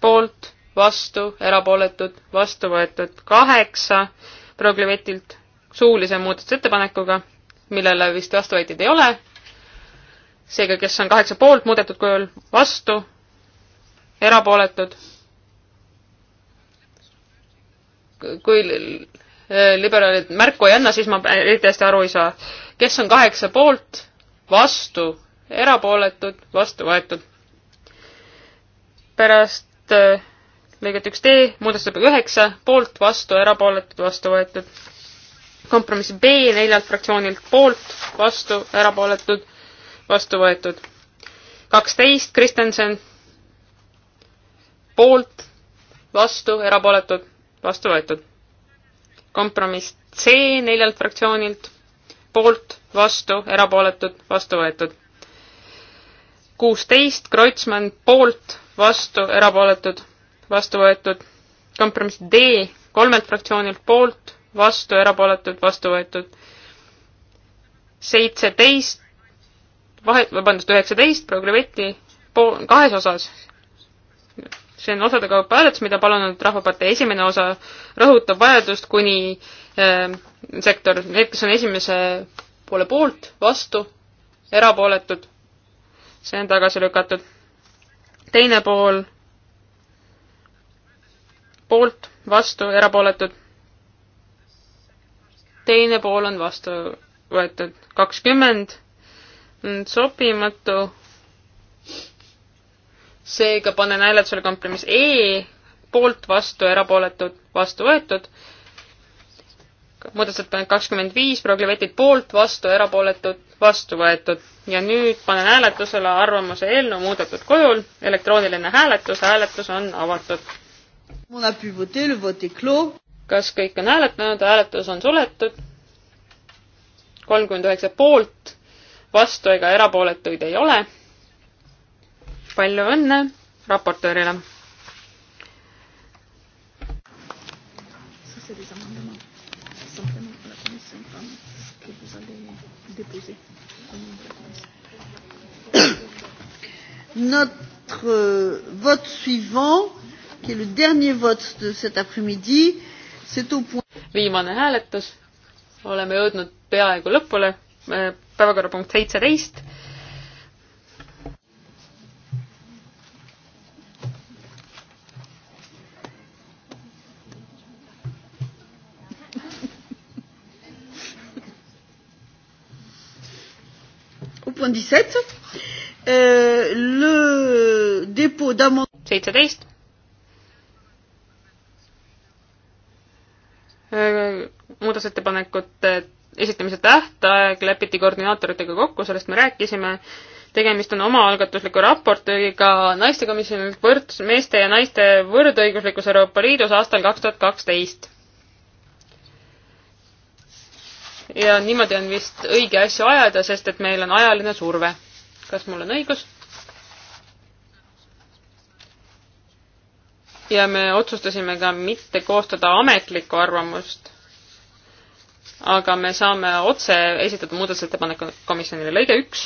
poolt, vastu, erapooletud, vastu võetud. kaheksa Proglivetilt suulise muudatusettepanekuga, millele vist vastuväiteid ei ole. seega, kes on kaheksa poolt muudetud kujul, vastu, erapooletud kui eh, liberaalid märku ei anna, siis ma eriti hästi aru ei saa. kes on kaheksa poolt, vastu, erapooletud, vastu võetud. pärast eh, lõiget üks D, muudatusettepanek üheksa, poolt, vastu, erapooletud, vastu võetud. kompromiss B neljalt fraktsioonilt poolt, vastu, erapooletud, vastu võetud. kaksteist, Kristjanson, poolt, vastu, erapooletud vastu võetud. kompromiss C neljalt fraktsioonilt, poolt, vastu, erapooletud, vastu võetud. kuusteist, Kreutzmann, poolt, vastu, erapooletud, vastu võetud. kompromiss D kolmelt fraktsioonilt, poolt, vastu, erapooletud, vastu võetud. seitseteist, vahe, vabandust, üheksateist, Progrevetti, kahes osas, see on osade kaupa hääletus, mida palunud Rahvapartei esimene osa rõhutab vajadust kuni äh, sektor, need, kes on esimese poole poolt, vastu, erapooletud, see on tagasi lükatud. teine pool, poolt, vastu, erapooletud. teine pool on vastu võetud kakskümmend, mm, sobimatu seega panen hääletusele kompromiss E, poolt, vastu, erapooletud, vastu võetud. muudatusettepanek kakskümmend viis, proglevetid poolt, vastu, erapooletud, vastu võetud. ja nüüd panen hääletusele arvamuse eelnõu muudetud kujul, elektrooniline hääletus, hääletus on avatud. kas kõik on hääletanud, hääletus on suletud? kolmkümmend üheksa poolt, vastu ega erapooletuid ei ole palju õnne raportöörile. Notre euh, vote suivant, qui est le dernier vote de cet après-midi, c'est au point. viimane hääletus, oleme jõudnud peaaegu lõpule, äh, päevakorrapunkt seitseteist 77 euh, le dépôt d'amendement euh, muudatusettepanekute esitamise tähtaeg lepiti koordinaatoritega kokku, sellest me rääkisime. tegemist on omaalgatusliku raportiga naistekomisjonilt võrd-, meeste ja naiste võrdõiguslikkus Euroopa Liidus aastal kaks tuhat kaksteist ja niimoodi on vist õige asju ajada, sest et meil on ajaline surve. kas mul on õigus? ja me otsustasime ka mitte koostada ametlikku arvamust, aga me saame otse esitada muudatusettepaneku komisjonile. lõige üks,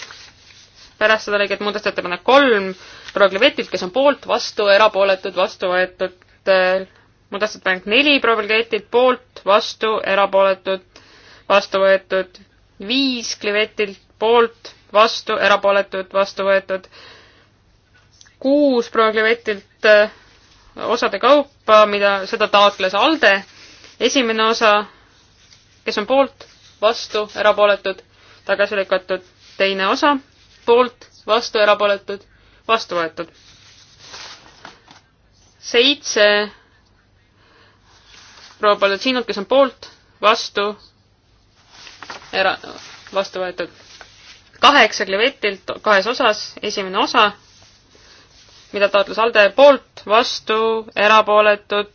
pärast seda lõiget muudatusettepanek kolm, proua Klevetilt, kes on poolt, vastu, erapooletud, vastu võetud, muudatusettepanek neli, proua Klevetilt, poolt, vastu, erapooletud, vastu võetud, viis Klivetilt poolt, vastu, erapooletud, vastu võetud, kuus proua Klivetilt äh, osade kaupa, mida, seda taotles ALDE, esimene osa, kes on poolt, vastu, erapooletud, tagasi lükatud, teine osa, poolt, vastu, erapooletud, vastu võetud. seitse proua Palatsinot, kes on poolt, vastu, era-, vastu võetud. kaheksa klevetilt kahes osas, esimene osa, mida taotles Alde poolt, vastu, erapooletud,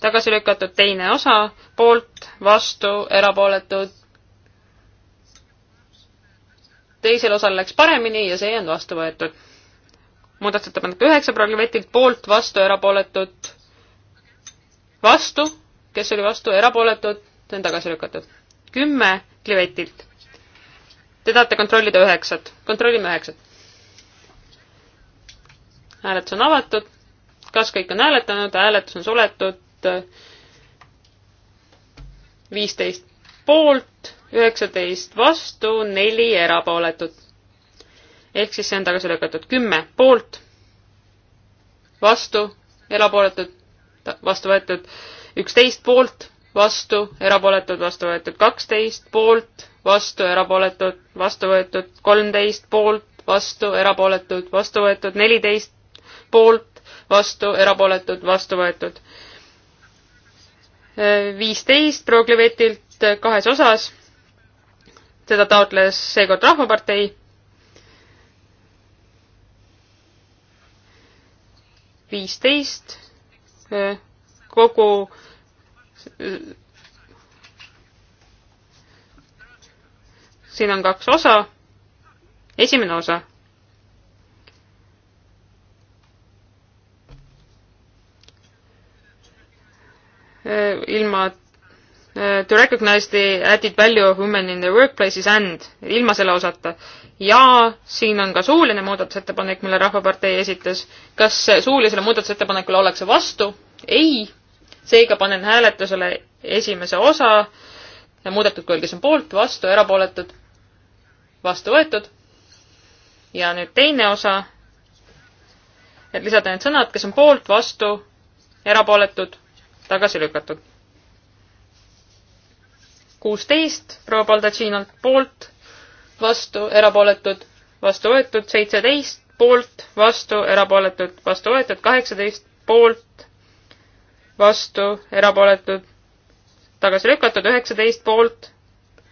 tagasi lükatud teine osa, poolt, vastu, erapooletud. teisel osal läks paremini ja see ei olnud vastu võetud. muudatusettepanek üheksa programmetilt poolt, vastu, erapooletud, vastu, kes oli vastu, erapooletud, see on tagasi lükatud. kümme klivetilt. Te tahate kontrollida üheksat, kontrollime üheksat. hääletus on avatud, kas kõik on hääletanud, hääletus on suletud, viisteist poolt, üheksateist vastu, neli erapooletut. ehk siis see on tagasi lükatud, kümme poolt, vastu, erapooletud, vastu võetud, üksteist poolt vastu, erapooletud, vastu võetud kaksteist, poolt, vastu, erapooletud, vastu võetud kolmteist, poolt, vastu, erapooletud, vastu võetud neliteist, poolt, vastu, erapooletud, vastu võetud. viisteist Proglivetilt kahes osas. seda taotles seekord Rahvapartei. viisteist kogu siin on kaks osa. esimene osa. Äh, ilma äh, to recognize the added value of women in the workplaces and ilma selle osata. ja siin on ka suuline muudatusettepanek, mille Rahvapartei esitas. kas suulisele muudatusettepanekule ollakse vastu? ei seega panen hääletusele esimese osa muudetud kujul, kes on poolt, vastu, erapooletud, vastu võetud. ja nüüd teine osa, et lisada need sõnad, kes on poolt, vastu, erapooletud, tagasi lükatud. kuusteist proua Baldaccinalt poolt, vastu, erapooletud, vastu võetud, seitseteist poolt, vastu, erapooletud, vastu võetud, kaheksateist poolt, vastu, erapooletud, tagasi lükatud, üheksateist poolt,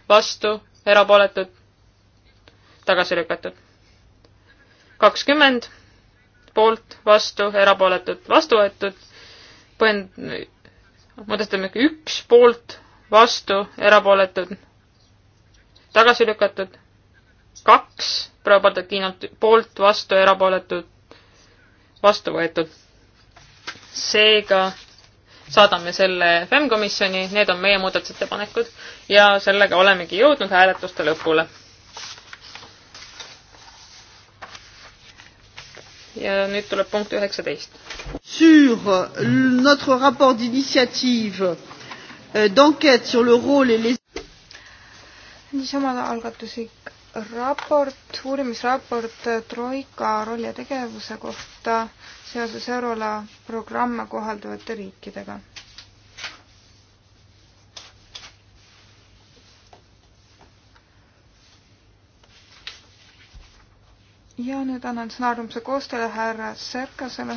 vastu, erapooletud, tagasi lükatud. kakskümmend poolt, vastu, erapooletud, vastu võetud, põhjend-, mõtestame üks poolt, vastu, erapooletud, tagasi lükatud, kaks Probodakinalt poolt, vastu, erapooletud, vastu võetud. seega saadame selle FEM komisjoni, need on meie muudatusettepanekud ja sellega olemegi jõudnud hääletuste lõpule. ja nüüd tuleb punkt üheksateist. Sur notre rapport d'initiative euh, d'enquête sur le rôle et les niisama algatuslik raport, uurimisraport Troika rolli ja tegevuse kohta seoses euroala programme kohalduvate riikidega. ja nüüd annan sõna arvamuse koostajale härra Serkasele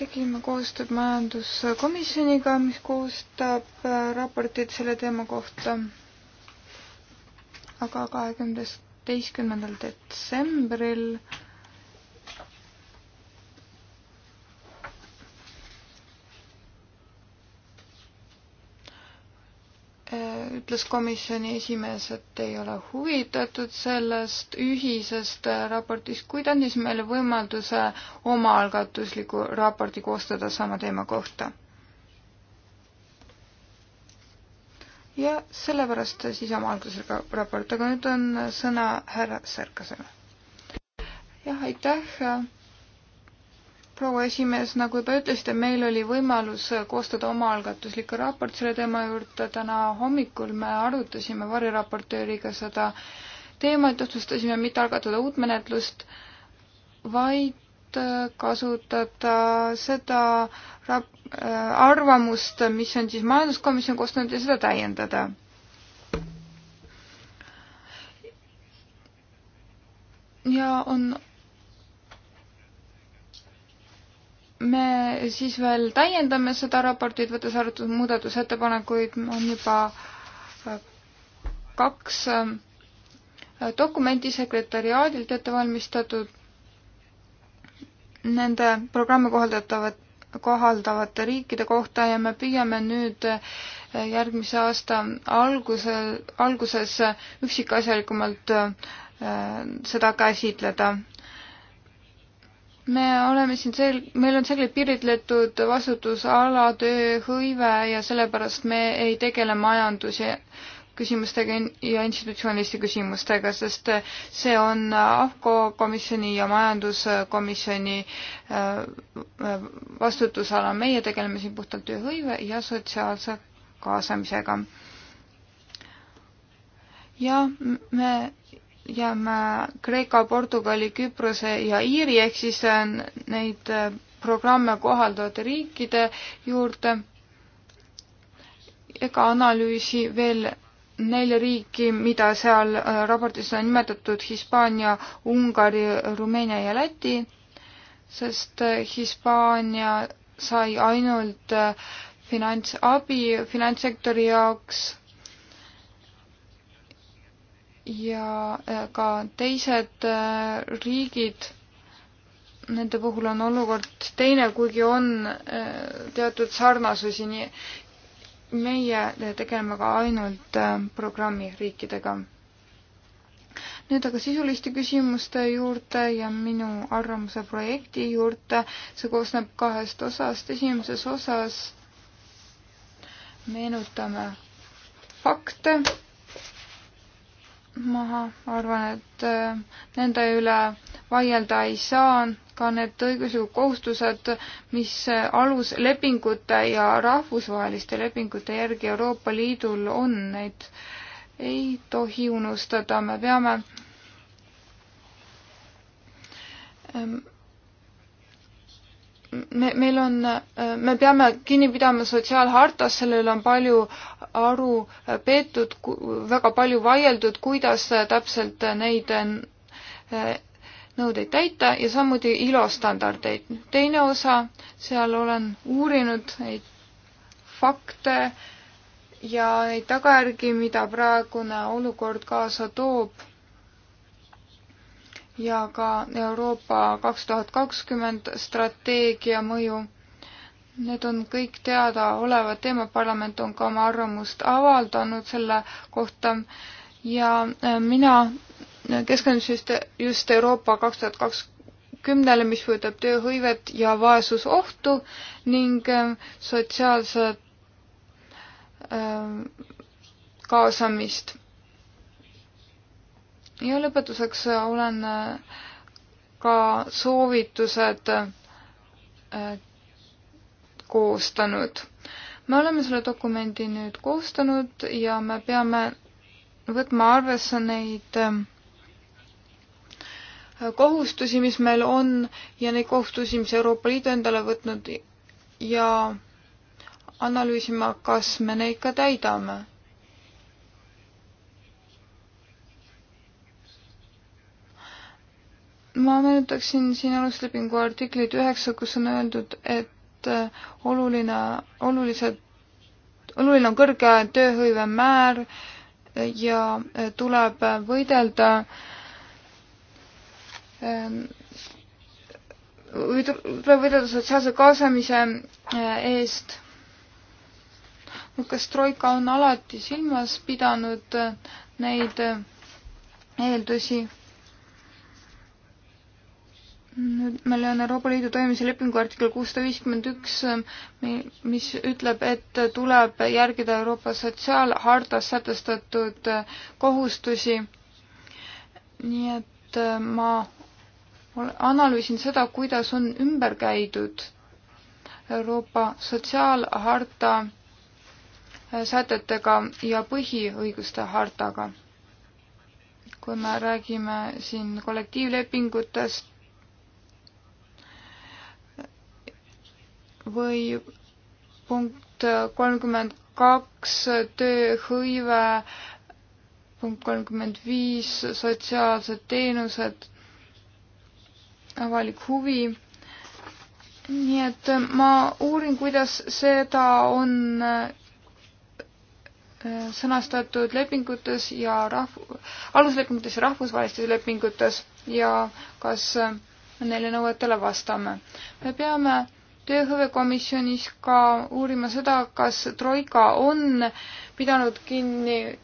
tegime koostööd majanduskomisjoniga, mis koostab äh, raportit selle teema kohta. aga kahekümnendast teistkümnendal detsembril ütles komisjoni esimees, et ei ole huvitatud sellest ühisest raportist, kuid andis meile võimaluse omaalgatusliku raporti koostada sama teema kohta. ja sellepärast siis omaalgatuslik raport, aga nüüd on sõna härra Särkasele. jah, aitäh proua esimees, nagu juba ütlesite, meil oli võimalus koostada omaalgatuslik raport selle teema juurde. täna hommikul me arutasime variraportööriga seda teemat, otsustasime mitte algatada uut menetlust, vaid kasutada seda rap-, äh, arvamust, mis on siis majanduskomisjon koostanud ja seda täiendada. ja on me siis veel täiendame seda raportit, võttes arvatud muudatusettepanekuid, on juba äh, kaks äh, dokumenti sekretäriaadilt ette valmistatud nende programmi kohaldatavat, kohaldavate riikide kohta ja me püüame nüüd äh, järgmise aasta alguse, alguses üksikasjalikumalt seda käsitleda me oleme siin sel-, meil on selgelt piiritletud vastutusala, tööhõive ja sellepärast me ei tegele majanduse küsimustega ja institutsiooniliste küsimustega, sest see on AFCO komisjoni ja majanduskomisjoni äh, vastutusala. meie tegeleme siin puhtalt tööhõive ja sotsiaalse kaasamisega. ja me jääme Kreeka, Portugali, Küprose ja Iiri ehk siis äh, neid äh, programme kohaldavate riikide juurde ega analüüsi veel nelja riiki, mida seal äh, raportis on nimetatud Hispaania, Ungari, Rumeenia ja Läti, sest Hispaania sai ainult finantsabi finantssektori jaoks ja äh, ka teised äh, riigid, nende puhul on olukord teine, kuigi on äh, teatud sarnasusi, nii meie tegeleme ka ainult programmi riikidega. nüüd aga sisuliste küsimuste juurde ja minu arvamuse projekti juurde. see koosneb kahest osast. esimeses osas meenutame fakte ma arvan, et äh, nende üle vaielda ei saa, ka need õiguslikud kohustused, mis äh, aluslepingute ja rahvusvaheliste lepingute järgi Euroopa Liidul on, neid ei tohi unustada, me peame ähm, me, meil on, me peame kinni pidama sotsiaalhartast, sellel on palju aru peetud, väga palju vaieldud, kuidas täpselt neid nõudeid täita ja samuti ILO standardeid. teine osa, seal olen uurinud neid fakte ja neid tagajärgi, mida praegune olukord kaasa toob ja ka Euroopa kaks tuhat kakskümmend strateegia mõju. Need on kõik teadaolevad teemad, parlament on ka oma arvamust avaldanud selle kohta ja äh, mina keskendun just, just Euroopa kaks tuhat kakskümnele, mis puudutab tööhõivet ja vaesusohtu ning äh, sotsiaalset äh, kaasamist ja lõpetuseks olen äh, ka soovitused äh, koostanud. me oleme selle dokumendi nüüd koostanud ja me peame võtma arvesse neid äh, kohustusi, mis meil on ja neid kohustusi, mis Euroopa Liit endale võtnud ja analüüsima, kas me neid ka täidame ma meenutaksin siin aluslepingu artiklit üheksa, kus on öeldud, et äh, oluline, olulised, oluline on kõrge tööhõive määr ja äh, tuleb äh, võidelda ähm, või tuleb võidelda sotsiaalse kaasamise eest. kas Troika on alati silmas pidanud neid eeldusi? nüüd meil on Euroopa Liidu toimimise lepingu artikkel kuussada viiskümmend üks, ähm, mis ütleb, et tuleb järgida Euroopa sotsiaalhartas sätestatud äh, kohustusi. nii et äh, ma analüüsin seda, kuidas on ümber käidud Euroopa sotsiaalharta äh, sätetega ja põhiõiguste hartaga. kui me räägime siin kollektiivlepingutest, või punkt kolmkümmend kaks, tööhõive, punkt kolmkümmend viis, sotsiaalsed teenused, avalik huvi nii et ma uurin, kuidas seda on äh, sõnastatud lepingutes ja rahv-, aluslepingutes ja rahvusvahelistes lepingutes ja kas äh, neile nõuetele vastame. me peame tööhõivekomisjonis ka uurima seda, kas Troika on pidanud kinni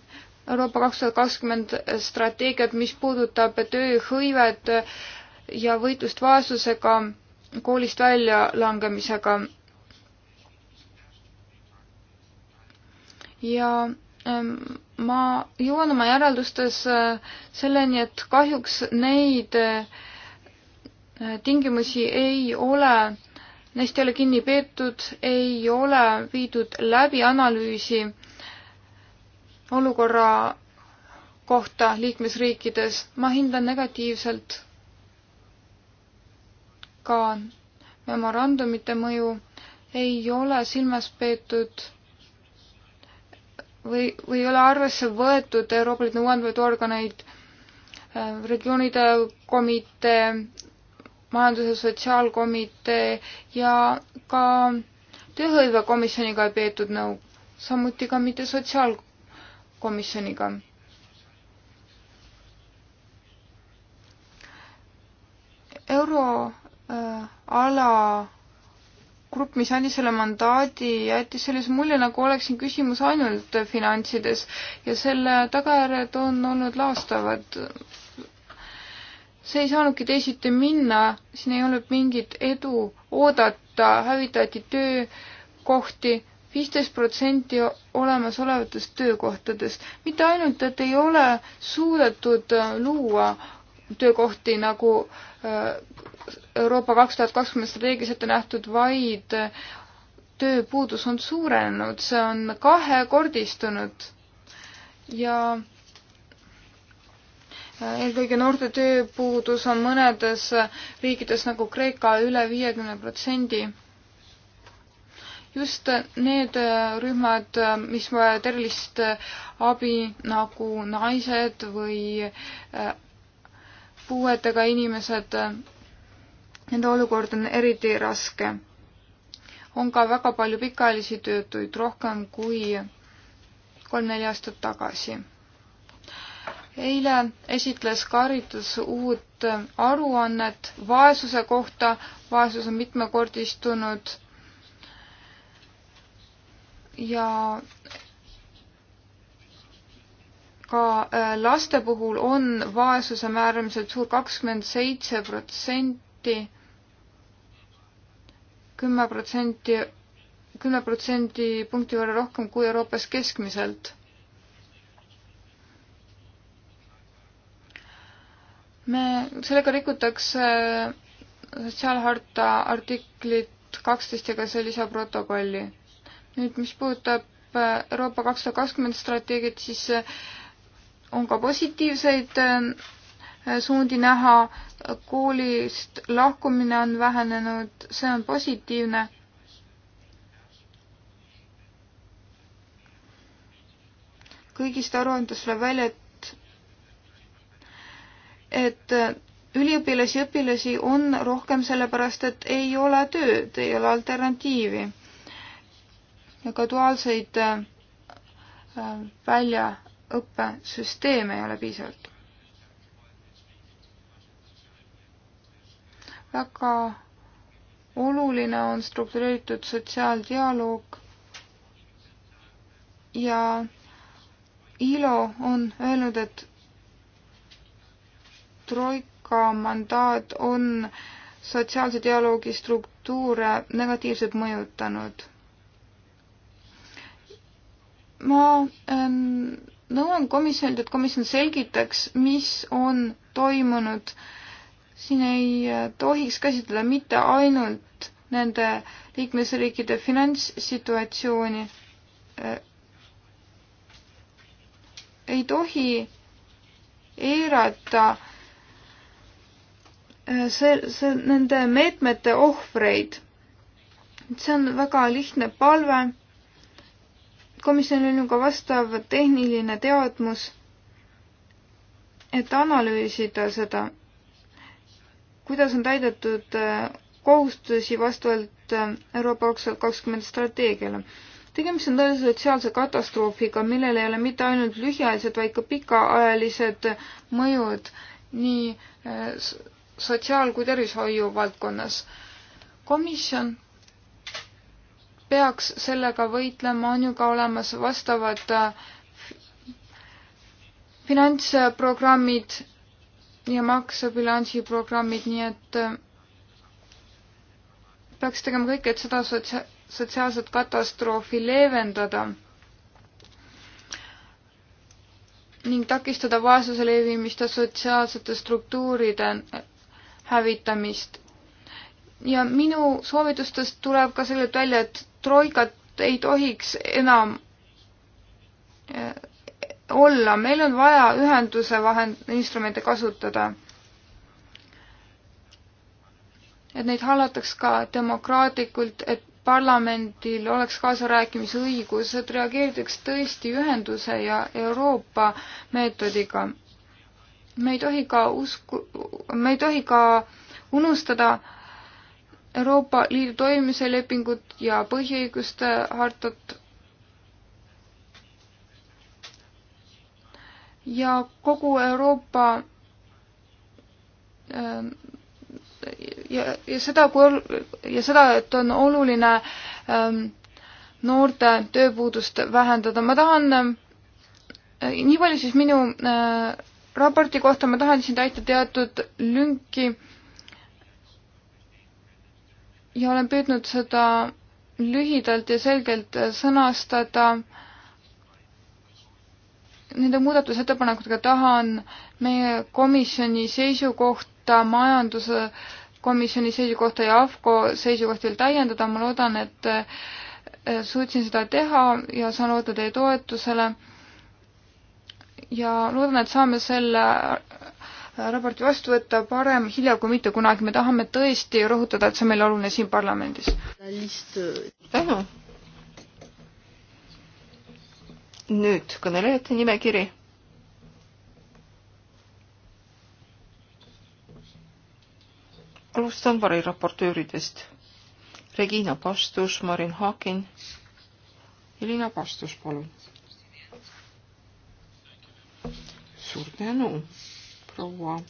Euroopa kaks tuhat kakskümmend strateegiat, mis puudutab tööhõivet ja võitlust vaesusega, koolist väljalangemisega. ja ähm, ma jõuan oma järeldustes äh, selleni, et kahjuks neid äh, tingimusi ei ole neist ei ole kinni peetud, ei ole viidud läbi analüüsi olukorra kohta liikmesriikides. ma hindan negatiivselt ka memorandumite mõju, ei ole silmas peetud või, või ei ole arvesse võetud Euroopa Liidu nõuandvaid organeid, äh, regioonide komitee, majandus- ja sotsiaalkomitee ja ka tööhõivekomisjoniga ei peetud nõu, samuti ka mitte sotsiaalkomisjoniga. euroala äh, grupp, mis andis selle mandaadi, jättis sellise mulje, nagu oleks siin küsimus ainult finantsides ja selle tagajärjed on olnud laastavad see ei saanudki teisiti minna, siin ei olnud mingit edu oodata, hävitati töökohti, viisteist protsenti olemasolevatest töökohtadest. mitte ainult, et ei ole suudetud äh, luua töökohti nagu äh, Euroopa kaks tuhat kakskümmend strateegias ette nähtud, vaid äh, tööpuudus on suurenenud, see on kahekordistunud ja eelkõige noorte tööpuudus on mõnedes riikides nagu Kreeka üle viiekümne protsendi. just need rühmad, mis vajavad erilist abi nagu naised või äh, puuetega inimesed, nende olukord on eriti raske. on ka väga palju pikaajalisi töötuid, rohkem kui kolm-neli aastat tagasi eile esitles Karitus uut aruannet vaesuse kohta, vaesus on mitmekordistunud ja ka äh, laste puhul on vaesuse määr ilmselt suur, kakskümmend seitse protsenti, kümme protsenti, kümne protsendi punkti võrra rohkem kui Euroopas keskmiselt me, sellega rikutakse äh, sotsiaalharta artiklit kaksteist ja ka see lisaprotokolli. nüüd, mis puudutab äh, Euroopa kaks tuhat kakskümmend strateegiat, siis äh, on ka positiivseid suundi näha, koolist lahkumine on vähenenud, see on positiivne. kõigist aruandest tuleb välja, et et üliõpilasi, õpilasi on rohkem sellepärast, et ei ole tööd, ei ole alternatiivi. ja ka duaalseid äh, väljaõppesüsteeme ei ole piisavalt. väga oluline on struktureeritud sotsiaaldialoog ja ILO on öelnud, et troika mandaat on sotsiaalse dialoogi struktuure negatiivselt mõjutanud. ma ähm, nõuan komisjonilt, et komisjon selgitaks, mis on toimunud. siin ei äh, tohiks käsitleda mitte ainult nende liikmesriikide finantssituatsiooni äh,. ei tohi eirata äh, see, see, nende meetmete ohvreid. see on väga lihtne palve. komisjonil on ju ka vastav tehniline teadmus, et analüüsida seda, kuidas on täidetud äh, kohustusi vastavalt äh, Euroopa kaks tuhat kakskümmend strateegiale. tegemist on tõelise sotsiaalse katastroofiga, millel ei ole mitte ainult lühiajalised, vaid ka pikaajalised mõjud nii äh, sotsiaal- kui tervishoiu valdkonnas. komisjon peaks sellega võitlema, on ju ka olemas vastavad äh, finantsprogrammid ja maksebilansi programmid, nii et äh, peaks tegema kõik, et seda sotsia-, sotsiaalset katastroofi leevendada ning takistada vaesuse levimist ja sotsiaalsete struktuuride hävitamist. ja minu soovitustest tuleb ka selgelt välja, et troikat ei tohiks enam eh, olla, meil on vaja ühenduse vahend, instrumente kasutada. et neid hallataks ka demokraatlikult, et parlamendil oleks kaasarääkimisõigus, et reageeritaks tõesti ühenduse ja Euroopa meetodiga me ei tohi ka usku, me ei tohi ka unustada Euroopa Liidu toimimise lepingut ja põhiõiguste hartat. ja kogu Euroopa ähm, ja, ja seda, kui ja seda, et on oluline ähm, noorte tööpuudust vähendada. ma tahan äh,, nii palju siis minu äh, raporti kohta ma tahan siin täita teatud lünki ja olen püüdnud seda lühidalt ja selgelt sõnastada. Nende muudatusettepanekutega tahan meie komisjoni seisukohta, majanduse komisjoni seisukohta ja AFCO seisukohti veel täiendada, ma loodan, et eh, suutsin seda teha ja saan loota teie toetusele ja loodan, et saame selle raporti vastu võtta parem hilja kui mitte kunagi. me tahame tõesti rõhutada, et see on meile oluline siin parlamendis. tänu. nüüd kõnelejate nimekiri. alustan variraportööridest. Regina Pastus, Marin Haakin. Elina Pastus, palun suur tänu, proua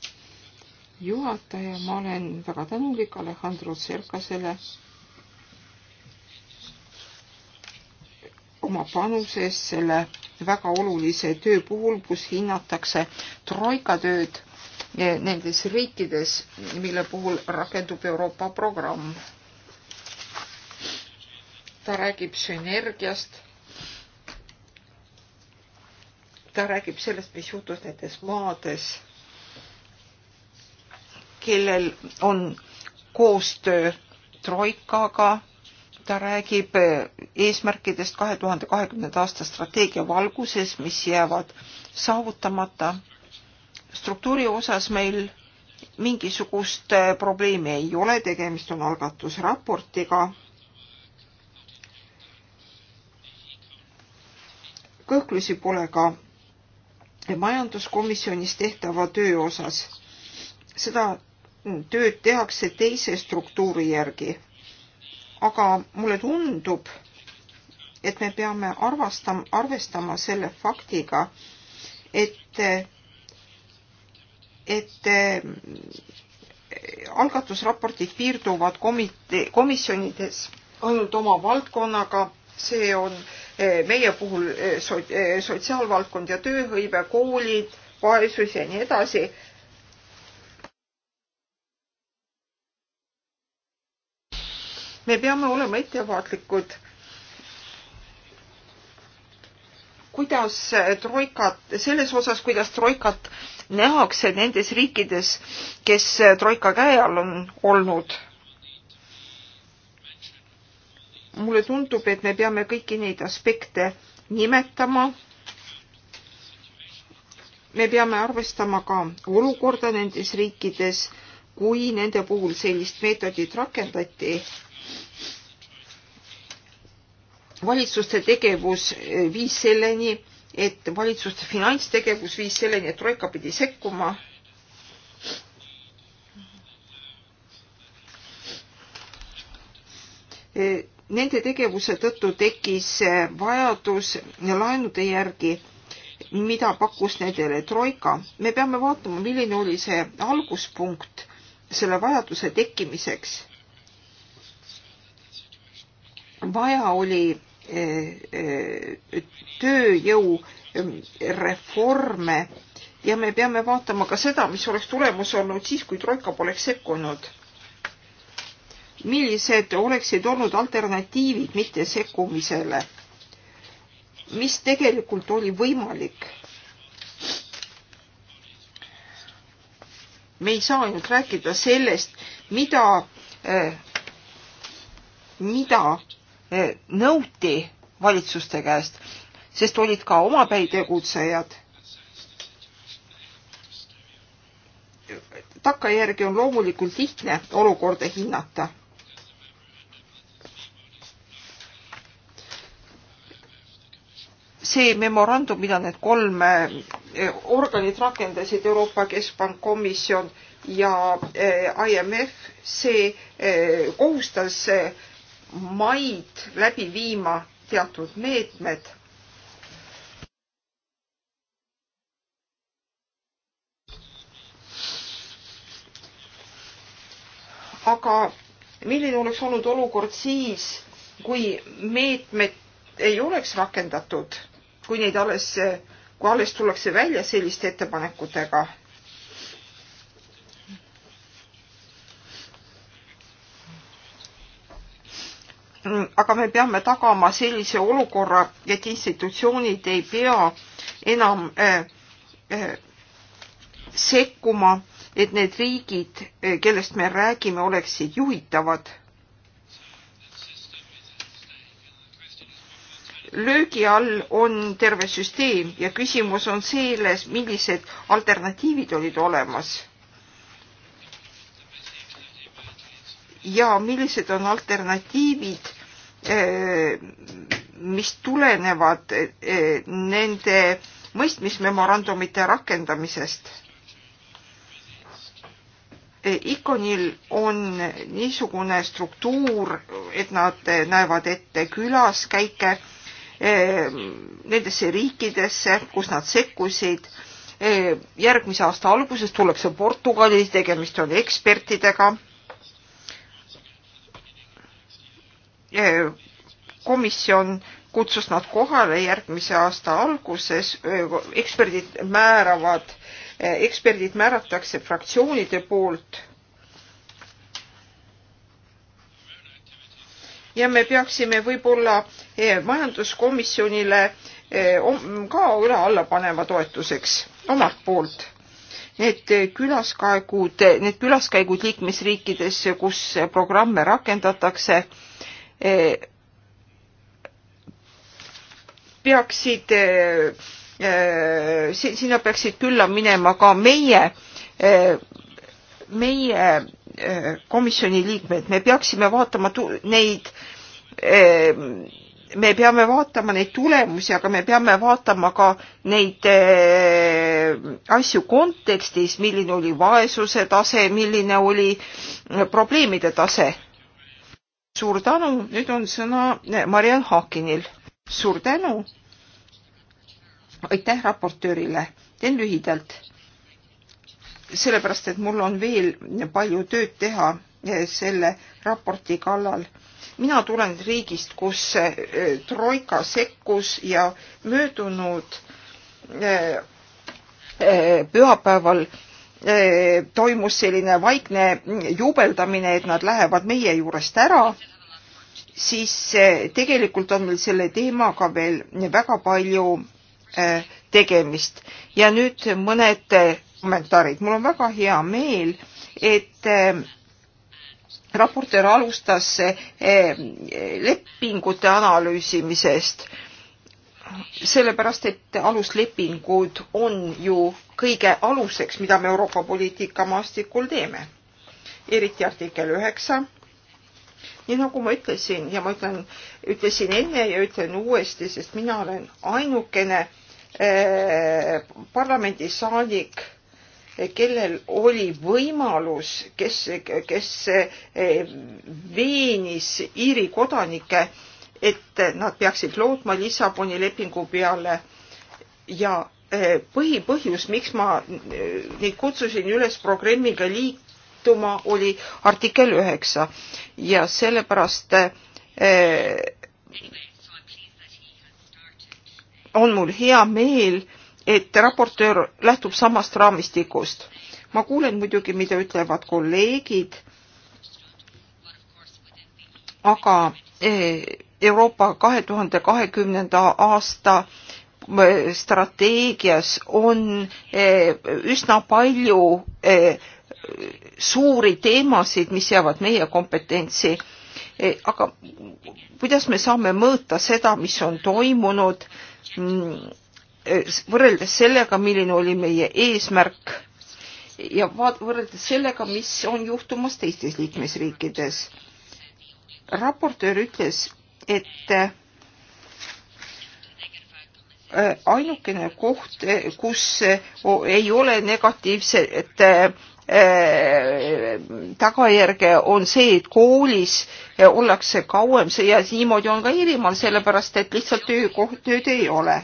juhataja, ma olen väga tänulik Alejandro Tserkasele oma panuses selle väga olulise töö puhul, kus hinnatakse troika tööd nendes riikides, mille puhul rakendub Euroopa programm. ta räägib sünergiast ta räägib sellest, mis juhtus nendes maades, kellel on koostöö Troikaga, ta räägib eesmärkidest kahe tuhande kahekümnenda aasta strateegia valguses, mis jäävad saavutamata. struktuuri osas meil mingisugust probleemi ei ole, tegemist on algatusraportiga. kõhklusi pole ka majanduskomisjonis tehtava töö osas. seda mm, tööd tehakse teise struktuuri järgi. aga mulle tundub, et me peame arvastama, arvestama selle faktiga, et, et mm, algatusraportid piirduvad komitee, komisjonides ainult oma valdkonnaga, see on äh, meie puhul sotsiaalvaldkond ja tööhõive, koolid, vaesus ja nii edasi. me peame olema ettevaatlikud, kuidas troikat, selles osas, kuidas troikat nähakse nendes riikides, kes troika käe all on olnud mulle tundub, et me peame kõiki neid aspekte nimetama. me peame arvestama ka olukorda nendes riikides, kui nende puhul sellist meetodit rakendati. valitsuste tegevus viis selleni, et valitsuste finantstegevus viis selleni, et Troika pidi sekkuma nende tegevuse tõttu tekkis vajadus laenude järgi, mida pakkus nendele Troika. me peame vaatama, milline oli see alguspunkt selle vajaduse tekkimiseks. vaja oli eh, eh, tööjõureforme eh, ja me peame vaatama ka seda, mis oleks tulemus olnud siis, kui Troika poleks sekkunud millised oleksid olnud alternatiivid mittesekkumisele, mis tegelikult oli võimalik. me ei saa ainult rääkida sellest, mida, eh, mida eh, nõuti valitsuste käest, sest olid ka omapäi tegutsejad takkajärgi on loomulikult lihtne olukorda hinnata. see memorandum, mida need kolm eh, organit rakendasid, Euroopa Keskpank, Komisjon ja eh, IMF, see eh, kohustas maid läbi viima teatud meetmed aga milline oleks olnud olukord siis, kui meetmed ei oleks rakendatud? kui neid alles, kui alles tullakse välja selliste ettepanekutega. aga me peame tagama sellise olukorra, et institutsioonid ei pea enam äh, äh, sekkuma, et need riigid, äh, kellest me räägime, oleksid juhitavad löögi all on terve süsteem ja küsimus on selles, millised alternatiivid olid olemas. ja millised on alternatiivid, eh, mis tulenevad eh, nende mõistmismemorandumite rakendamisest eh, ikonil on niisugune struktuur, et nad näevad ette külaskäike Ehm, nendesse riikidesse, kus nad sekkusid. Ehm, järgmise aasta alguses tullakse Portugali, tegemist on ekspertidega. Ehm, komisjon kutsus nad kohale järgmise aasta alguses, eksperdid määravad, eh, eksperdid määratakse fraktsioonide poolt ja me peaksime võib-olla eh, majanduskomisjonile eh, ka üle-alla panema toetuseks omalt poolt need eh, külaskäigud, need külaskäigud liikmesriikides, kus programme rakendatakse, peaksid, sinna peaksid külla minema ka meie meie eh, komisjoni liikmed, me peaksime vaatama neid, eh, me peame vaatama neid tulemusi, aga me peame vaatama ka neid eh, asju kontekstis, milline oli vaesuse tase, milline oli probleemide tase. suur tänu, nüüd on sõna Mariann Haakinil. suur tänu. aitäh raportöörile, teen lühidalt sellepärast, et mul on veel palju tööd teha eh, selle raporti kallal. mina tulen riigist, kus eh, troika sekkus ja möödunud eh, pühapäeval toimus selline vaikne jubeldamine, et nad lähevad meie juurest ära, siis tegelikult on meil selle teemaga veel väga palju tegemist ja nüüd mõned kommentaarid. mul on väga hea meel, et äh, raportöör alustas äh, lepingute analüüsimisest, sellepärast et aluslepingud on ju kõige aluseks, mida me Euroopa poliitika maastikul teeme, eriti artikkel üheksa nii nagu ma ütlesin ja ma ütlen, ütlesin enne ja ütlen uuesti, sest mina olen ainukene äh, parlamendisaadik kellel oli võimalus, kes, kes eh, veenis Iiri kodanikke, et nad peaksid lootma Lissaboni lepingu peale ja eh, põhipõhjus, miks ma eh, neid kutsusin üles programmiga liituma, oli artikkel üheksa ja sellepärast on mul hea meel, et raportöör lähtub samast raamistikust. ma kuulen muidugi, mida ütlevad kolleegid, aga eh, Euroopa kahe tuhande kahekümnenda aasta eh, strateegias on eh, üsna palju suuri teemasid, mis jäävad meie kompetentsi. aga kuidas me saame mõõta seda, mis on toimunud mm, Äh, võrreldes sellega, milline oli meie eesmärk ja vaat-, võrreldes sellega, mis on juhtumas teistes liikmesriikides. raportöör ütles, et äh, ainukene koht, äh, kus ei ole negatiivset tagajärge on see, et koolis ollakse kauem ja niimoodi on ka Iirimaal, sellepärast et lihtsalt töökoht, tööd ei ole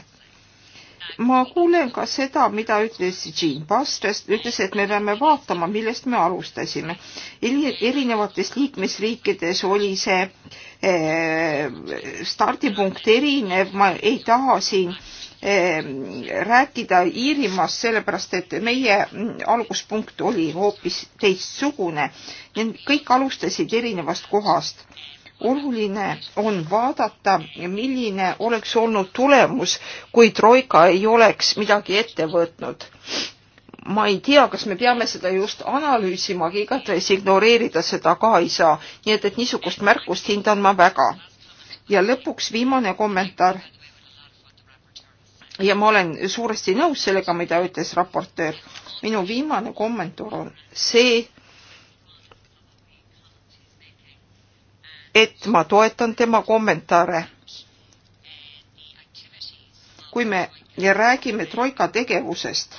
ma kuulen ka seda, mida ütles Jean Pastres, ütles, et me peame vaatama, millest me alustasime. erinevates liikmesriikides oli see eh, stardipunkt erinev, ma ei taha siin eh, rääkida Iirimaast, sellepärast et meie mm, alguspunkt oli hoopis teistsugune. Kõik alustasid erinevast kohast oluline on vaadata, milline oleks olnud tulemus, kui Troika ei oleks midagi ette võtnud. ma ei tea, kas me peame seda just analüüsima, aga igatahes ignoreerida seda ka ei saa. nii et, et niisugust märkust hindan ma väga. ja lõpuks viimane kommentaar. ja ma olen suuresti nõus sellega, mida ütles raportöör. minu viimane kommentaar on see, et ma toetan tema kommentaare. kui me räägime Troika tegevusest,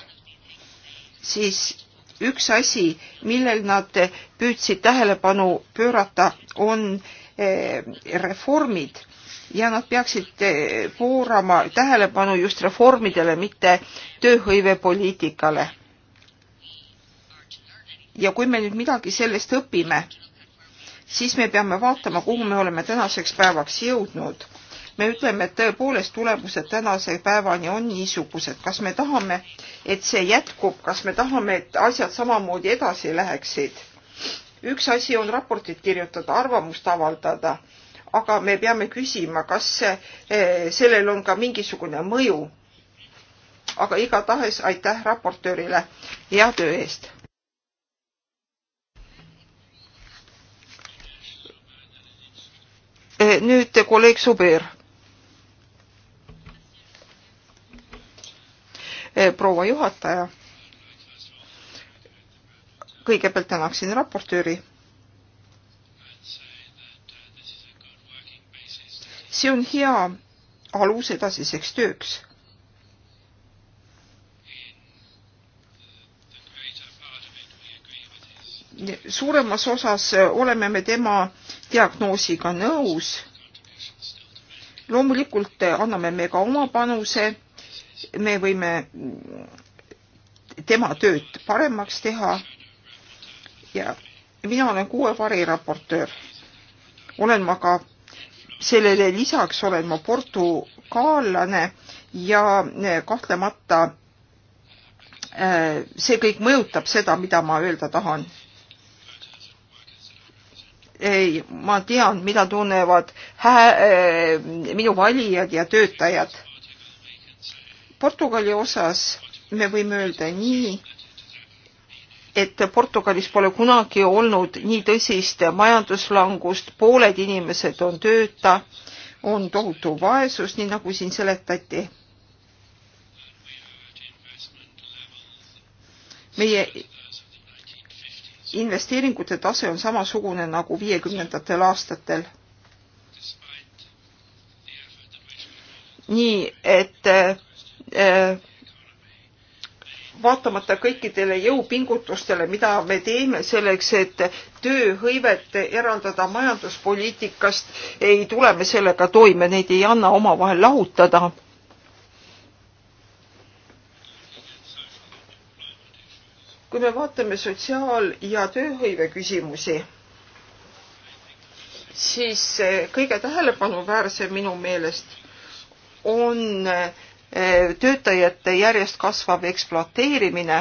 siis üks asi, millel nad püüdsid tähelepanu pöörata, on eh, reformid ja nad peaksid eh, pöörama tähelepanu just reformidele, mitte tööhõivepoliitikale. ja kui me nüüd midagi sellest õpime, siis me peame vaatama, kuhu me oleme tänaseks päevaks jõudnud. me ütleme, et tõepoolest tulemused tänase päevani on niisugused, kas me tahame, et see jätkub, kas me tahame, et asjad samamoodi edasi läheksid. üks asi on raportit kirjutada, arvamust avaldada, aga me peame küsima, kas eh, sellel on ka mingisugune mõju aga igatahes aitäh raportöörile hea töö eest. Eh, nüüd kolleeg Suber. Eh, proua juhataja. kõigepealt tänaksin raportööri. see on hea alus edasiseks tööks suuremas osas oleme me tema diagnoosiga nõus. loomulikult anname me ka oma panuse, me võime tema tööd paremaks teha ja mina olen kuue variraportöör. olen ma ka, sellele lisaks olen ma portugaallane ja kahtlemata äh, see kõik mõjutab seda, mida ma öelda tahan ei, ma tean, mida tunnevad hää, eh, minu valijad ja töötajad. Portugali osas me võime öelda nii, et Portugalis pole kunagi olnud nii tõsist majanduslangust, pooled inimesed on tööta, on tohutu vaesus, nii nagu siin seletati. meie investeeringute tase on samasugune nagu viiekümnendatel aastatel. nii et äh, vaatamata kõikidele jõupingutustele, mida me teeme selleks, et tööhõivet eraldada majanduspoliitikast, ei tule me sellega toime, neid ei anna omavahel lahutada kui me vaatame sotsiaal- ja tööhõive küsimusi, siis eh, kõige tähelepanuväärsem minu meelest on eh, töötajate järjest kasvav ekspluateerimine,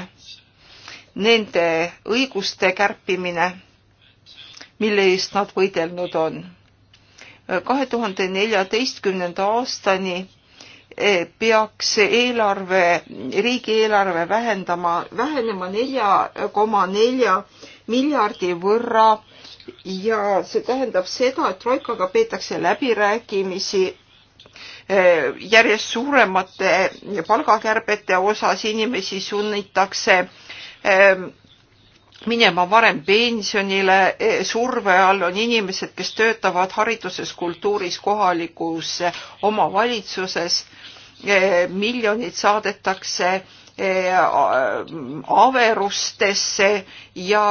nende õiguste kärpimine, mille eest nad võidelnud on. kahe tuhande neljateistkümnenda aastani peaks eelarve, riigieelarve vähendama, vähenema nelja koma nelja miljardi võrra ja see tähendab seda, et Troikaga peetakse läbirääkimisi eh, järjest suuremate palgakärbete osas, inimesi sunnitakse eh, minema varem pensionile, eh, surve all on inimesed, kes töötavad hariduses, kultuuris, kohalikus omavalitsuses Eh, miljonid saadetakse eh, averustesse ja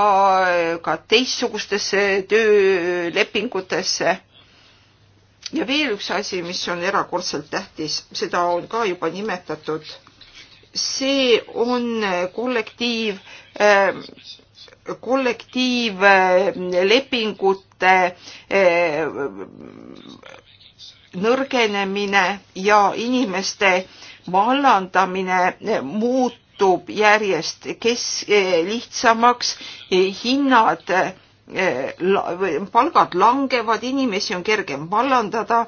eh, ka teistsugustesse töölepingutesse. ja veel üks asi, mis on erakordselt tähtis, seda on ka juba nimetatud. see on kollektiiv kollektiivlepingute nõrgenemine ja inimeste vallandamine muutub järjest kes lihtsamaks, hinnad, eh, palgad langevad, inimesi on kergem vallandada.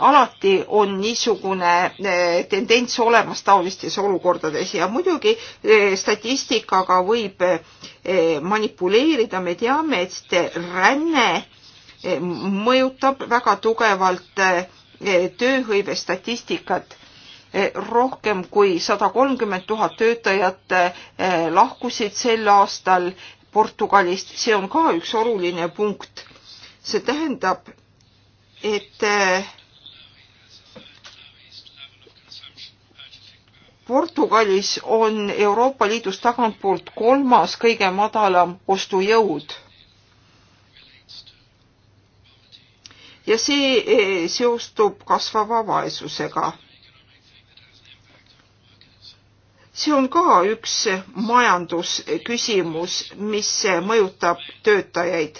alati on niisugune eh, tendents olemas taolistes olukordades ja muidugi eh, statistikaga võib manipuleerida, me teame, et ränne mõjutab väga tugevalt E, tööhõive statistikat e, rohkem kui sada kolmkümmend tuhat töötajat e, lahkusid sel aastal Portugalist, see on ka üks oluline punkt. see tähendab, et Portugalis on Euroopa Liidus tagantpoolt kolmas kõige madalam ostujõud ja see eh, seostub kasvava vaesusega. see on ka üks majandusküsimus, mis mõjutab töötajaid.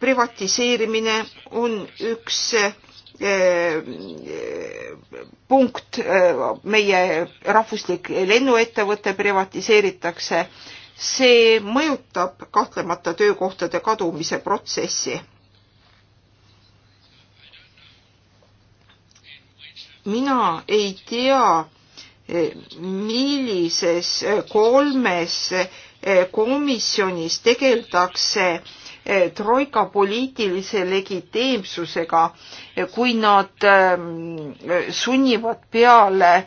privatiseerimine on üks eh, punkt, eh, meie rahvuslik lennuettevõte privatiseeritakse see mõjutab kahtlemata töökohtade kadumise protsessi. mina ei tea, millises kolmes komisjonis tegeldakse troika poliitilise legitiimsusega, kui nad ähm, sunnivad peale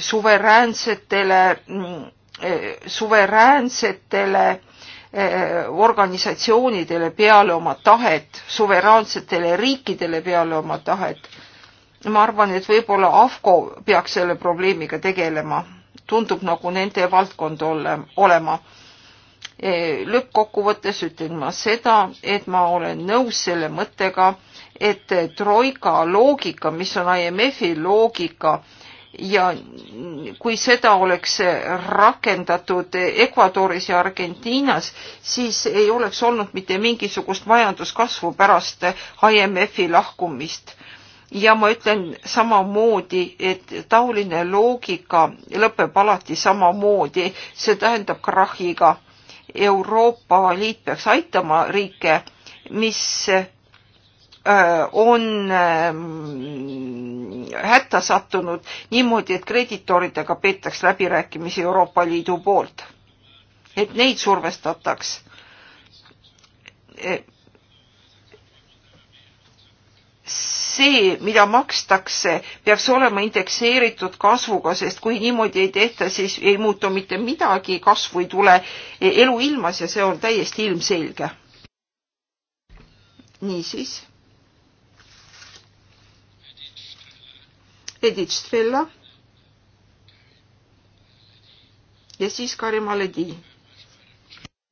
suveräänsetele mm, Eh, suveräänsetele eh, organisatsioonidele peale oma tahet, suveräänsetele riikidele peale oma tahet. ma arvan, et võib-olla AFCO peaks selle probleemiga tegelema, tundub nagu nende valdkond ole, olema. Eh, lõppkokkuvõttes ütlen ma seda, et ma olen nõus selle mõttega, et troika loogika, mis on IMF-i loogika, ja kui seda oleks rakendatud Ecuadoris ja Argentiinas, siis ei oleks olnud mitte mingisugust majanduskasvu pärast IMF-i lahkumist. ja ma ütlen samamoodi, et taoline loogika lõpeb alati samamoodi, see tähendab krahhiga. Euroopa Liit peaks aitama riike, mis Äh, on ähm, hätta sattunud niimoodi, et kreditoridega peetaks läbirääkimisi Euroopa Liidu poolt. et neid survestataks. see, mida makstakse, peaks olema indekseeritud kasvuga, sest kui niimoodi ei tehta, siis ei muutu mitte midagi, kasvu ei tule elu ilmas ja see on täiesti ilmselge. niisiis le diċtrilla ja siis Karim Aledi.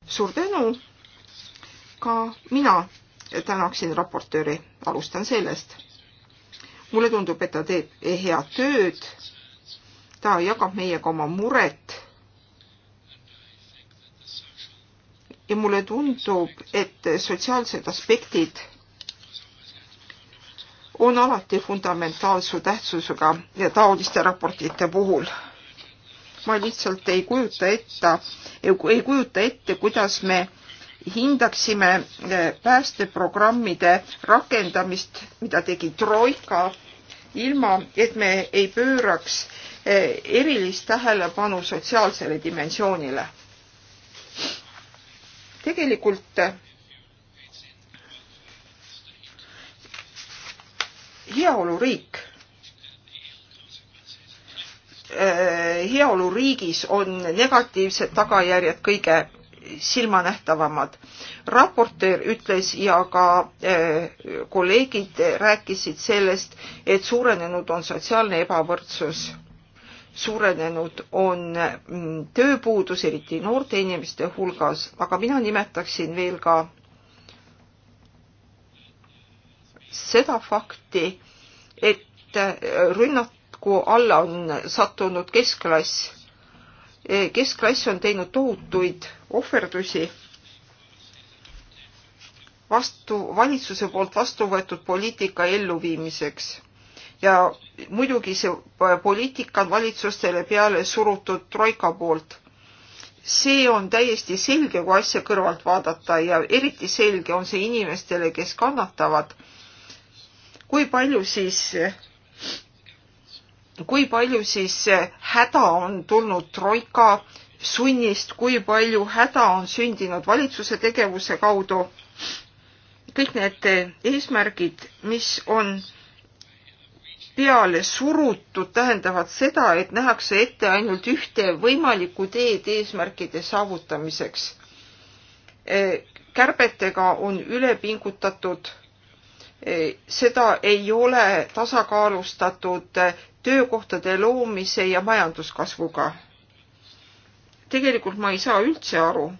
suur tänu, ka mina tänaksin raportööri, alustan sellest. mulle tundub, et ta teeb head tööd, ta jagab meiega oma muret ja mulle tundub, et sotsiaalsed aspektid on alati fundamentaalse tähtsusega ja taoliste raportite puhul. ma lihtsalt ei kujuta ette, ei kujuta ette, kuidas me hindaksime eh, päästeprogrammide rakendamist, mida tegi Troika, ilma et me ei pööraks eh, erilist tähelepanu sotsiaalsele dimensioonile. tegelikult eh, heaoluriik. Äh, heaoluriigis on negatiivsed tagajärjed kõige silmanähtavamad. raportöör ütles ja ka äh, kolleegid rääkisid sellest, et suurenenud on sotsiaalne ebavõrdsus, suurenenud on mm, tööpuudus, eriti noorte inimeste hulgas, aga mina nimetaksin veel ka seda fakti, et rünnaku alla on sattunud keskklass. keskklass on teinud tohutuid ohverdusi. vastu, valitsuse poolt vastu võetud poliitika elluviimiseks ja muidugi see poliitika on valitsustele peale surutud troika poolt. see on täiesti selge, kui asja kõrvalt vaadata ja eriti selge on see inimestele, kes kannatavad kui palju siis kui palju siis häda on tulnud troika sunnist, kui palju häda on sündinud valitsuse tegevuse kaudu. kõik need eesmärgid, mis on peale surutud, tähendavad seda, et nähakse ette ainult ühte võimalikku teed eesmärkide saavutamiseks. kärbetega on üle pingutatud seda ei ole tasakaalustatud töökohtade loomise ja majanduskasvuga. tegelikult ma ei saa üldse aru,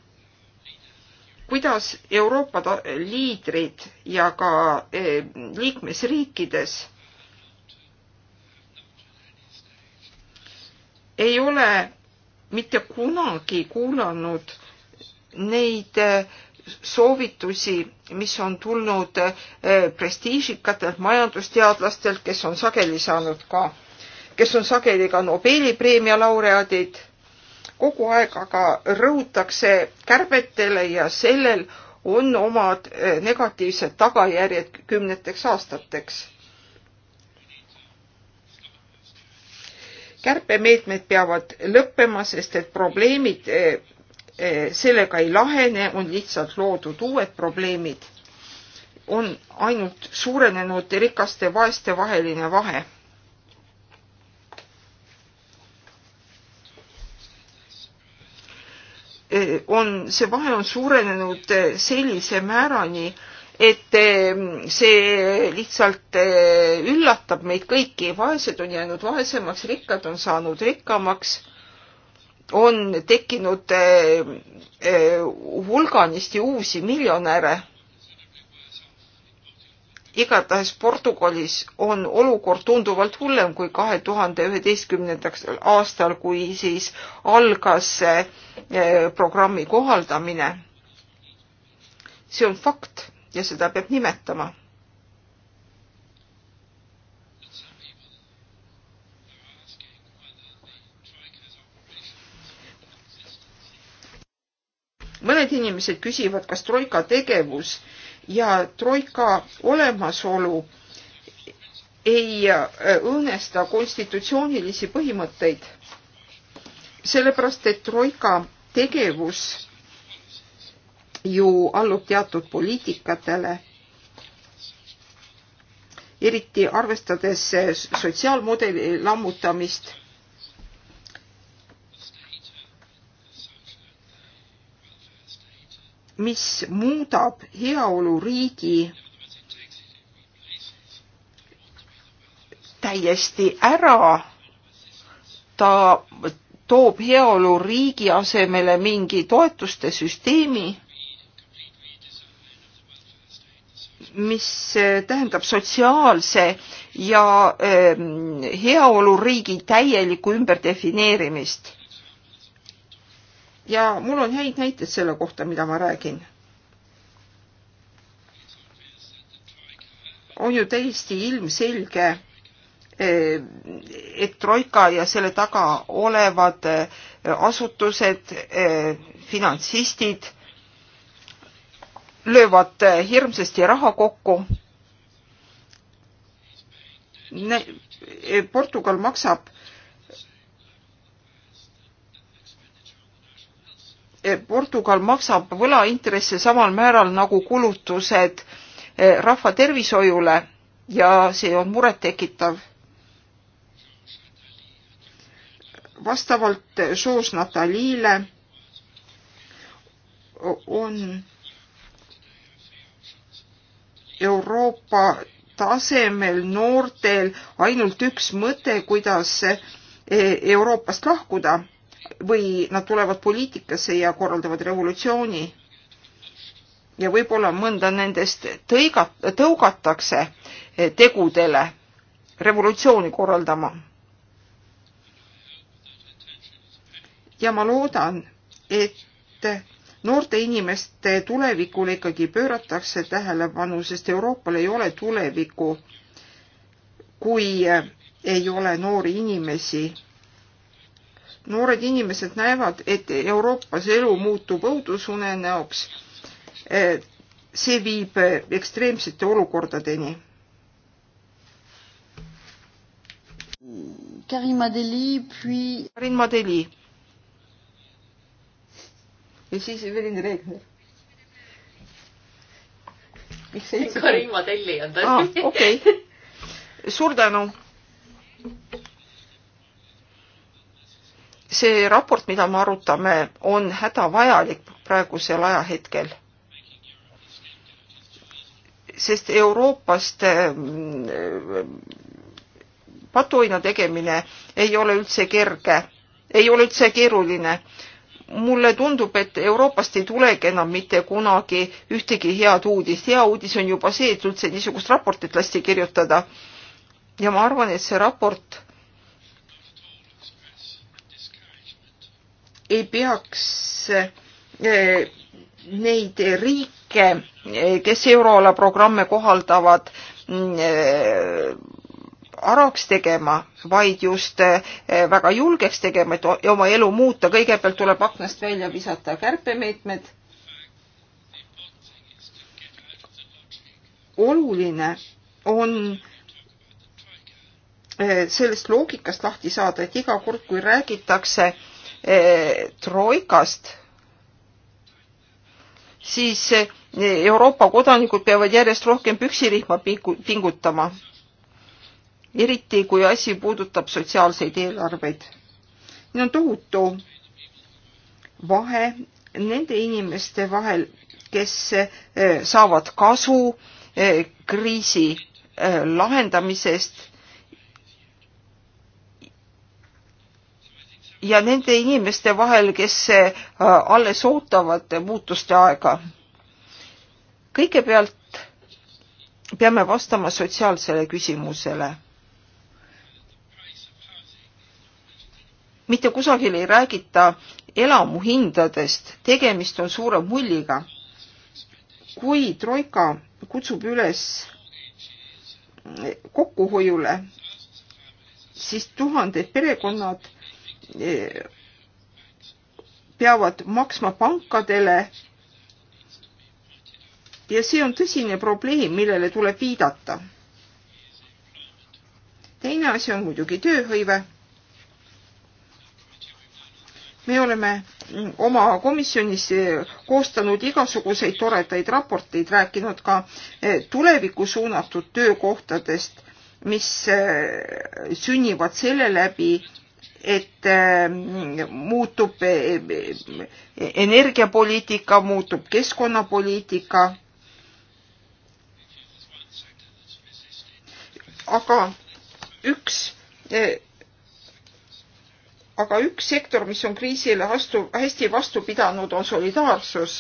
kuidas Euroopa liidrid ja ka eh, liikmesriikides ei ole mitte kunagi kuulanud neid äh, soovitusi, mis on tulnud eh, prestiižikatelt majandusteadlastelt, kes on sageli saanud ka, kes on sageli ka Nobeli preemia laureaadid. kogu aeg aga rõhutakse kärbetele ja sellel on omad eh, negatiivsed tagajärjed kümneteks aastateks. kärpemeetmed peavad lõppema, sest et probleemid eh, Eh, sellega ei lahene, on lihtsalt loodud uued probleemid. on ainult suurenenud rikaste vaeste vaheline vahe. Eh, on, see vahe on suurenenud eh, sellise määrani, et see lihtsalt üllatab meid kõiki, vaesed on jäänud vaesemaks, rikkad on saanud rikkamaks on tekkinud eh, eh, hulganisti uusi miljonäre. igatahes Portugalis on olukord tunduvalt hullem kui kahe tuhande üheteistkümnendaks aastal, kui siis algas eh, programmi kohaldamine. see on fakt ja seda peab nimetama mõned inimesed küsivad, kas troika tegevus ja troika olemasolu ei äh, õõnesta konstitutsioonilisi põhimõtteid, sellepärast et troika tegevus ju allub teatud poliitikatele, eriti arvestades sotsiaalmudeli lammutamist mis muudab heaoluriigi täiesti ära. ta toob heaoluriigi asemele mingi toetuste süsteemi, mis eh, tähendab sotsiaalse ja ehm, heaoluriigi täielikku ümberdefineerimist ja mul on häid näiteid selle kohta, mida ma räägin. on ju täiesti ilmselge, et Troika ja selle taga olevad asutused, finantsistid löövad hirmsasti raha kokku. Portugal maksab Eh, Portugal maksab võlaintresse samal määral nagu kulutused eh, rahva tervishoiule ja see on murettekitav. vastavalt Soos Natalile on Euroopa tasemel noortel ainult üks mõte, kuidas eh, Euroopast lahkuda või nad tulevad poliitikasse ja korraldavad revolutsiooni ja võib-olla mõnda nendest tõigat-, tõugatakse eh, tegudele revolutsiooni korraldama. ja ma loodan, et noorte inimeste tulevikule ikkagi pööratakse tähelepanu, sest Euroopal ei ole tulevikku, kui eh, ei ole noori inimesi noored inimesed näevad, et Euroopas elu muutub õudusune näoks. Eh, see viib ekstreemsete olukordadeni. Karima Deli, puis. Karima Deli. ja siis Evelyn Regner. miks see? Karima Deli on ta. Ah, okei, suur tänu see raport, mida me arutame, on hädavajalik praegusel ajahetkel. sest Euroopast äh, patuoina tegemine ei ole üldse kerge, ei ole üldse keeruline. mulle tundub, et Euroopast ei tulegi enam mitte kunagi ühtegi head uudist. hea uudis on juba see, et üldse niisugust raportit lasti kirjutada. ja ma arvan, et see raport ei peaks eh, neid riike, eh, kes euroala programme kohaldavad, mm, eh, araks tegema, vaid just väga julgeks tegema, et oma elu muuta. kõigepealt tuleb aknast välja visata kärpemeetmed. oluline on sellest loogikast lahti saada, et iga kord, kui räägitakse Eh, troikast, siis eh, Euroopa kodanikud peavad järjest rohkem püksirihma pingutama. eriti kui asi puudutab sotsiaalseid eelarveid. Need on tohutu vahe nende inimeste vahel, kes eh, saavad kasu kriisi lahendamisest ja nende inimeste vahel, kes äh, alles ootavad muutuste aega. kõigepealt peame vastama sotsiaalsele küsimusele. mitte kusagil ei räägita elamuhindadest, tegemist on suure mulliga. kui Troika kutsub üles kokkuhoiule, siis tuhanded perekonnad peavad maksma pankadele. ja see on tõsine probleem, millele tuleb viidata. teine asi on muidugi tööhõive. me oleme oma komisjonis koostanud igasuguseid toredaid raporteid, rääkinud ka tulevikku suunatud töökohtadest, mis sünnivad selle läbi, et ähm, muutub äh, energiapoliitika, muutub keskkonnapoliitika. aga üks, äh, aga üks sektor, mis on kriisile vastu, hästi vastu pidanud, on solidaarsus.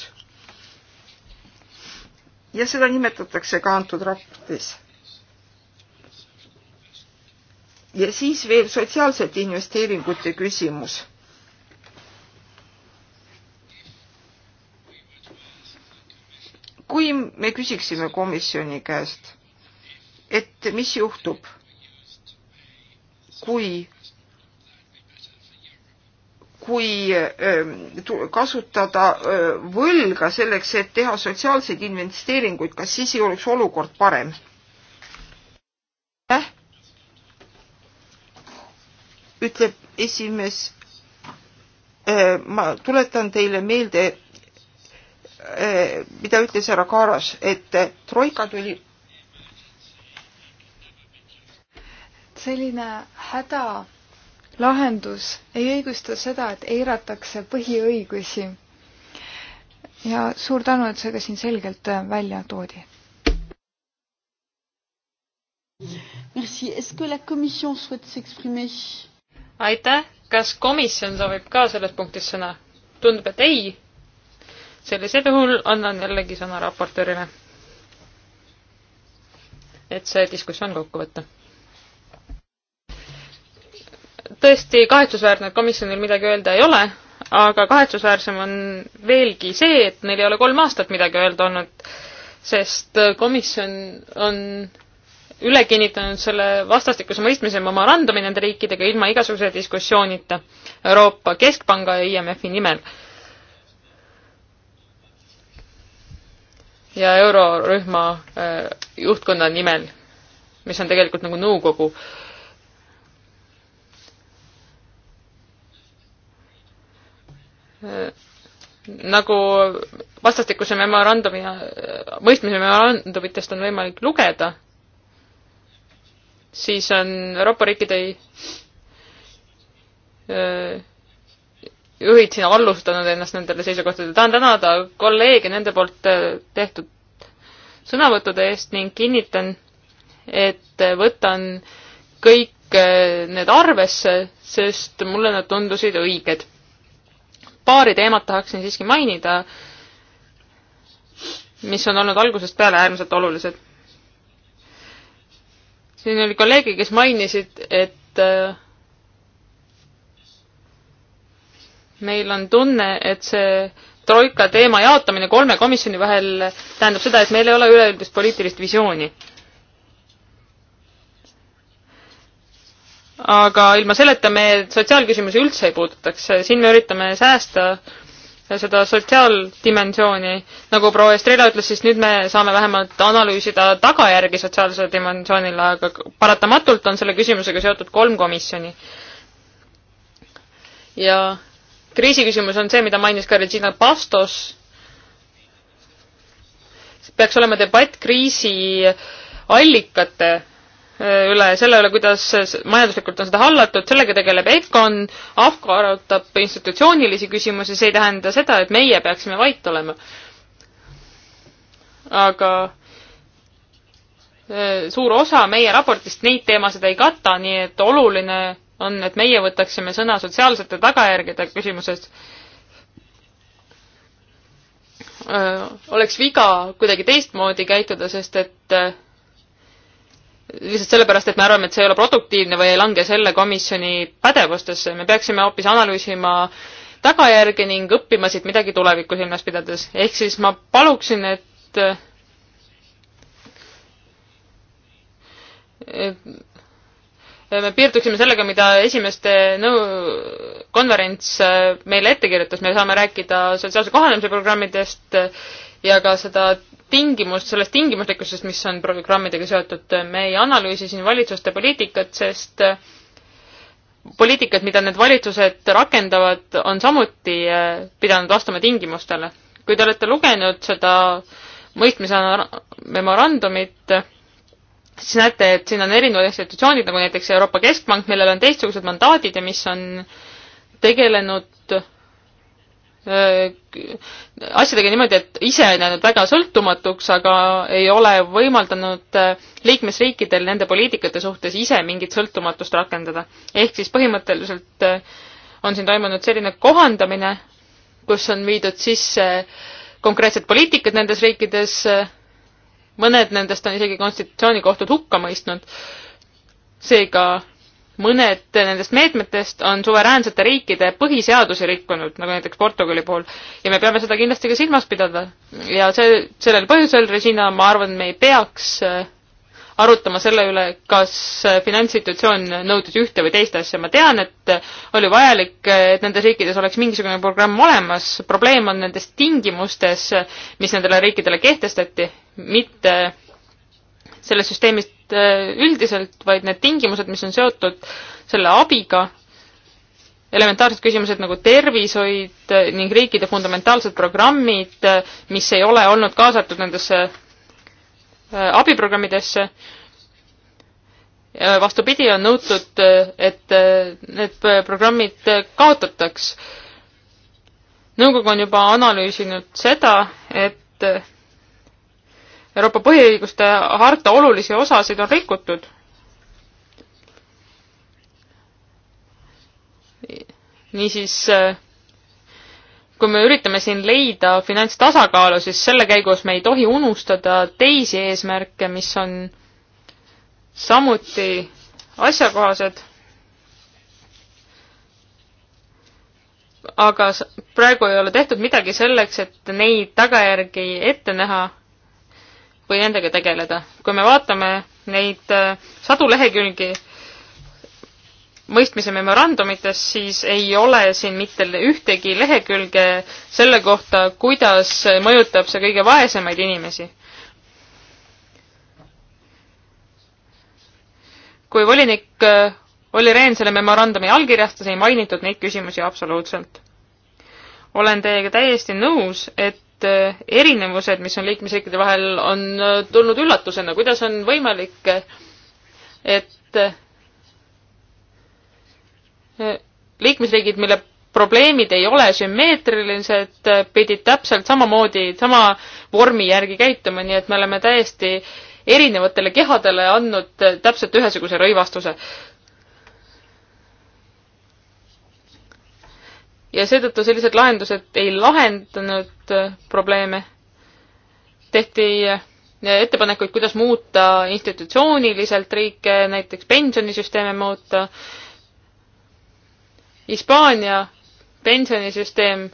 ja seda nimetatakse ka antud raportis ja siis veel sotsiaalsete investeeringute küsimus. kui me küsiksime komisjoni käest, et mis juhtub, kui kui ähm, kasutada äh, võlga selleks, et teha sotsiaalseid investeeringuid, kas siis ei oleks olukord parem? ütleb esimees. Äh, ma tuletan teile meelde, äh, mida ütles härra Kaaras, et äh, troika tuli. selline häda lahendus ei õigusta seda, et eiratakse põhiõigusi. ja suur tänu, et see ka siin selgelt välja toodi. Merci. Est-ce que la Commission souhaite s'exprimer aitäh, kas komisjon soovib ka selles punktis sõna? tundub, et ei. sellisel juhul annan jällegi sõna raportöörile. et see diskussioon kokku võtta. tõesti kahetsusväärne, et komisjonil midagi öelda ei ole, aga kahetsusväärsem on veelgi see, et neil ei ole kolm aastat midagi öelda olnud, sest komisjon on üle kinnitanud selle vastastikuse mõistmise memorandumi nende riikidega ilma igasuguse diskussioonita Euroopa Keskpanga ja IMF-i nimel. ja eurorühma äh, juhtkonna nimel, mis on tegelikult nagu nõukogu. Äh, nagu vastastikuse memorandumi, äh, mõistmise memorandumitest on võimalik lugeda siis on Euroopa riikide juhid siin allustanud ennast nendele seisukohtadele. tahan tänada kolleege nende poolt tehtud sõnavõttude eest ning kinnitan, et võtan kõik need arvesse, sest mulle nad tundusid õiged. paari teemat tahaksin siiski mainida, mis on olnud algusest peale äärmiselt olulised siin oli kolleege, kes mainisid, et äh, meil on tunne, et see troika teema jaotamine kolme komisjoni vahel tähendab seda, et meil ei ole üleüldist poliitilist visiooni. aga ilma selleta me sotsiaalküsimusi üldse ei puudutaks, siin me üritame säästa äh, seda sotsiaaldimensiooni, nagu proua Estrela ütles, siis nüüd me saame vähemalt analüüsida tagajärgi sotsiaalsele dimensioonile, aga paratamatult on selle küsimusega seotud kolm komisjoni. ja kriisiküsimus on see, mida mainis ka Regina Pastos, peaks olema debatt kriisi allikate üle selle üle, kuidas majanduslikult on seda hallatud, sellega tegeleb EKON, AFCO arutab institutsioonilisi küsimusi, see ei tähenda seda, et meie peaksime vait olema. aga e, suur osa meie raportist neid teemasid ei kata, nii et oluline on, et meie võtaksime sõna sotsiaalsete tagajärgede küsimuses. E, oleks viga kuidagi teistmoodi käituda, sest et öö, e, lihtsalt sellepärast, et me arvame, et see ei ole produktiivne või ei lange selle komisjoni pädevustesse, me peaksime hoopis analüüsima tagajärgi ning õppima siit midagi tulevikku silmas pidades. ehk siis ma paluksin, et me piirduksime sellega, mida esimeste nõu-, konverents äh, meile ette kirjutas, me saame rääkida sotsiaalse kohanemise programmidest ja ka seda tingimust, sellest tingimuslikkusest, mis on programmidega seotud. me ei analüüsi siin valitsuste poliitikat, sest eh, poliitikad, mida need valitsused rakendavad, on samuti eh, pidanud vastama tingimustele. kui te olete lugenud seda mõistmise memorandumit, siis näete, et siin on erinevad institutsioonid, nagu näiteks Euroopa Keskpank, millel on teistsugused mandaadid ja mis on tegelenud Äh, asjadega niimoodi, et ise jäänud väga sõltumatuks, aga ei ole võimaldanud äh, liikmesriikidel nende poliitikate suhtes ise mingit sõltumatust rakendada. ehk siis põhimõtteliselt äh, on siin toimunud selline kohandamine, kus on viidud sisse konkreetsed poliitikad nendes riikides, mõned nendest on isegi konstitutsioonikohtud hukka mõistnud, seega mõned nendest meetmetest on suveräänsete riikide põhiseadusi rikkunud, nagu näiteks Portugali puhul, ja me peame seda kindlasti ka silmas pidada. ja see, sellel põhjusel, Režina, ma arvan, me ei peaks äh, arutama selle üle, kas äh, finantsinstitutsioon nõudis ühte või teist asja. ma tean, et äh, oli vajalik, et nendes riikides oleks mingisugune programm olemas. probleem on nendes tingimustes, mis nendele riikidele kehtestati, mitte selles süsteemis ainult äh, üldiselt, vaid need tingimused, mis on seotud selle abiga, elementaarsed küsimused nagu tervishoid äh, ning riikide fundamentaalsed programmid, äh, mis ei ole olnud kaasatud nendesse abiprogrammidesse. vastupidi, on nõutud, et need programmid kaotataks. nõukogu on juba analüüsinud seda, et Euroopa põhiõiguste harta olulisi osasid on rikutud. niisiis, kui me üritame siin leida finantstasakaalu, siis selle käigus me ei tohi unustada teisi eesmärke, mis on samuti asjakohased. aga praegu ei ole tehtud midagi selleks, et neid tagajärgi ette näha või nendega tegeleda. kui me vaatame neid äh, sadu lehekülgi mõistmise memorandumites, siis ei ole siin mitte ühtegi lehekülge selle kohta, kuidas mõjutab see kõige vaesemaid inimesi. kui volinik äh, Olli Rehn selle memorandumi allkirjastas, ei mainitud neid küsimusi absoluutselt. olen teiega täiesti nõus, et need äh, erinevused, mis on liikmesriikide vahel, on äh, tulnud üllatusena, kuidas on võimalik, et äh, liikmesriigid, mille probleemid ei ole sümmeetrilised, pidid täpselt samamoodi, sama vormi järgi käituma, nii et me oleme täiesti erinevatele kehadele andnud täpselt ühesuguse rõivastuse ja seetõttu sellised lahendused ei lahendanud äh, probleeme. tehti äh, ettepanekuid, kuidas muuta institutsiooniliselt riike, näiteks pensionisüsteeme muuta. Hispaania pensionisüsteem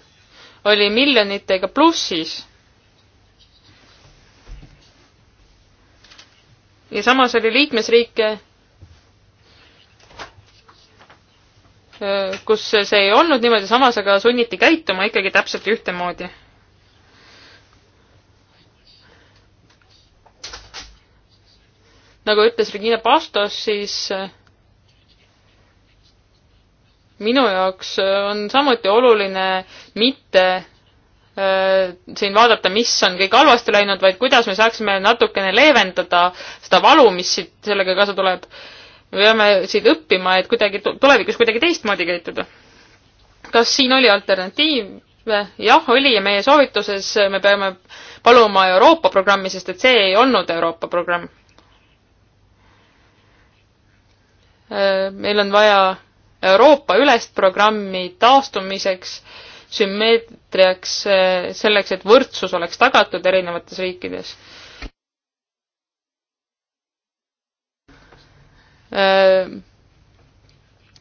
oli miljonitega plussis. ja samas oli liikmesriike, Äh, kus see ei olnud niimoodi, samas aga sunniti käituma ikkagi täpselt ühtemoodi. nagu ütles Regina Pastos, siis äh, minu jaoks äh, on samuti oluline mitte siin vaadata, mis on kõik halvasti läinud, vaid kuidas me saaksime natukene leevendada seda valu, mis siit sellega kaasa tuleb me peame siit õppima, et kuidagi tulevikus kuidagi teistmoodi käituda. kas siin oli alternatiive? jah, oli ja meie soovituses me peame paluma Euroopa programmi, sest et see ei olnud Euroopa programm. Äh, meil on vaja Euroopa ülest programmi taastumiseks, sümmeetriaks, äh, selleks, et võrdsus oleks tagatud erinevates riikides Äh,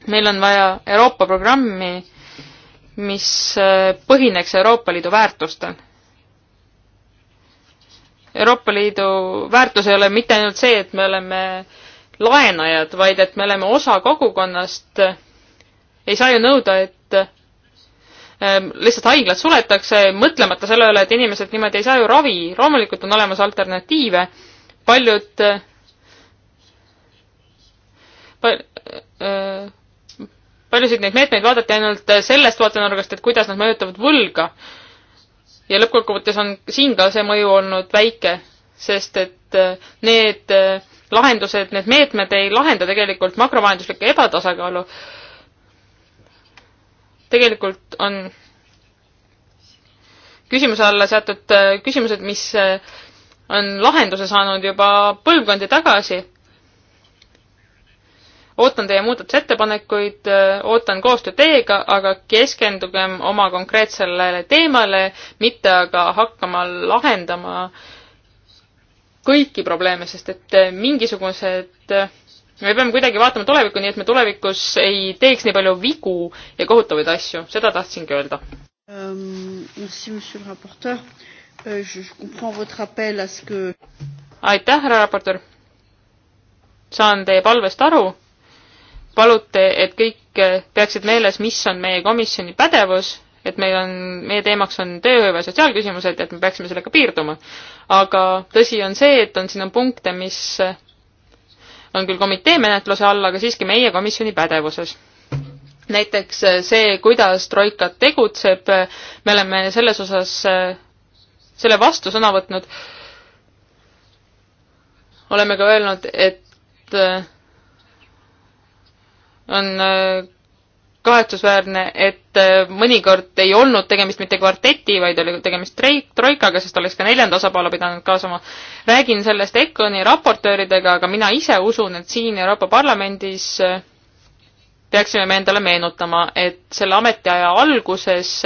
meil on vaja Euroopa programmi, mis äh, põhineks Euroopa Liidu väärtustel. Euroopa Liidu väärtus ei ole mitte ainult see, et me oleme laenajad, vaid et me oleme osa kogukonnast. ei saa ju nõuda, et äh, lihtsalt haiglad suletakse, mõtlemata selle üle, et inimesed niimoodi ei saa ju ravi. loomulikult on olemas alternatiive. paljud Äh, paljusid neid meetmeid vaadati ainult sellest vaatenurgast, et kuidas nad mõjutavad võlga. ja lõppkokkuvõttes on siin ka see mõju olnud väike, sest et äh, need äh, lahendused, need meetmed ei lahenda tegelikult makromajanduslikku ebatasakaalu. tegelikult on küsimuse alla seatud küsimused, mis on lahenduse saanud juba põlvkondi tagasi ootan teie muudatusettepanekuid, ootan koostöö teiega, aga keskendugem oma konkreetsele teemale, mitte aga hakkama lahendama kõiki probleeme, sest et mingisugused me peame kuidagi vaatama tulevikku, nii et me tulevikus ei teeks nii palju vigu ja kohutavaid asju, seda tahtsingi öelda. aitäh, härra raportöör. saan teie palvest aru palute, et kõik peaksid meeles, mis on meie komisjoni pädevus, et meil on, meie teemaks on tööhõive ja sotsiaalküsimused, et me peaksime sellega piirduma. aga tõsi on see, et on, siin on punkte, mis on küll komitee menetluse all, aga siiski meie komisjoni pädevuses. näiteks see, kuidas Troika tegutseb, me oleme selles osas selle vastu sõna võtnud. oleme ka öelnud, et on äh, kahetsusväärne, et äh, mõnikord ei olnud tegemist mitte kvarteti, vaid oli tegemist troikaga, sest oleks ka neljanda osapoole pidanud kaasama. räägin sellest EKONi raportööridega, aga mina ise usun, et siin Euroopa Parlamendis äh, peaksime me endale meenutama, et selle ametiaja alguses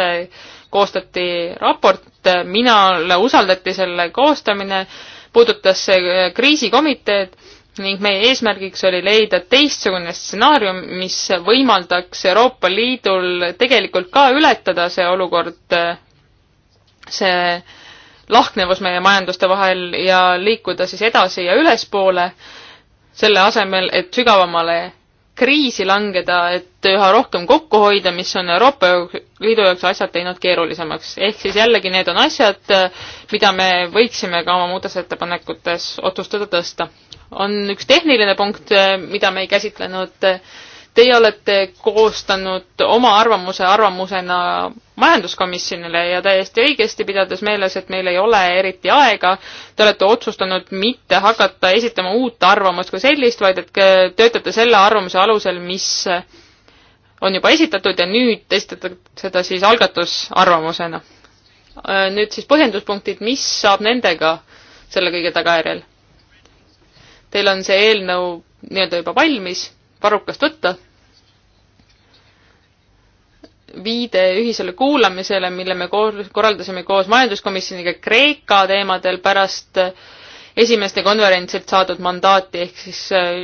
koostati raport, minule usaldati selle koostamine, puudutas see kriisikomiteed ning meie eesmärgiks oli leida teistsugune stsenaarium, mis võimaldaks Euroopa Liidul tegelikult ka ületada see olukord, see lahknevus meie majanduste vahel ja liikuda siis edasi ja ülespoole, selle asemel, et sügavamale kriisi langeda, et üha rohkem kokku hoida, mis on Euroopa Liidu jaoks asjad teinud keerulisemaks. ehk siis jällegi need on asjad, mida me võiksime ka oma muudatusettepanekutes otsustada tõsta on üks tehniline punkt, eh, mida me ei käsitlenud. Teie olete koostanud oma arvamuse arvamusena majanduskomisjonile ja täiesti õigesti, pidades meeles, et meil ei ole eriti aega, te olete otsustanud mitte hakata esitama uut arvamust kui sellist, vaid et eh, töötate selle arvamuse alusel, mis on juba esitatud ja nüüd esitatakse seda siis algatusarvamusena. Äh, nüüd siis põhjenduspunktid, mis saab nendega selle kõige tagajärjel? Teil on see eelnõu nii-öelda juba valmis, varrukast võtta. viide ühisele kuulamisele, mille me koos, korraldasime koos majanduskomisjoniga Kreeka teemadel pärast esimeste konverentsilt saadud mandaati, ehk siis äh,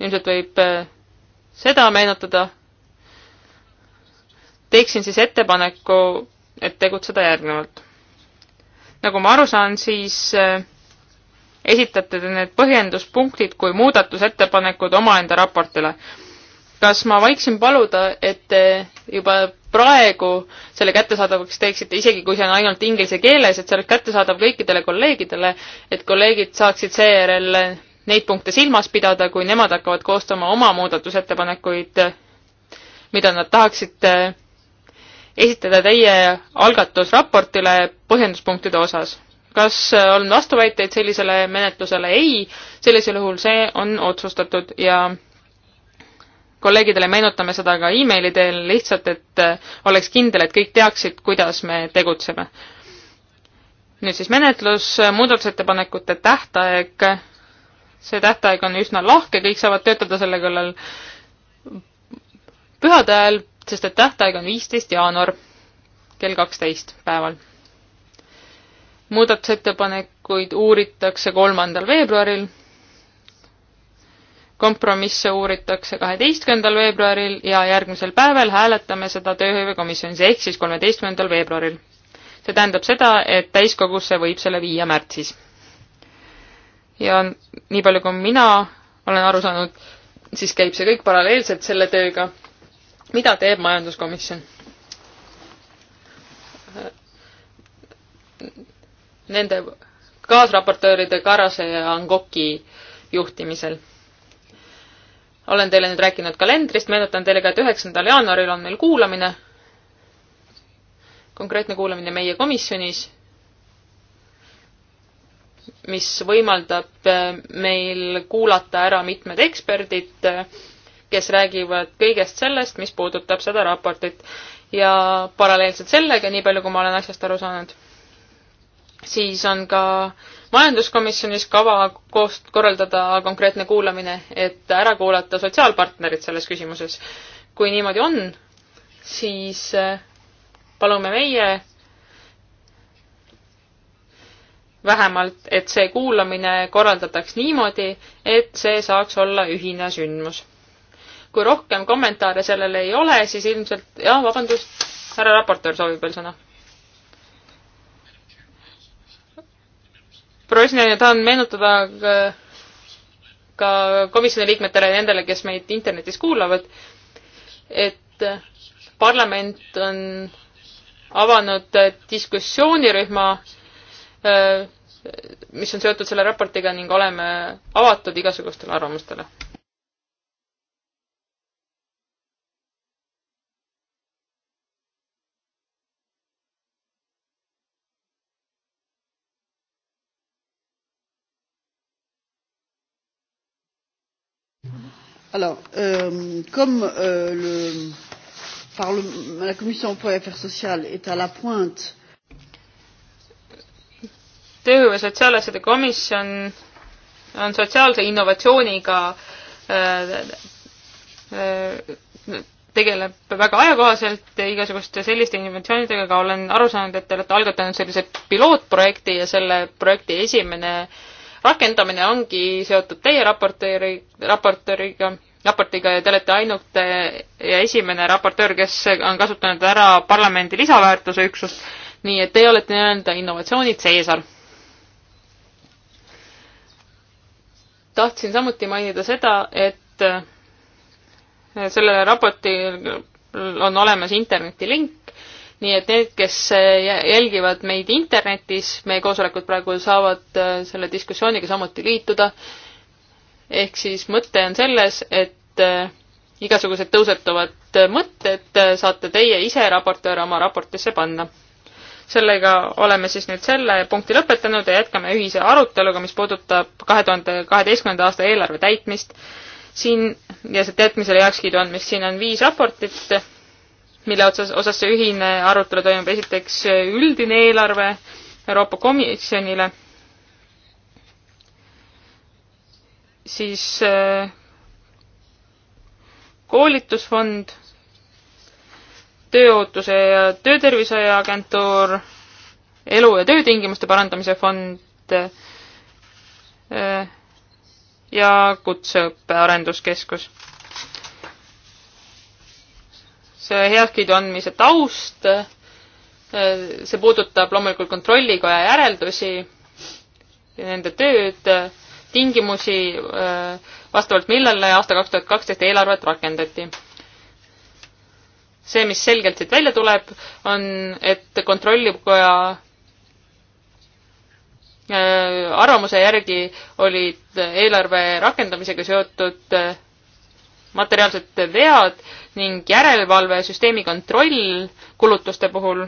ilmselt võib äh, seda meenutada. teeksin siis ettepaneku, et tegutseda järgnevalt. nagu ma aru saan, siis äh, esitate te need põhjenduspunktid kui muudatusettepanekud omaenda raportile. kas ma võiksin paluda, et te juba praegu selle kättesaadavaks teeksite, isegi kui see on ainult inglise keeles, et see oleks kättesaadav kõikidele kolleegidele, et kolleegid saaksid seejärel neid punkte silmas pidada, kui nemad hakkavad koostama oma muudatusettepanekuid, mida nad tahaksid äh, esitada teie algatusraportile põhjenduspunktide osas kas äh, on vastuväiteid sellisele menetlusele? ei, sellisel juhul see on otsustatud ja kolleegidele meenutame seda ka emaili teel lihtsalt, et äh, oleks kindel, et kõik teaksid, kuidas me tegutseme. nüüd siis menetlus, äh, muudatusettepanekute tähtaeg. see tähtaeg on üsna lahke, kõik saavad töötada selle kallal pühade ajal, sest et tähtaeg on viisteist jaanuar kell kaksteist päeval muudatusettepanekuid uuritakse kolmandal veebruaril, kompromisse uuritakse kaheteistkümnendal veebruaril ja järgmisel päeval hääletame seda tööhõivekomisjonis ehk siis kolmeteistkümnendal veebruaril. see tähendab seda, et täiskogusse võib selle viia märtsis. ja nii palju, kui mina olen aru saanud, siis käib see kõik paralleelselt selle tööga, mida teeb majanduskomisjon nende kaasraportööride Karase ja Angoki juhtimisel. olen teile nüüd rääkinud kalendrist, meenutan teile ka, et üheksandal jaanuaril on meil kuulamine, konkreetne kuulamine meie komisjonis, mis võimaldab eh, meil kuulata ära mitmed eksperdid, eh, kes räägivad kõigest sellest, mis puudutab seda raportit. ja paralleelselt sellega, nii palju kui ma olen asjast aru saanud siis on ka majanduskomisjonis kava koos korraldada konkreetne kuulamine, et ära kuulata sotsiaalpartnerid selles küsimuses. kui niimoodi on, siis äh, palume meie vähemalt, et see kuulamine korraldataks niimoodi, et see saaks olla ühine sündmus. kui rohkem kommentaare sellele ei ole, siis ilmselt, jaa, vabandust, härra raportöör soovib veel sõna provisionaalina tahan meenutada ka, ka komisjoni liikmetele ja nendele, kes meid internetis kuulavad, et parlament on avanud diskussioonirühma, äh, mis on seotud selle raportiga ning oleme avatud igasugustele arvamustele. Alors, euh, comme euh, le Parlement, la Commission emploi et affaires sociales est à la pointe töö- ja sotsiaalasjade komisjon on sotsiaalse innovatsiooniga äh, äh, tegeleb väga ajakohaselt igasuguste selliste innovatsioonidega, aga olen aru saanud, et te olete algatanud sellise pilootprojekti ja selle projekti esimene äh, rakendamine ongi seotud teie raportööri, raportööriga, raportiga ja te olete ainult eh, ja esimene raportöör, kes on kasutanud ära parlamendi lisaväärtuse üksust, nii et teie olete nii-öelda innovatsiooni tseesar. tahtsin samuti mainida seda, et eh, sellele raportile on olemas internetilink, nii et need, kes eh, jälgivad meid internetis, meie koosolekud praegu saavad eh, selle diskussiooniga samuti liituda. ehk siis mõte on selles, et eh, igasugused tõusetuvad mõtted saate teie ise raportööre oma raportisse panna. sellega oleme siis nüüd selle punkti lõpetanud ja jätkame ühise aruteluga, mis puudutab kahe tuhande kaheteistkümnenda aasta eelarve täitmist. siin ja see täitmisele heakskiidu andmist, siin on viis raportit mille otsas, osas see ühine arutelu toimub, esiteks üldine eelarve Euroopa Komisjonile, siis äh, koolitusfond, tööohutuse ja töötervishoiu agentuur, elu- ja töötingimuste parandamise fond äh, ja kutseõppe arenduskeskus heakskiidu andmise taust, see puudutab loomulikult Kontrollikoja järeldusi, nende tööd, tingimusi, vastavalt millele aasta kaks tuhat kaksteist eelarvet rakendati. see, mis selgelt siit välja tuleb, on, et Kontrollikoja äh, arvamuse järgi olid eelarve rakendamisega seotud äh, materiaalsed vead ning järelevalvesüsteemi kontroll kulutuste puhul.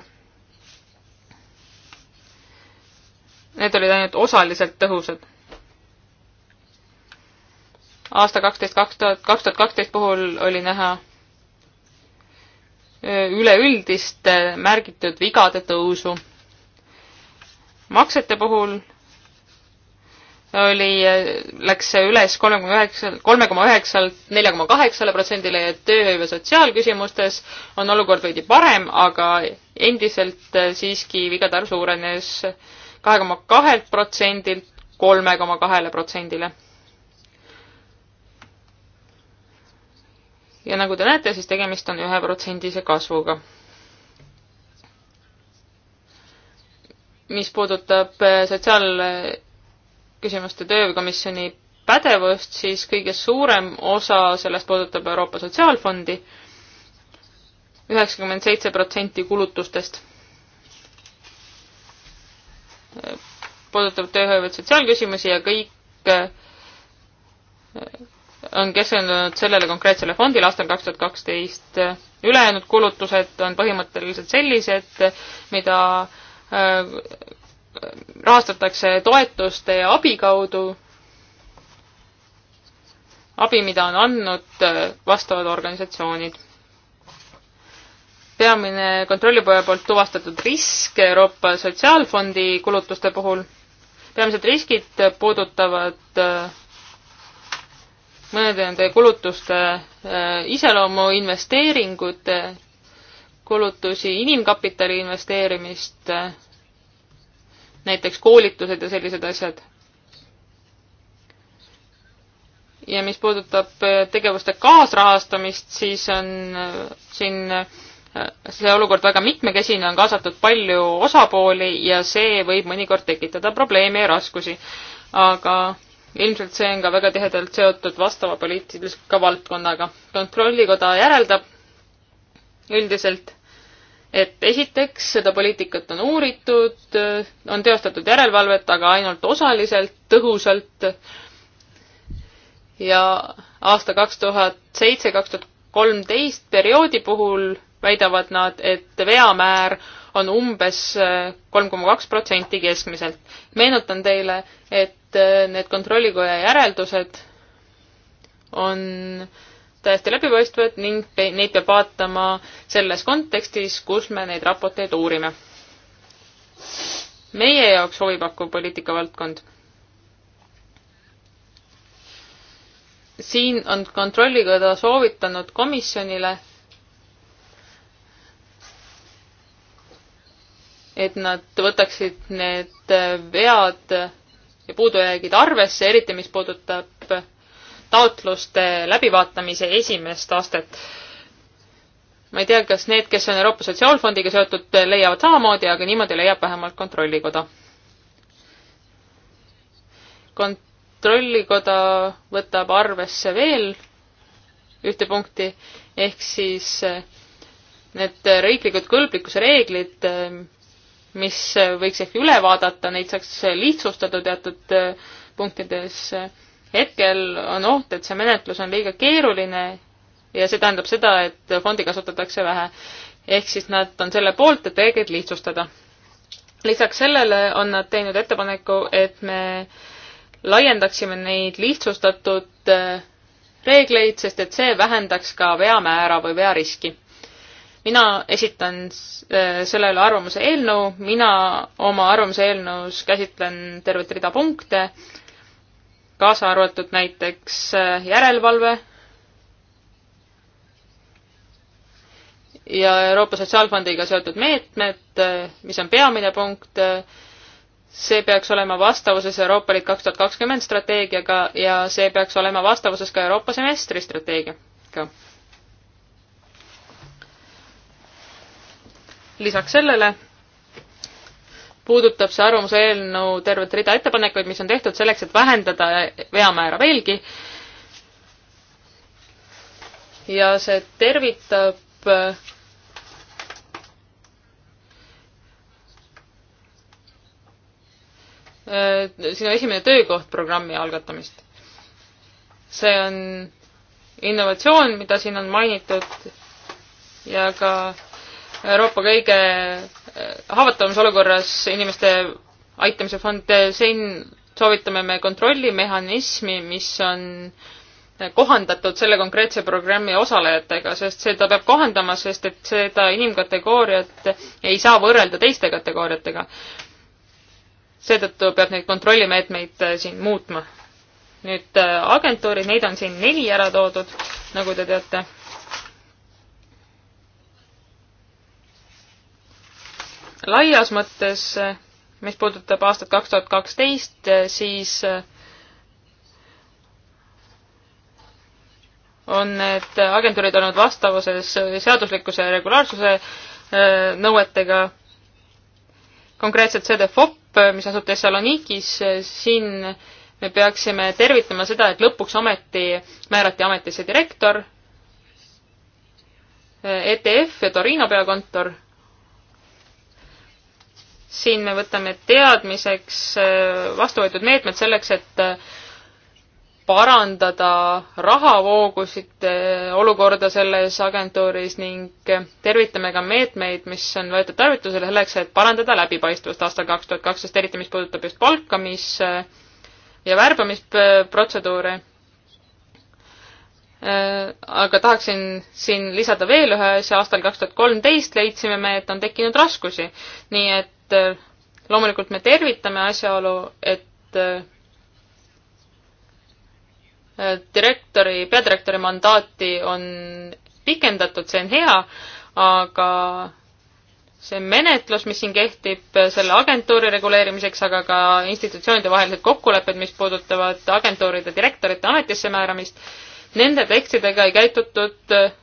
Need olid ainult osaliselt tõhusad. aasta kaksteist, kaks tuhat, kaks tuhat kaksteist puhul oli näha üleüldist märgitud vigade tõusu. maksete puhul oli, läks see üles kolmekümne üheksa, kolme koma üheksalt nelja koma kaheksale protsendile ja tööhõive sotsiaalküsimustes on olukord veidi parem, aga endiselt siiski vigade arv suurenes kahe koma kahelt protsendilt kolme koma kahele protsendile. ja nagu te näete, siis tegemist on üheprotsendise kasvuga. mis puudutab sotsiaal- küsimuste töökomisjoni pädevust, siis kõige suurem osa sellest puudutab Euroopa Sotsiaalfondi, üheksakümmend seitse protsenti kulutustest puudutab tööhõivet sotsiaalküsimusi ja kõik eh, on keskendunud sellele konkreetsele fondile aastal kaks tuhat kaksteist. Eh, ülejäänud kulutused on põhimõtteliselt sellised, mida eh, rahastatakse toetuste ja abi kaudu, abi, mida on andnud äh, vastavad organisatsioonid. peamine kontrollipoja poolt tuvastatud risk Euroopa Sotsiaalfondi kulutuste puhul, peamised riskid puudutavad äh, mõnede nende kulutuste äh, iseloomu, investeeringute kulutusi, inimkapitali investeerimist, näiteks koolitused ja sellised asjad. ja mis puudutab äh, tegevuste kaasrahastamist, siis on äh, siin äh, see olukord väga mitmekesine, on kaasatud palju osapooli ja see võib mõnikord tekitada probleeme ja raskusi. aga ilmselt see on ka väga tihedalt seotud vastava poliitilise valdkonnaga. kontrollikoda järeldab üldiselt, et esiteks seda poliitikat on uuritud, on teostatud järelevalvet, aga ainult osaliselt, tõhusalt. ja aasta kaks tuhat seitse, kaks tuhat kolmteist perioodi puhul väidavad nad, et veamäär on umbes kolm koma kaks protsenti keskmiselt. meenutan teile, et need kontrollikoja järeldused on äh, täiesti läbipaistvad ning pe neid peab vaatama selles kontekstis, kus me neid raporteid uurime. meie jaoks huvipakkuv poliitikavaldkond. siin on Kontrollikoda soovitanud komisjonile, et nad võtaksid need vead ja puudujäägid arvesse, eriti mis puudutab taotluste läbivaatamise esimest astet. ma ei tea, kas need, kes on Euroopa Sotsiaalfondiga seotud, leiavad samamoodi, aga niimoodi leiab vähemalt Kontrollikoda. kontrollikoda võtab arvesse veel ühte punkti, ehk siis eh, need riiklikud kõlblikkuse reeglid, eh, mis võiks ehk üle vaadata, neid saaks lihtsustada teatud eh, punktides hetkel on oht, et see menetlus on liiga keeruline ja see tähendab seda, et fondi kasutatakse vähe. ehk siis nad on selle poolt, et reegleid lihtsustada. lisaks sellele on nad teinud ettepaneku, et me laiendaksime neid lihtsustatud äh, reegleid, sest et see vähendaks ka veamäära või veariski. mina esitan äh, sellele arvamuse eelnõu, mina oma arvamuse eelnõus käsitlen tervet rida punkte kaasa arvatud näiteks äh, järelevalve ja Euroopa Sotsiaalfondiga seotud meetmed, äh, mis on peamine punkt, äh, see peaks olema vastavuses Euroopa Liit kaks tuhat kakskümmend strateegiaga ja see peaks olema vastavuses ka Euroopa semestri strateegiaga. lisaks sellele puudutab see arvamuse eelnõu tervet rida ettepanekuid, mis on tehtud selleks, et vähendada veamäära veelgi. ja see tervitab äh, sinu esimene töökoht programmi algatamist. see on innovatsioon, mida siin on mainitud ja ka Euroopa kõige haavatavamas olukorras inimeste aitamise fond, siin soovitame me kontrollimehhanismi, mis on kohandatud selle konkreetse programmi osalejatega, sest seda peab kohandama, sest et seda inimkategooriat ei saa võrrelda teiste kategooriatega. seetõttu peab neid kontrollimeetmeid äh, siin muutma. nüüd äh, agentuurid, neid on siin neli ära toodud, nagu te teate laias mõttes, mis puudutab aastat kaks tuhat kaksteist, siis on need agentuurid olnud vastavuses seaduslikkuse ja regulaarsuse äh, nõuetega. konkreetselt CDFOP, mis asub Thessalonikis, siin me peaksime tervitama seda, et lõpuks ometi määrati ametisse direktor, ETF ja Torino peakontor siin me võtame teadmiseks äh, vastu võetud meetmed selleks, et äh, parandada rahavoogusid äh, olukorda selles agentuuris ning tervitame ka meetmeid, mis on võetud tarvitusele selleks, et parandada läbipaistvust aastal kaks tuhat kaksteist, eriti mis puudutab just palkamis- ja värbamisprotseduure. aga tahaksin siin lisada veel ühe asja, aastal kaks tuhat kolmteist leidsime me, et on tekkinud raskusi, nii et et äh, loomulikult me tervitame asjaolu, et äh, direktori, peadirektori mandaati on pikendatud, see on hea, aga see menetlus, mis siin kehtib selle agentuuri reguleerimiseks, aga ka institutsioonide vahelised kokkulepped, mis puudutavad agentuuride direktorite ametisse määramist, nende tekstidega ei käitutud, äh,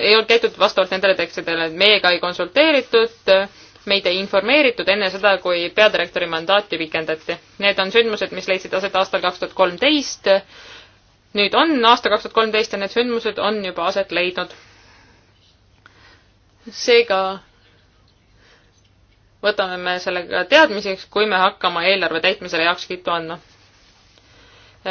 ei olnud käitutud vastavalt nendele tekstidele, meiega ei konsulteeritud, meid ei informeeritud enne seda, kui peadirektori mandaati pikendati. Need on sündmused, mis leidsid aset aastal kaks tuhat kolmteist. nüüd on aasta kaks tuhat kolmteist ja need sündmused on juba aset leidnud. seega võtame me sellega teadmiseks, kui me hakkama eelarve täitmisele heakskiitu andma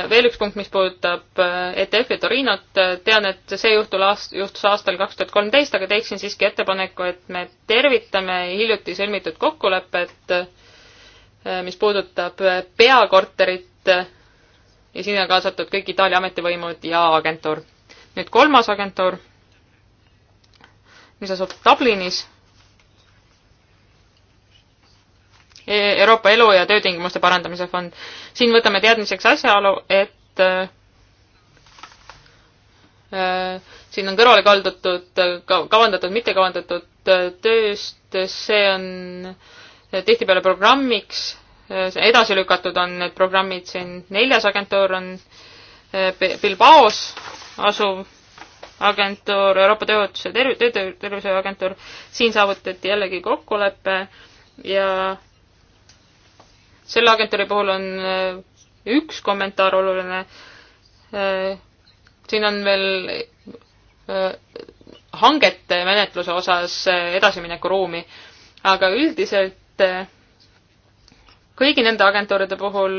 veel üks punkt, mis puudutab äh, ETF-i Torinot, tean, et see juhtul aast-, juhtus aastal kaks tuhat kolmteist, aga teeksin siiski ettepaneku, et me tervitame hiljuti sõlmitud kokkulepet, äh, mis puudutab äh, peakorterit ja sinna kaasatud kõik Itaalia ametivõimud ja agentuur. nüüd kolmas agentuur, mis asub Dublinis E, Euroopa Elu- ja Töötingimuste Parandamise Fond. siin võtame teadmiseks asjaolu, et äh, siin on kõrvale kaldutud kavandatud, mittekavandatud tööst, see on tihtipeale programmiks, edasi lükatud on need programmid siin, neljas agentuur on Bilbaos asuv agentuur, Euroopa Tööohutuse Tervise, Töötervishoiu Agentuur, siin saavutati jällegi kokkulepe ja selle agentuuri puhul on äh, üks kommentaar oluline. Äh, siin on veel äh, hangete menetluse osas edasiminekuruumi, aga üldiselt kõigi nende agentuuride puhul,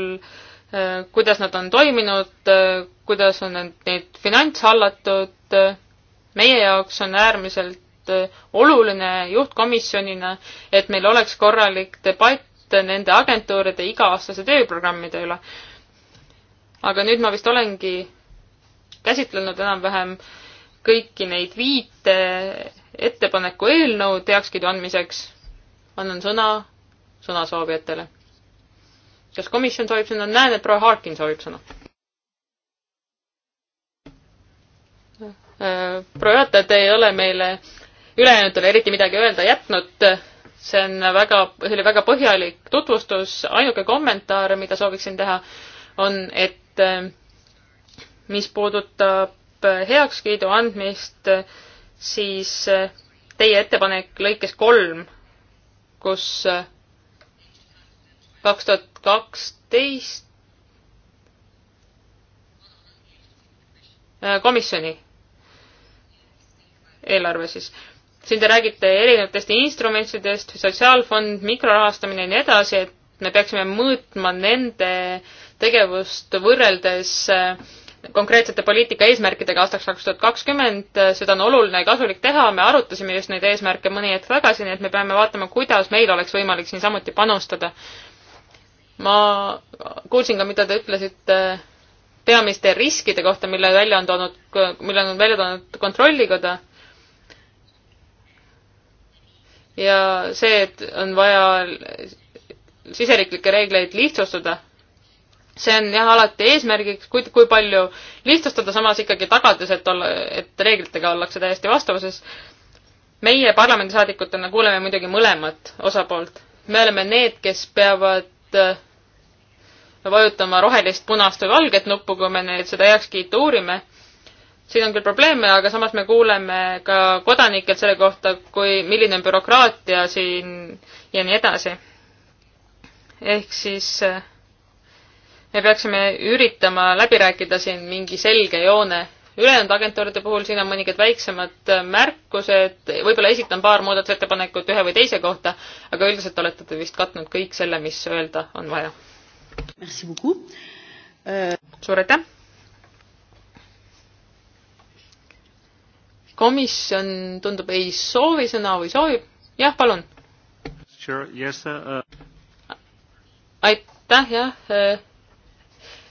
kuidas nad on toiminud, kuidas on neid finants hallatud, meie jaoks on äärmiselt oluline juhtkomisjonina, et meil oleks korralik debatt nende agentuuride iga-aastase tööprogrammide üle. aga nüüd ma vist olengi käsitlenud enam-vähem kõiki neid viite ettepaneku eelnõu heakskiidu andmiseks. annan sõna sõnasoovijatele. kas komisjon soovib sõna? näen, et proua Harkin soovib sõna. Äh, proua juhataja, te ei ole meile ülejäänutele eriti midagi öelda jätnud see on väga, see oli väga põhjalik tutvustus, ainuke kommentaar, mida sooviksin teha, on, et eh, mis puudutab eh, heakskiidu andmist, eh, siis teie ettepanek lõikes kolm, kus kaks tuhat kaksteist komisjoni eelarve siis siin te räägite erinevatest instrumentsidest, sotsiaalfond, mikrorahastamine ja nii edasi, et me peaksime mõõtma nende tegevust võrreldes äh, konkreetsete poliitika eesmärkidega aastaks kaks tuhat kakskümmend, äh, seda on oluline ja kasulik teha, me arutasime just neid eesmärke mõni hetk tagasi, nii et me peame vaatama, kuidas meil oleks võimalik siin samuti panustada. ma kuulsin ka, mida te ütlesite äh, peamiste riskide kohta, mille välja on toonud, mille on välja toonud Kontrollikoda ja see, et on vaja siseriiklikke reegleid lihtsustada, see on jah alati eesmärgiks, kui, kui palju lihtsustada, samas ikkagi tagades, et olla, et reeglitega ollakse täiesti vastavuses. meie parlamendisaadikutena kuuleme muidugi mõlemat osapoolt. me oleme need, kes peavad äh, vajutama rohelist, punast või valget nuppu, kui me neid, seda heakskiitu uurime siin on küll probleeme, aga samas me kuuleme ka kodanikelt selle kohta, kui, milline on bürokraatia siin ja nii edasi. ehk siis eh, me peaksime üritama läbi rääkida siin mingi selge joone. ülejäänud agentuuride puhul siin on mõningad väiksemad eh, märkused, võib-olla esitan paar muudatusettepanekut ühe või teise kohta, aga üldiselt olete te vist katnud kõik selle, mis öelda on vaja. Euh, suur aitäh! komisjon tundub ei soovi sõna või soovib. jah, palun sure,. Yes, uh... aitäh, jah. Eh,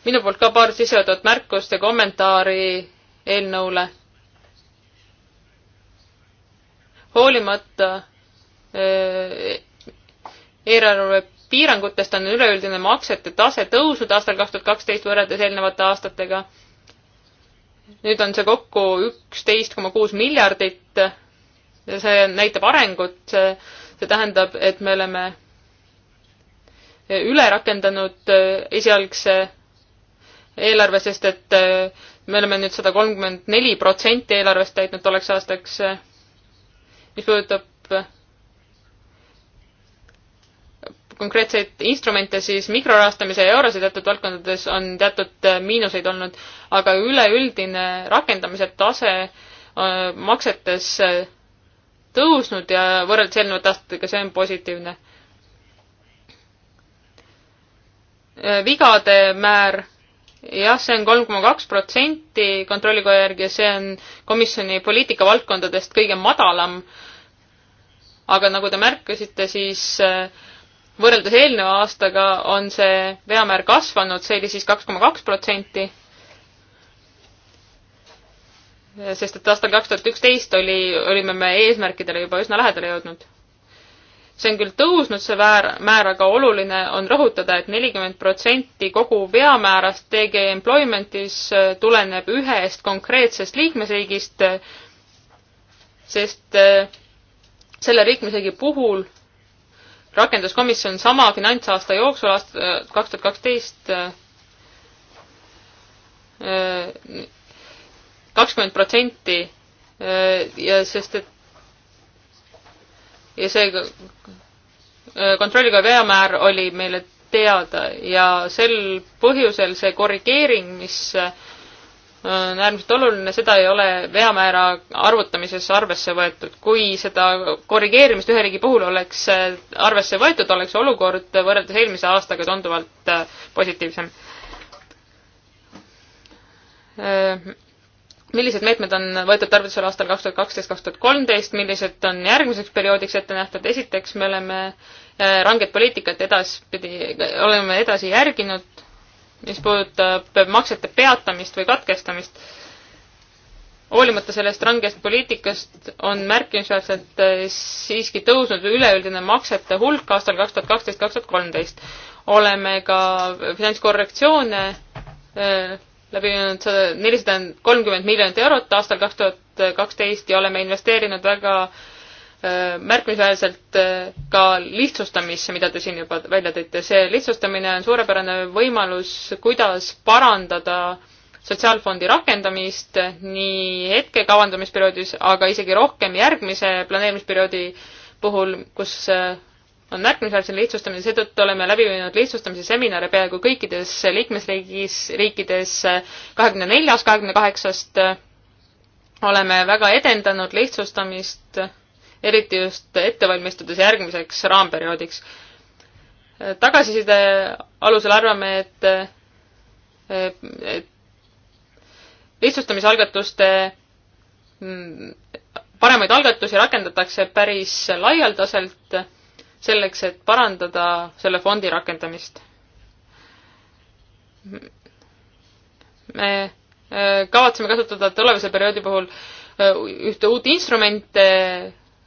minu poolt ka paar sissejuhatavat märkust ja kommentaari eelnõule. hoolimata eh, eelarve piirangutest on üleüldine maksete tase tõusnud aastal kaks tuhat kaksteist võrreldes eelnevate aastatega nüüd on see kokku üksteist koma kuus miljardit. see näitab arengut, see, see tähendab, et me oleme üle rakendanud äh, esialgse eelarve, sest et äh, me oleme nüüd sada kolmkümmend neli protsenti eelarvest täitnud tolleks aastaks. mis puudutab konkreetseid instrumente, siis mikrorahastamise ja eurose teatud valdkondades on teatud äh, miinuseid olnud, aga üleüldine rakendamise tase äh, maksetes äh, tõusnud ja võrreldes eelnevate aastatega, see on positiivne. vigade määr, jah, see on kolm koma kaks protsenti kontrollikoja järgi ja see on komisjoni poliitikavaldkondadest kõige madalam. aga nagu te märkasite, siis äh, võrreldes eelneva aastaga on see veamäär kasvanud, see oli siis kaks koma kaks protsenti. sest et aastal kaks tuhat üksteist oli, olime me eesmärkidele juba üsna lähedale jõudnud. see on küll tõusnud, see väär, määr, aga oluline on rõhutada et, et nelikümmend protsenti kogu veamäärast DG Employmentis tuleneb ühest konkreetsest liikmesriigist, sest äh, selle liikmesriigi puhul rakenduskomisjon sama finantsaasta jooksul, aasta kaks tuhat kaksteist, äh, äh, kakskümmend protsenti äh, ja sest, et ja see kontrolliga veamäär oli meile teada ja sel põhjusel see korrigeering, mis on äärmiselt oluline, seda ei ole veamäära arvutamises arvesse võetud. kui seda korrigeerimist ühe riigi puhul oleks äh, arvesse võetud, oleks olukord võrreldes eelmise aastaga tunduvalt äh, positiivsem. Äh, millised meetmed on võetud tarvitusele aastal kaks tuhat kaksteist, kaks tuhat kolmteist, millised on järgmiseks perioodiks ette nähtud, esiteks me oleme ranget poliitikat edaspidi, oleme edasi järginud, mis puudutab maksete peatamist või katkestamist. hoolimata sellest rangest poliitikast on märkimisväärselt äh, siiski tõusnud üleüldine maksete hulk aastal kaks tuhat kaksteist, kaks tuhat kolmteist. oleme ka finantskorrektsioone äh, läbi viinud nelisada kolmkümmend miljonit eurot aastal kaks tuhat kaksteist ja oleme investeerinud väga äh, Äh, märkimisväärselt äh, ka lihtsustamisse, mida te siin juba välja tõite. see lihtsustamine on suurepärane võimalus, kuidas parandada sotsiaalfondi rakendamist nii hetke kavandamisperioodis, aga isegi rohkem järgmise planeerimisperioodi puhul, kus äh, on märkimisväärselt lihtsustamine, seetõttu oleme läbi viinud lihtsustamise seminare peaaegu kõikides liikmesriigis, riikides kahekümne neljast, kahekümne kaheksast. oleme väga edendanud lihtsustamist eriti just ette valmistudes järgmiseks raamperioodiks. tagasiside alusel arvame, et, et lihtsustamisalgatuste paremaid algatusi rakendatakse päris laialdaselt selleks, et parandada selle fondi rakendamist. me eh, kavatseme kasutada tulevase perioodi puhul eh, ühte uut instrumente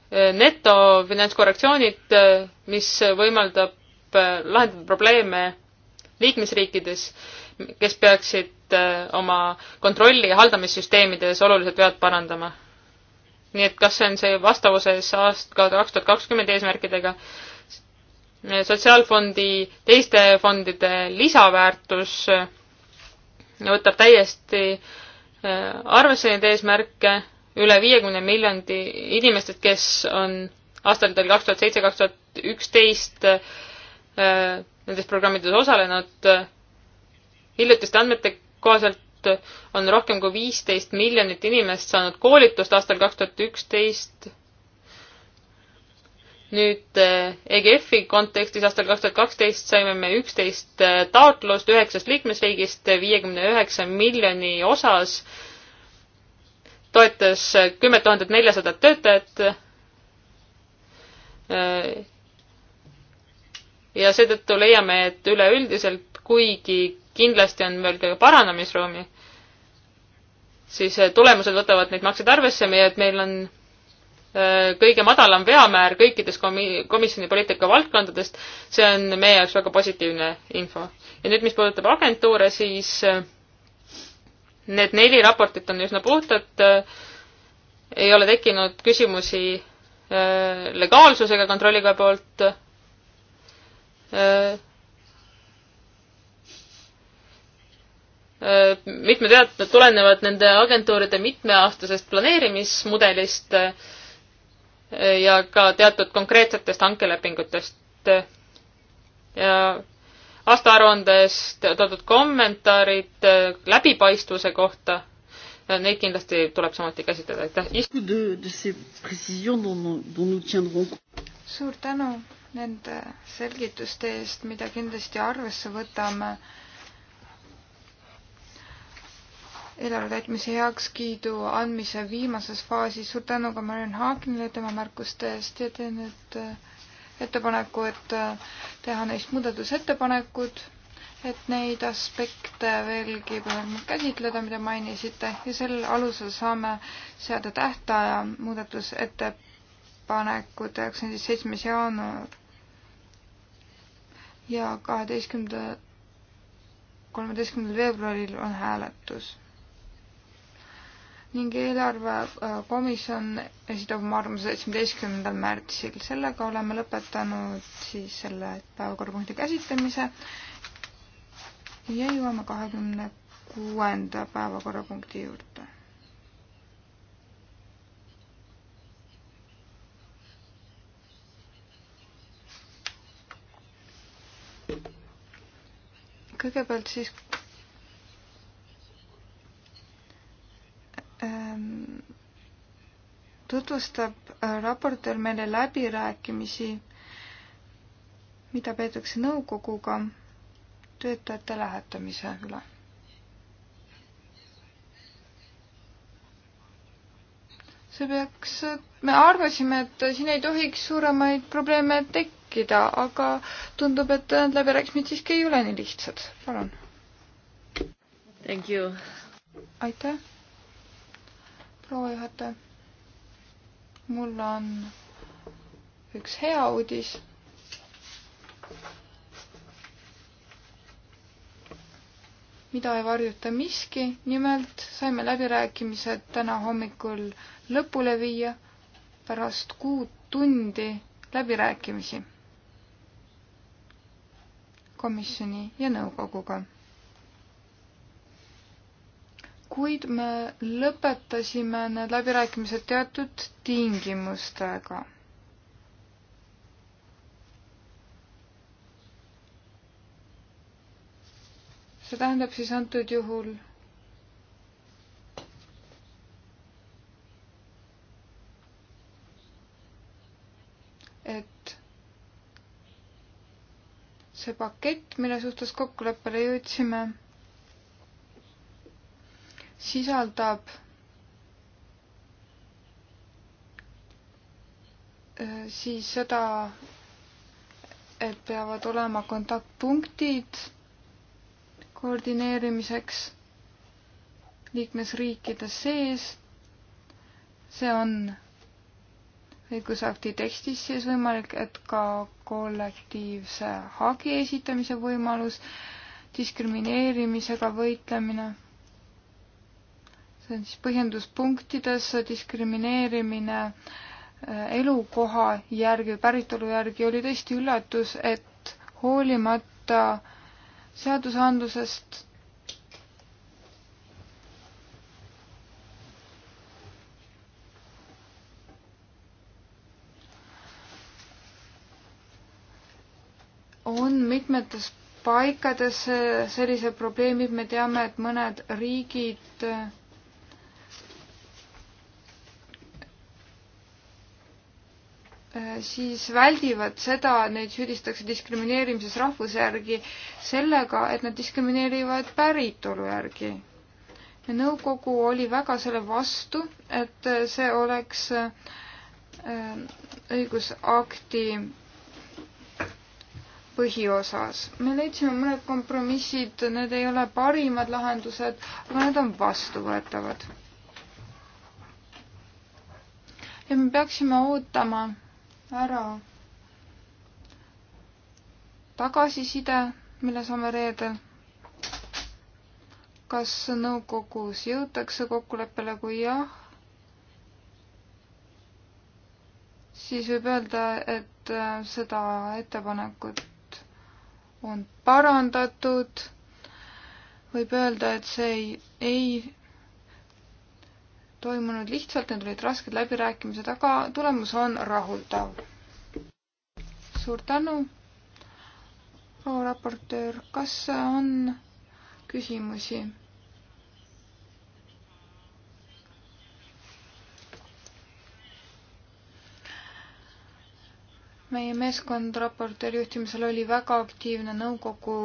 Eh, netofinantskorrektsioonid, eh, mis võimaldab eh, lahendada probleeme liikmesriikides, kes peaksid oma kontrolli ja haldamissüsteemides olulised vead parandama. nii et kas see on see vastavuses aasta kaks tuhat kakskümmend eesmärkidega, sotsiaalfondi teiste fondide lisaväärtus võtab täiesti arvesse neid eesmärke üle viiekümne miljoni inimestest, kes on aastatel kaks tuhat seitse, kaks tuhat üksteist äh, nendes programmides osalenud. hiljutiste andmete kohaselt on rohkem kui viisteist miljonit inimest saanud koolitust aastal kaks tuhat üksteist. nüüd äh, EGF-i kontekstis aastal kaks tuhat kaksteist saime me üksteist äh, taotlust üheksast liikmesriigist viiekümne üheksa miljoni osas toetas kümmet tuhandet neljasadat töötajat. ja seetõttu leiame, et üleüldiselt, kuigi kindlasti on veel ka paranemisruumi, siis tulemused võtavad neid makseid arvesse, nii et meil on äh, kõige madalam veamäär kõikidest komi-, komisjoni poliitika valdkondadest, see on meie jaoks väga positiivne info. ja nüüd, mis puudutab agentuure, siis äh, Need neli raportit on üsna puhtad, äh, ei ole tekkinud küsimusi äh, legaalsusega kontrollikoja poolt. Äh, mitmed teated tulenevad nende agentuuride mitmeaastasest planeerimismudelist ja ka teatud konkreetsetest hankelepingutest. ja aastaaruandest toodud kommentaarid äh, läbipaistvuse kohta, äh, neid kindlasti tuleb samuti käsitleda, aitäh. suur tänu nende selgituste eest, mida kindlasti arvesse võtame eelarve täitmise heakskiidu andmise viimases faasis. suur tänu ka Marion Haakinile tema märkuste eest ja teen nüüd äh, ettepaneku, et äh, teha neist muudatusettepanekud, et neid aspekte veelgi käsitleda, mida mainisite ja sel alusel saame seada tähtaja muudatusettepanekute jaoks, see on siis seitsmes jaanuar ja kaheteistkümnenda, kolmeteistkümnendal veebruaril on hääletus ning eelarvekomisjon esitab oma arvamuse seitsmeteistkümnendal märtsil. sellega oleme lõpetanud siis selle päevakorrapunkti käsitlemise ja jõuame kahekümne kuuenda päevakorrapunkti juurde. kõigepealt siis Ähm, tutvustab äh, raportöör meile läbirääkimisi, mida peetakse nõukoguga töötajate lähetamise üle. see peaks, me arvasime, et siin ei tohiks suuremaid probleeme tekkida, aga tundub, et need läbirääkimised siiski ei ole nii lihtsad. palun. aitäh proua juhataja. mul on üks hea uudis. mida ei varjuta miski, nimelt saime läbirääkimised täna hommikul lõpule viia pärast kuut tundi läbirääkimisi komisjoni ja nõukoguga kuid me lõpetasime need läbirääkimised teatud tingimustega. see tähendab siis antud juhul et see pakett, mille suhtes kokkuleppele jõudsime sisaldab äh, siis seda, et peavad olema kontaktpunktid koordineerimiseks liikmesriikide sees. see on õigusakti tekstis siis võimalik, et ka kollektiivse hagi esitamise võimalus, diskrimineerimisega võitlemine see on siis põhjenduspunktides diskrimineerimine äh, elukoha järgi või päritolu järgi oli tõesti üllatus, et hoolimata seadusandlusest on mitmetes paikades sellised probleemid, me teame, et mõned riigid Äh, siis väldivad seda, neid süüdistatakse diskrimineerimises rahvuse järgi sellega, et nad diskrimineerivad päritolu järgi. ja nõukogu oli väga selle vastu, et see oleks äh, õigusakti põhiosas. me leidsime mõned kompromissid, need ei ole parimad lahendused, aga need on vastuvõetavad. ja me peaksime ootama ära tagasiside, mille saame reedel. kas nõukogus jõutakse kokkuleppele, kui jah, siis võib öelda, et äh, seda ettepanekut on parandatud. võib öelda, et see ei, ei toimunud lihtsalt, need olid rasked läbirääkimised, aga tulemus on rahuldav. suur tänu, proua raportöör, kas on küsimusi? meie meeskond raportööri juhtimisel oli väga aktiivne nõukogu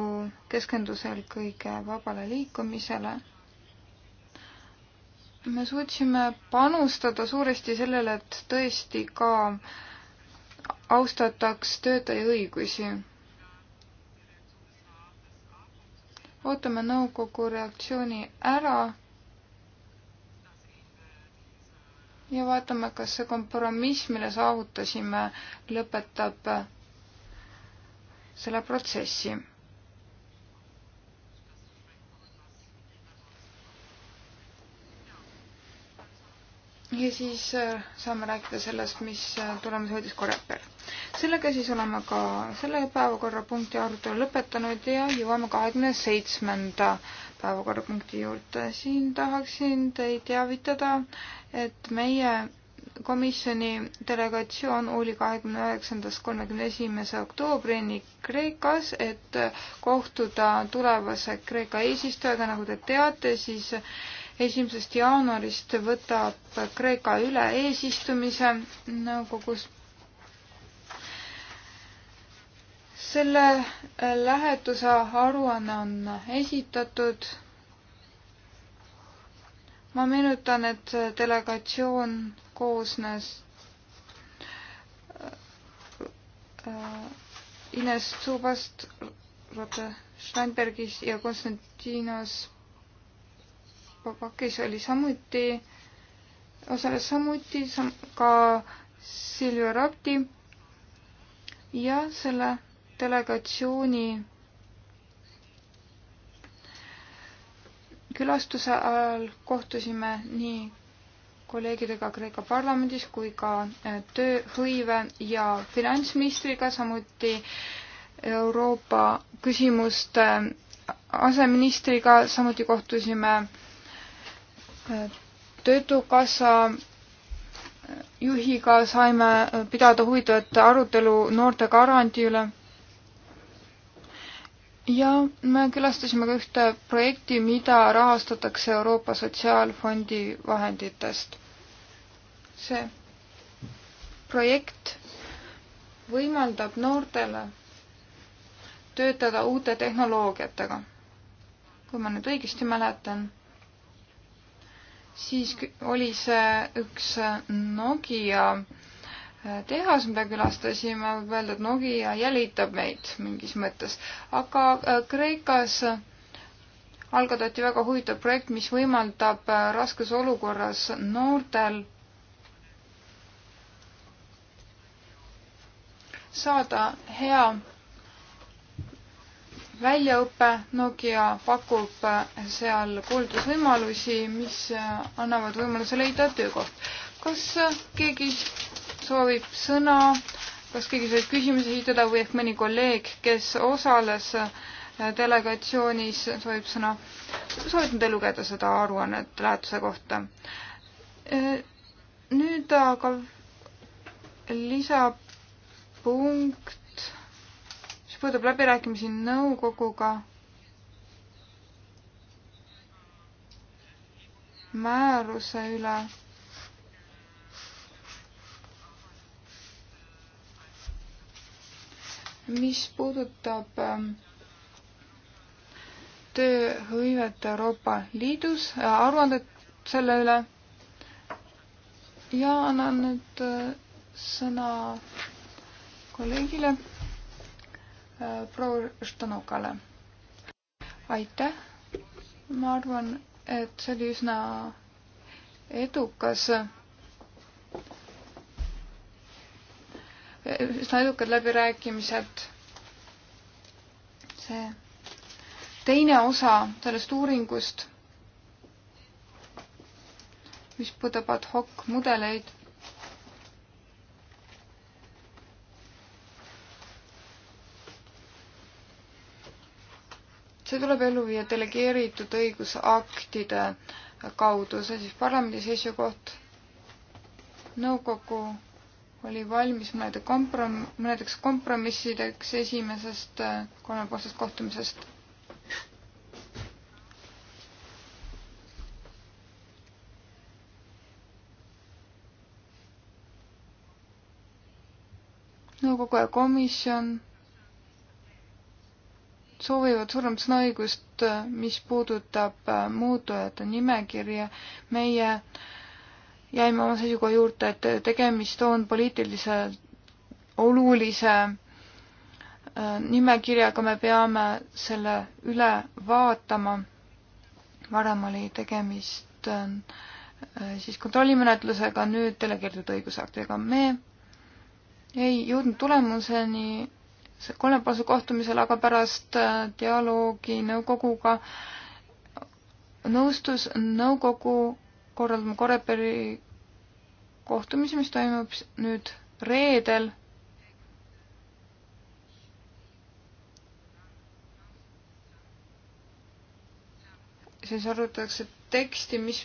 keskendusel kõige vabale liikumisele me suutsime panustada suuresti sellele, et tõesti ka austataks töötaja õigusi. ootame nõukogu reaktsiooni ära ja vaatame, kas see kompromiss, mille saavutasime, lõpetab selle protsessi ja siis äh, saame rääkida sellest, mis äh, tulemus hoidis Koreper. sellega siis oleme ka selle päevakorrapunkti arutelu lõpetanud ja jõuame kahekümne seitsmenda päevakorrapunkti juurde. siin tahaksin teid teavitada, et meie komisjoni delegatsioon oli kahekümne üheksandast kolmekümne esimese oktoobrini Kreekas, et kohtuda tulevase Kreeka eesistujaga, nagu te teate, siis esimesest jaanuarist võtab Kreeka üle eesistumise nõukogus. selle lähetuse aruanne on esitatud. ma meenutan, et delegatsioon koosnes äh, Ines Zubast, Rote Steinbergist ja Konstantinos pakis oli samuti, osales samuti sam ka Silvia Rapti ja selle delegatsiooni külastuse ajal kohtusime nii kolleegidega Kreeka parlamendis kui ka äh, tööhõive ja finantsministriga, samuti Euroopa küsimuste aseministriga, samuti kohtusime töötukassa juhiga saime pidada huvitavat arutelu noorte garantii üle. ja me külastasime ka ühte projekti, mida rahastatakse Euroopa Sotsiaalfondi vahenditest. see projekt võimaldab noortele töötada uute tehnoloogiatega. kui ma nüüd õigesti mäletan siis oli see üks Nokia äh, tehas, mida külastasime, võib öelda, et Nokia jälitab meid mingis mõttes. aga äh, Kreekas äh, algatati väga huvitav projekt, mis võimaldab raskes olukorras noortel saada hea väljaõpe, Nokia pakub seal koolitusvõimalusi, mis annavad võimaluse leida töökoht. kas keegi soovib sõna, kas keegi soovib küsimusi esitada või ehk mõni kolleeg, kes osales delegatsioonis, soovib sõna? soovitan teil lugeda seda aruannet lähetuse kohta. E, nüüd aga lisapunkt puudutab läbirääkimisi nõukoguga, määruse üle, mis puudutab ähm, tööhõivet Euroopa Liidus, äh, aruanded selle üle ja annan nüüd äh, sõna kolleegile Äh, proua Štanokale. aitäh, ma arvan, et see oli üsna edukas üsna edukad läbirääkimised. see teine osa sellest uuringust, mis puudutab ad hoc mudeleid, see tuleb ellu viia delegeeritud õigusaktide kaudu, see siis parlamendi seisukoht. nõukogu oli valmis mõnede komprom-, mõnedeks kompromissideks esimesest äh, kolmepoolsest kohtumisest. nõukogu ja komisjon soovivad suuremat sõnaõigust, mis puudutab äh, muutujate nimekirja. meie jäime oma seisukoha juurde, et tegemist on poliitiliselt olulise äh, nimekirjaga, me peame selle üle vaatama. varem oli tegemist äh, siis kontrollimenetlusega, nüüd delegeeritud õigusaktidega. me ei jõudnud tulemuseni kolmepoolsel kohtumisel, aga pärast äh, dialoogi nõukoguga nõustus nõukogu korraldama Koreperi kohtumisi, mis toimub nüüd reedel. siis arutatakse teksti, mis,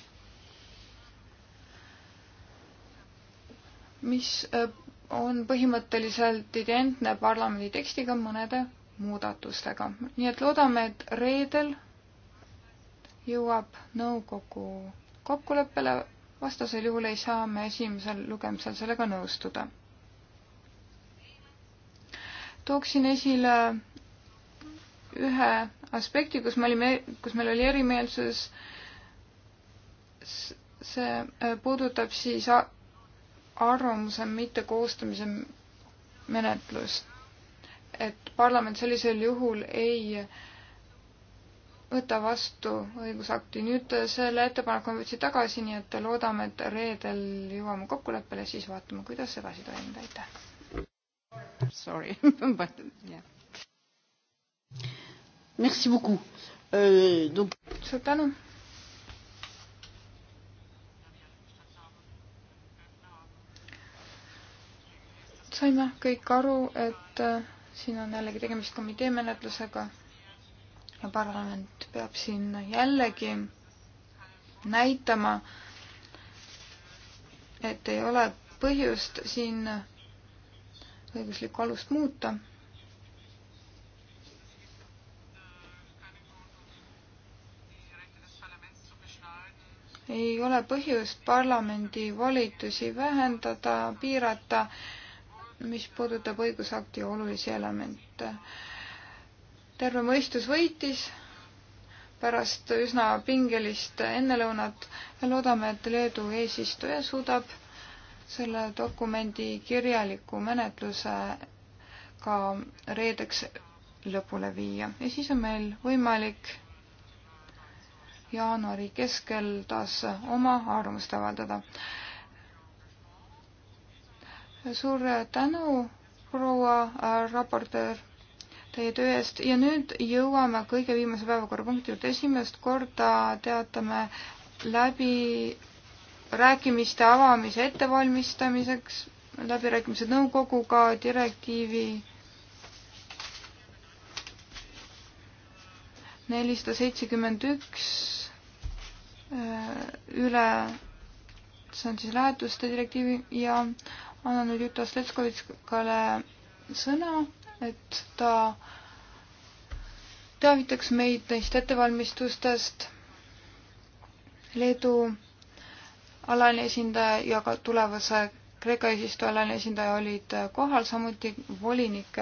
mis äh, on põhimõtteliselt identne parlamendi tekstiga mõnede muudatustega. nii et loodame, et reedel jõuab nõukogu kokkuleppele, vastasel juhul ei saa me esimesel lugemisel sellega nõustuda. tooksin esile ühe aspekti, kus me olime, kus meil oli erimeelsus, see äh, puudutab siis arvamuse mittekoostamise menetlust. et parlament sellisel juhul ei võta vastu õigusakti. nüüd selle ettepaneku ma võtsin tagasi, nii et loodame, et reedel jõuame kokkuleppele, siis vaatame, kuidas edasi toimib. aitäh! Sorry [LAUGHS] but yeah. Merci beaucoup euh,. Donc... suur tänu! saime kõik aru, et äh, siin on jällegi tegemist komitee menetlusega ja parlament peab siin jällegi näitama, et ei ole põhjust siin õiguslikku alust muuta. ei ole põhjust parlamendi volitusi vähendada, piirata äh, mis puudutab õigusakti olulisi elemente. terve mõistus võitis pärast üsna pingelist ennelõunat ja loodame, et Leedu eesistuja suudab selle dokumendi kirjaliku menetluse ka reedeks lõpule viia ja siis on meil võimalik jaanuari keskel taas oma arvamust avaldada suur tänu, proua äh, raportöör, teie töö eest ja nüüd jõuame kõige viimase päevakorrapunkti juurde. esimest korda teatame läbi rääkimiste avamise ettevalmistamiseks, läbirääkimised nõukoguga, direktiivi nelisada seitsekümmend üks äh, üle, see on siis lähetuste direktiivi ja annan nüüd Juta Sletskovitskale sõna, et ta teavitaks meid neist ettevalmistustest. Leedu alaline esindaja ja ka tulevase Kreeka eesistuja alaline esindaja olid kohal, samuti volinik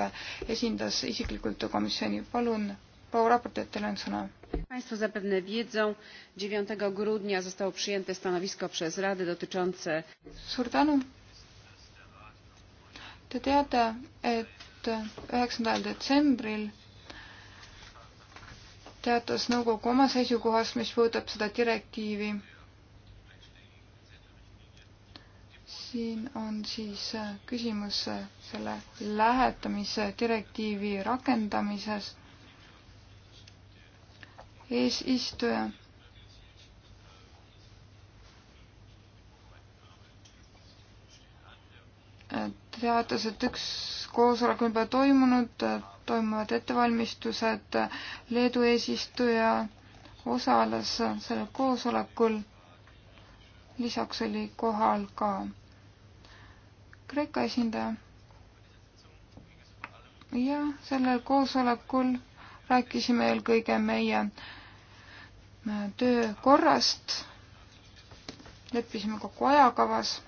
esindas isiklikult komisjoni. palun, proua raportöör, teil on sõna. Państwo zapewne wiedzą, 9 grudnia zostało przyjęte stanowisko przez Radę dotyczące... Suur tänu, Te teate, et üheksandal detsembril teatas nõukogu oma seisukohast, mis puudutab seda direktiivi. siin on siis küsimus selle lähetamise direktiivi rakendamises. eesistuja teatas, et üks koosolek on juba toimunud, toimuvad ettevalmistused, Leedu eesistuja osales sellel koosolekul. lisaks oli kohal ka Kreeka esindaja. ja sellel koosolekul rääkisime eelkõige meie töökorrast, leppisime kokku ajakavas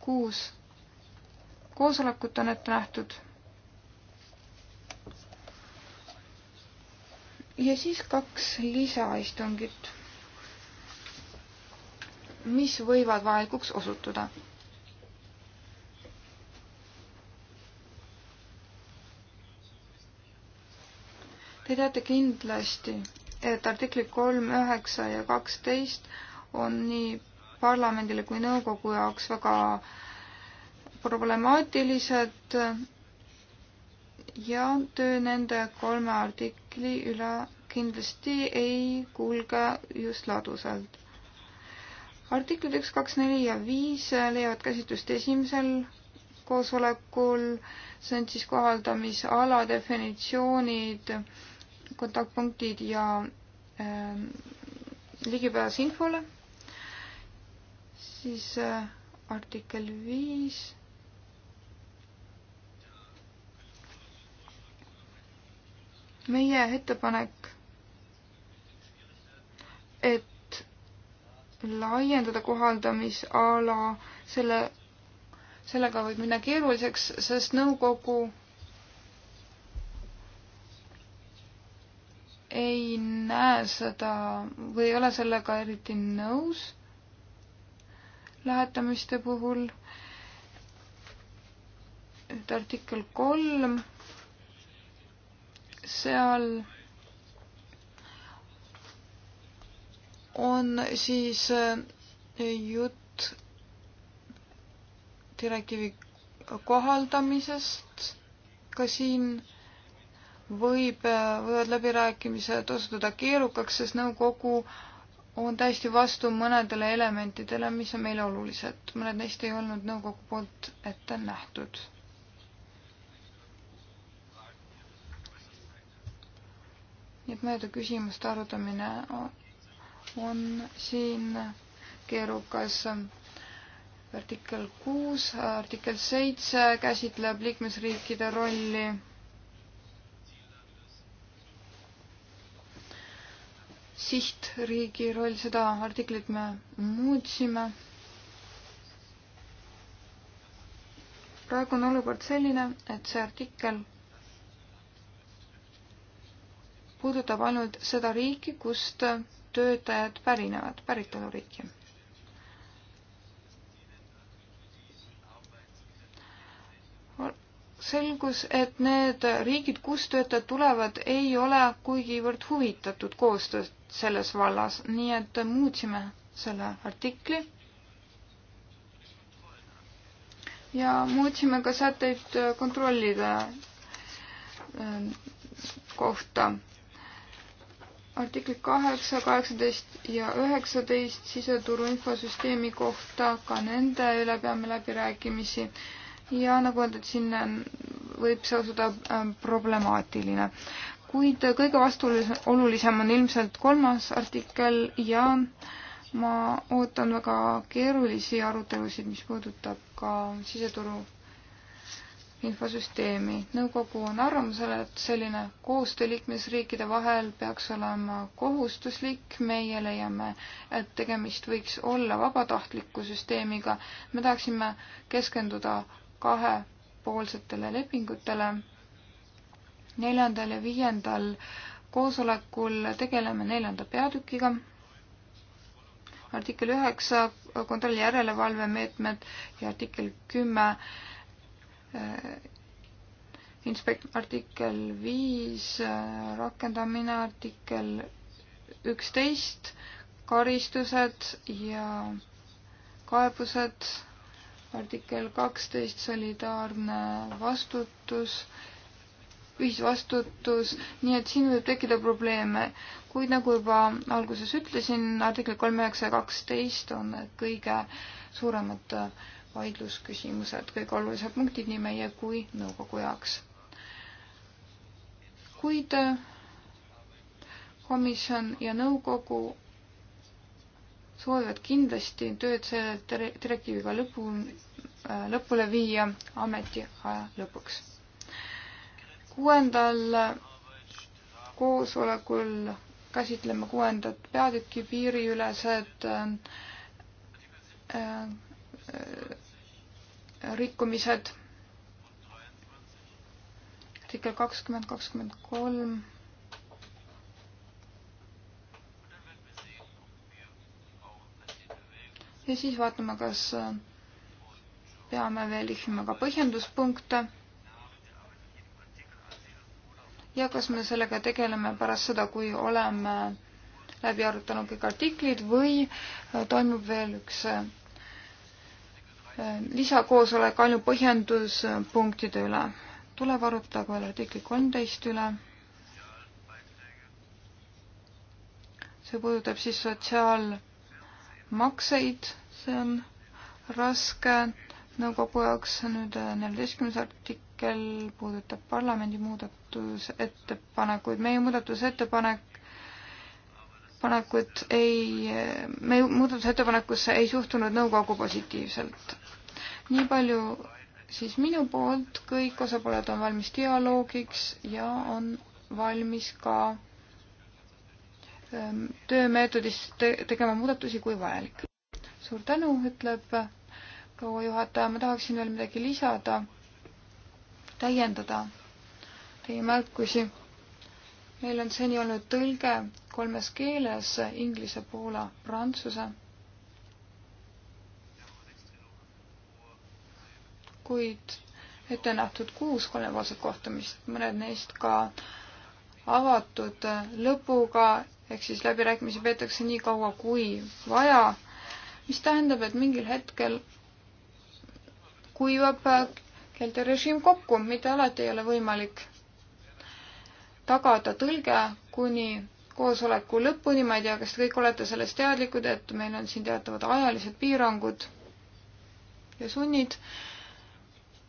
kuus koosolekut on ette nähtud. ja siis kaks lisaistungit, mis võivad vajalikuks osutuda Te teate kindlasti, et artikli 3, 9 ja 12 on nii parlamendile kui nõukogu jaoks väga problemaatilised ja töö nende kolme artikli üle kindlasti ei kulge just ladusalt. artiklid üks, kaks, neli ja viis leiavad käsitlust esimesel koosolekul, see on siis kohaldamisala definitsioonid, kontaktpunktid ja äh, ligipääs infole, siis äh, artikkel viis meie ettepanek, et laiendada kohaldamisala, selle, sellega võib minna keeruliseks, sest nõukogu ei näe seda või ei ole sellega eriti nõus lähetamiste puhul. et artikkel kolm seal on siis äh, jutt direktiivi kohaldamisest, ka siin võib, äh, võivad läbirääkimised osutuda keerukaks, sest nõukogu on täiesti vastu mõnedele elementidele, mis on meile olulised. mõned neist ei olnud nõukogu poolt ette nähtud nii et mööda küsimuste arutamine on siin keerukas artikkel kuus, artikkel seitse käsitleb liikmesriikide rolli. sihtriigi roll, seda artiklit me muutsime. praegu on olukord selline, et see artikkel puudutab ainult seda riiki, kust töötajad pärinevad, päritoluriiki. selgus, et need riigid, kust töötajad tulevad, ei ole kuigivõrd huvitatud koostööst selles vallas, nii et muutsime selle artikli ja muutsime ka sätteid kontrollida äh, kohta artiklid kaheksa, kaheksateist ja üheksateist siseturu infosüsteemi kohta, ka nende üle peame läbirääkimisi ja nagu öeldud, siin ähm, võib see osutuda ähm, problemaatiline. kuid kõige vastuolulisem on ilmselt kolmas artikkel ja ma ootan väga keerulisi arutelusid, mis puudutab ka siseturu infosüsteemi. nõukogu on arvamusel, et selline koostöö liikmesriikide vahel peaks olema kohustuslik, meie leiame, et tegemist võiks olla vabatahtliku süsteemiga. me tahaksime keskenduda kahepoolsetele lepingutele. neljandal ja viiendal koosolekul tegeleme neljanda peatükiga artikkel üheksa kontrolli järelevalvemeetmed ja artikkel kümme 10 Äh, inspekt-, artikkel viis äh, rakendamine, artikkel üksteist, karistused ja kaebused, artikkel kaksteist solidaarne vastutus, ühisvastutus, nii et siin võib tekkida probleeme. kuid nagu juba alguses ütlesin, artikkel kolm, üheksa ja kaksteist on need kõige suuremad äh, vaidlusküsimused, kõik olulised punktid nii meie kui nõukogu jaoks. kuid äh, komisjon ja nõukogu soovivad kindlasti tööd selle direktiiviga lõpu, äh, lõpule viia ametiaja lõpuks. kuuendal äh, koosolekul käsitleme kuuendat peatükki piiriülesed äh, äh, rikkumised. artikkel kakskümmend, kakskümmend kolm. ja siis vaatame, kas äh, peame veel lihvima ka põhjenduspunkte. ja kas me sellega tegeleme pärast seda, kui oleme läbi arutanud kõik artiklid või äh, toimub veel üks äh, lisakoosolek ainult põhjenduspunktide üle. tuleb arutada ka artikli kolmteist üle. see puudutab siis sotsiaalmakseid, see on raske nõukogu jaoks. nüüd äh, neljateistkümnes artikkel puudutab parlamendi muudatusettepanekuid. meie muudatusettepanek ettepanekut ei, äh, me muudatusettepanekusse ei suhtunud nõukogu positiivselt nii palju siis minu poolt, kõik osapooled on valmis dialoogiks ja on valmis ka ähm, töömeetodis te tegema muudatusi, kui vajalik. suur tänu, ütleb proua juhataja, ma tahaksin veel midagi lisada, täiendada teie märkusi. meil on seni olnud tõlge kolmes keeles inglise, poola, prantsuse kuid ette on nähtud kuus kolmepoolset kohtumist, mõned neist ka avatud lõpuga, ehk siis läbirääkimisi peetakse nii kaua kui vaja, mis tähendab, et mingil hetkel kuivab keelte režiim kokku, mida alati ei ole võimalik tagada tõlge kuni koosoleku lõpuni, ma ei tea, kas te kõik olete sellest teadlikud, et meil on siin teatavad ajalised piirangud ja sunnid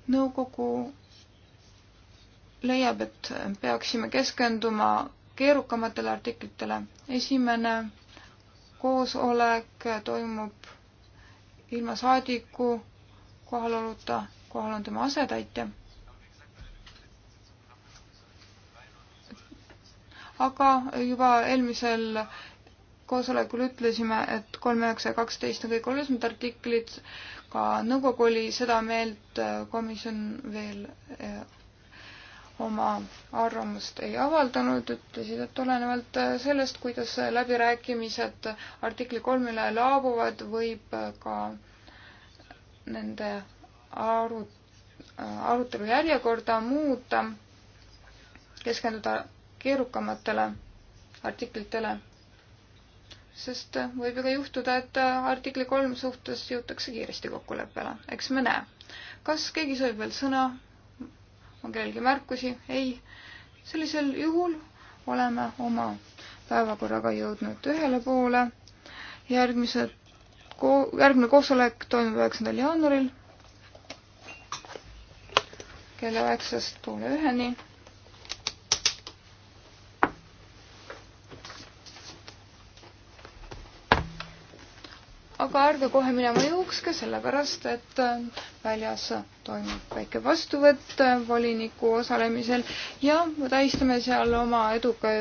nõukogu leiab, et peaksime keskenduma keerukamatele artiklitele. esimene koosolek toimub ilma saadiku kohaloluta, kohal on tema asetäitja. aga juba eelmisel koosolekul ütlesime, et kolm, üheksa ja kaksteist on kõik olulisemad artiklid, ka nõukogu oli seda meelt, äh, komisjon veel äh, oma arvamust ei avaldanud, ütlesid, et olenevalt äh, sellest, kuidas läbirääkimised artikli kolmele laabuvad, võib ka nende aru, arutelu järjekorda muuta, keskenduda keerukamatele artiklitele sest äh, võib ju ka juhtuda, et äh, artikli kolm suhtes jõutakse kiiresti kokkuleppele, eks me näe. kas keegi soovib veel sõna? on kellelgi märkusi? ei. sellisel juhul oleme oma päevakorraga jõudnud ühele poole. järgmised, järgmine koosolek toimub üheksandal jaanuaril kella üheksast poole üheni aga ärge kohe minema jookske, sellepärast et äh, väljas toimub väike vastuvõtt äh, voliniku osalemisel ja me tähistame seal oma eduka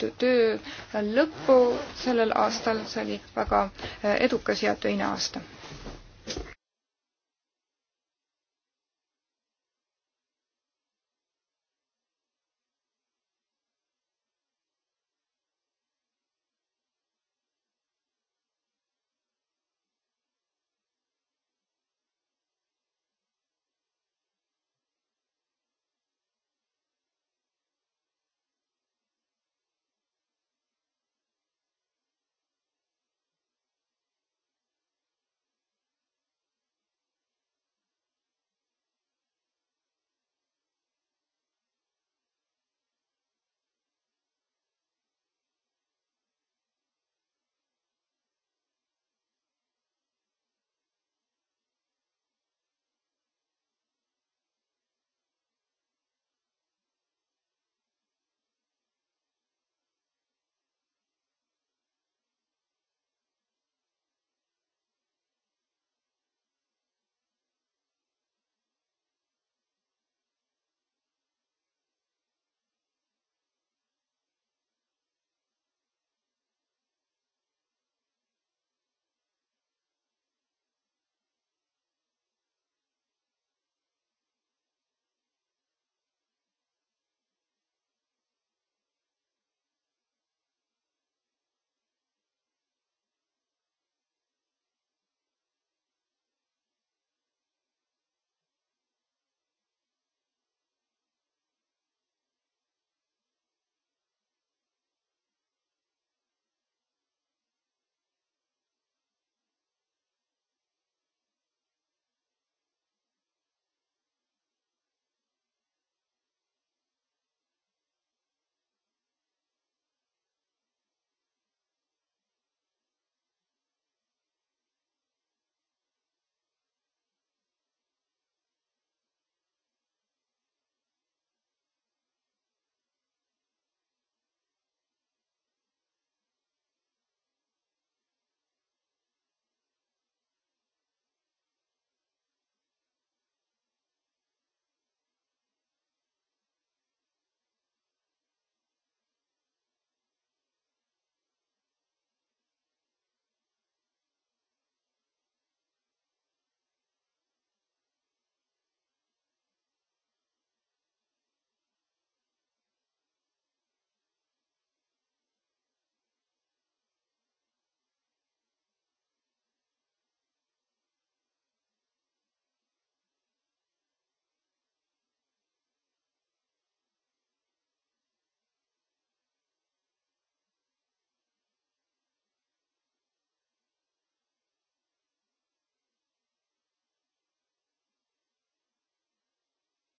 töö lõppu sellel aastal, see oli väga äh, edukas ja töine aasta.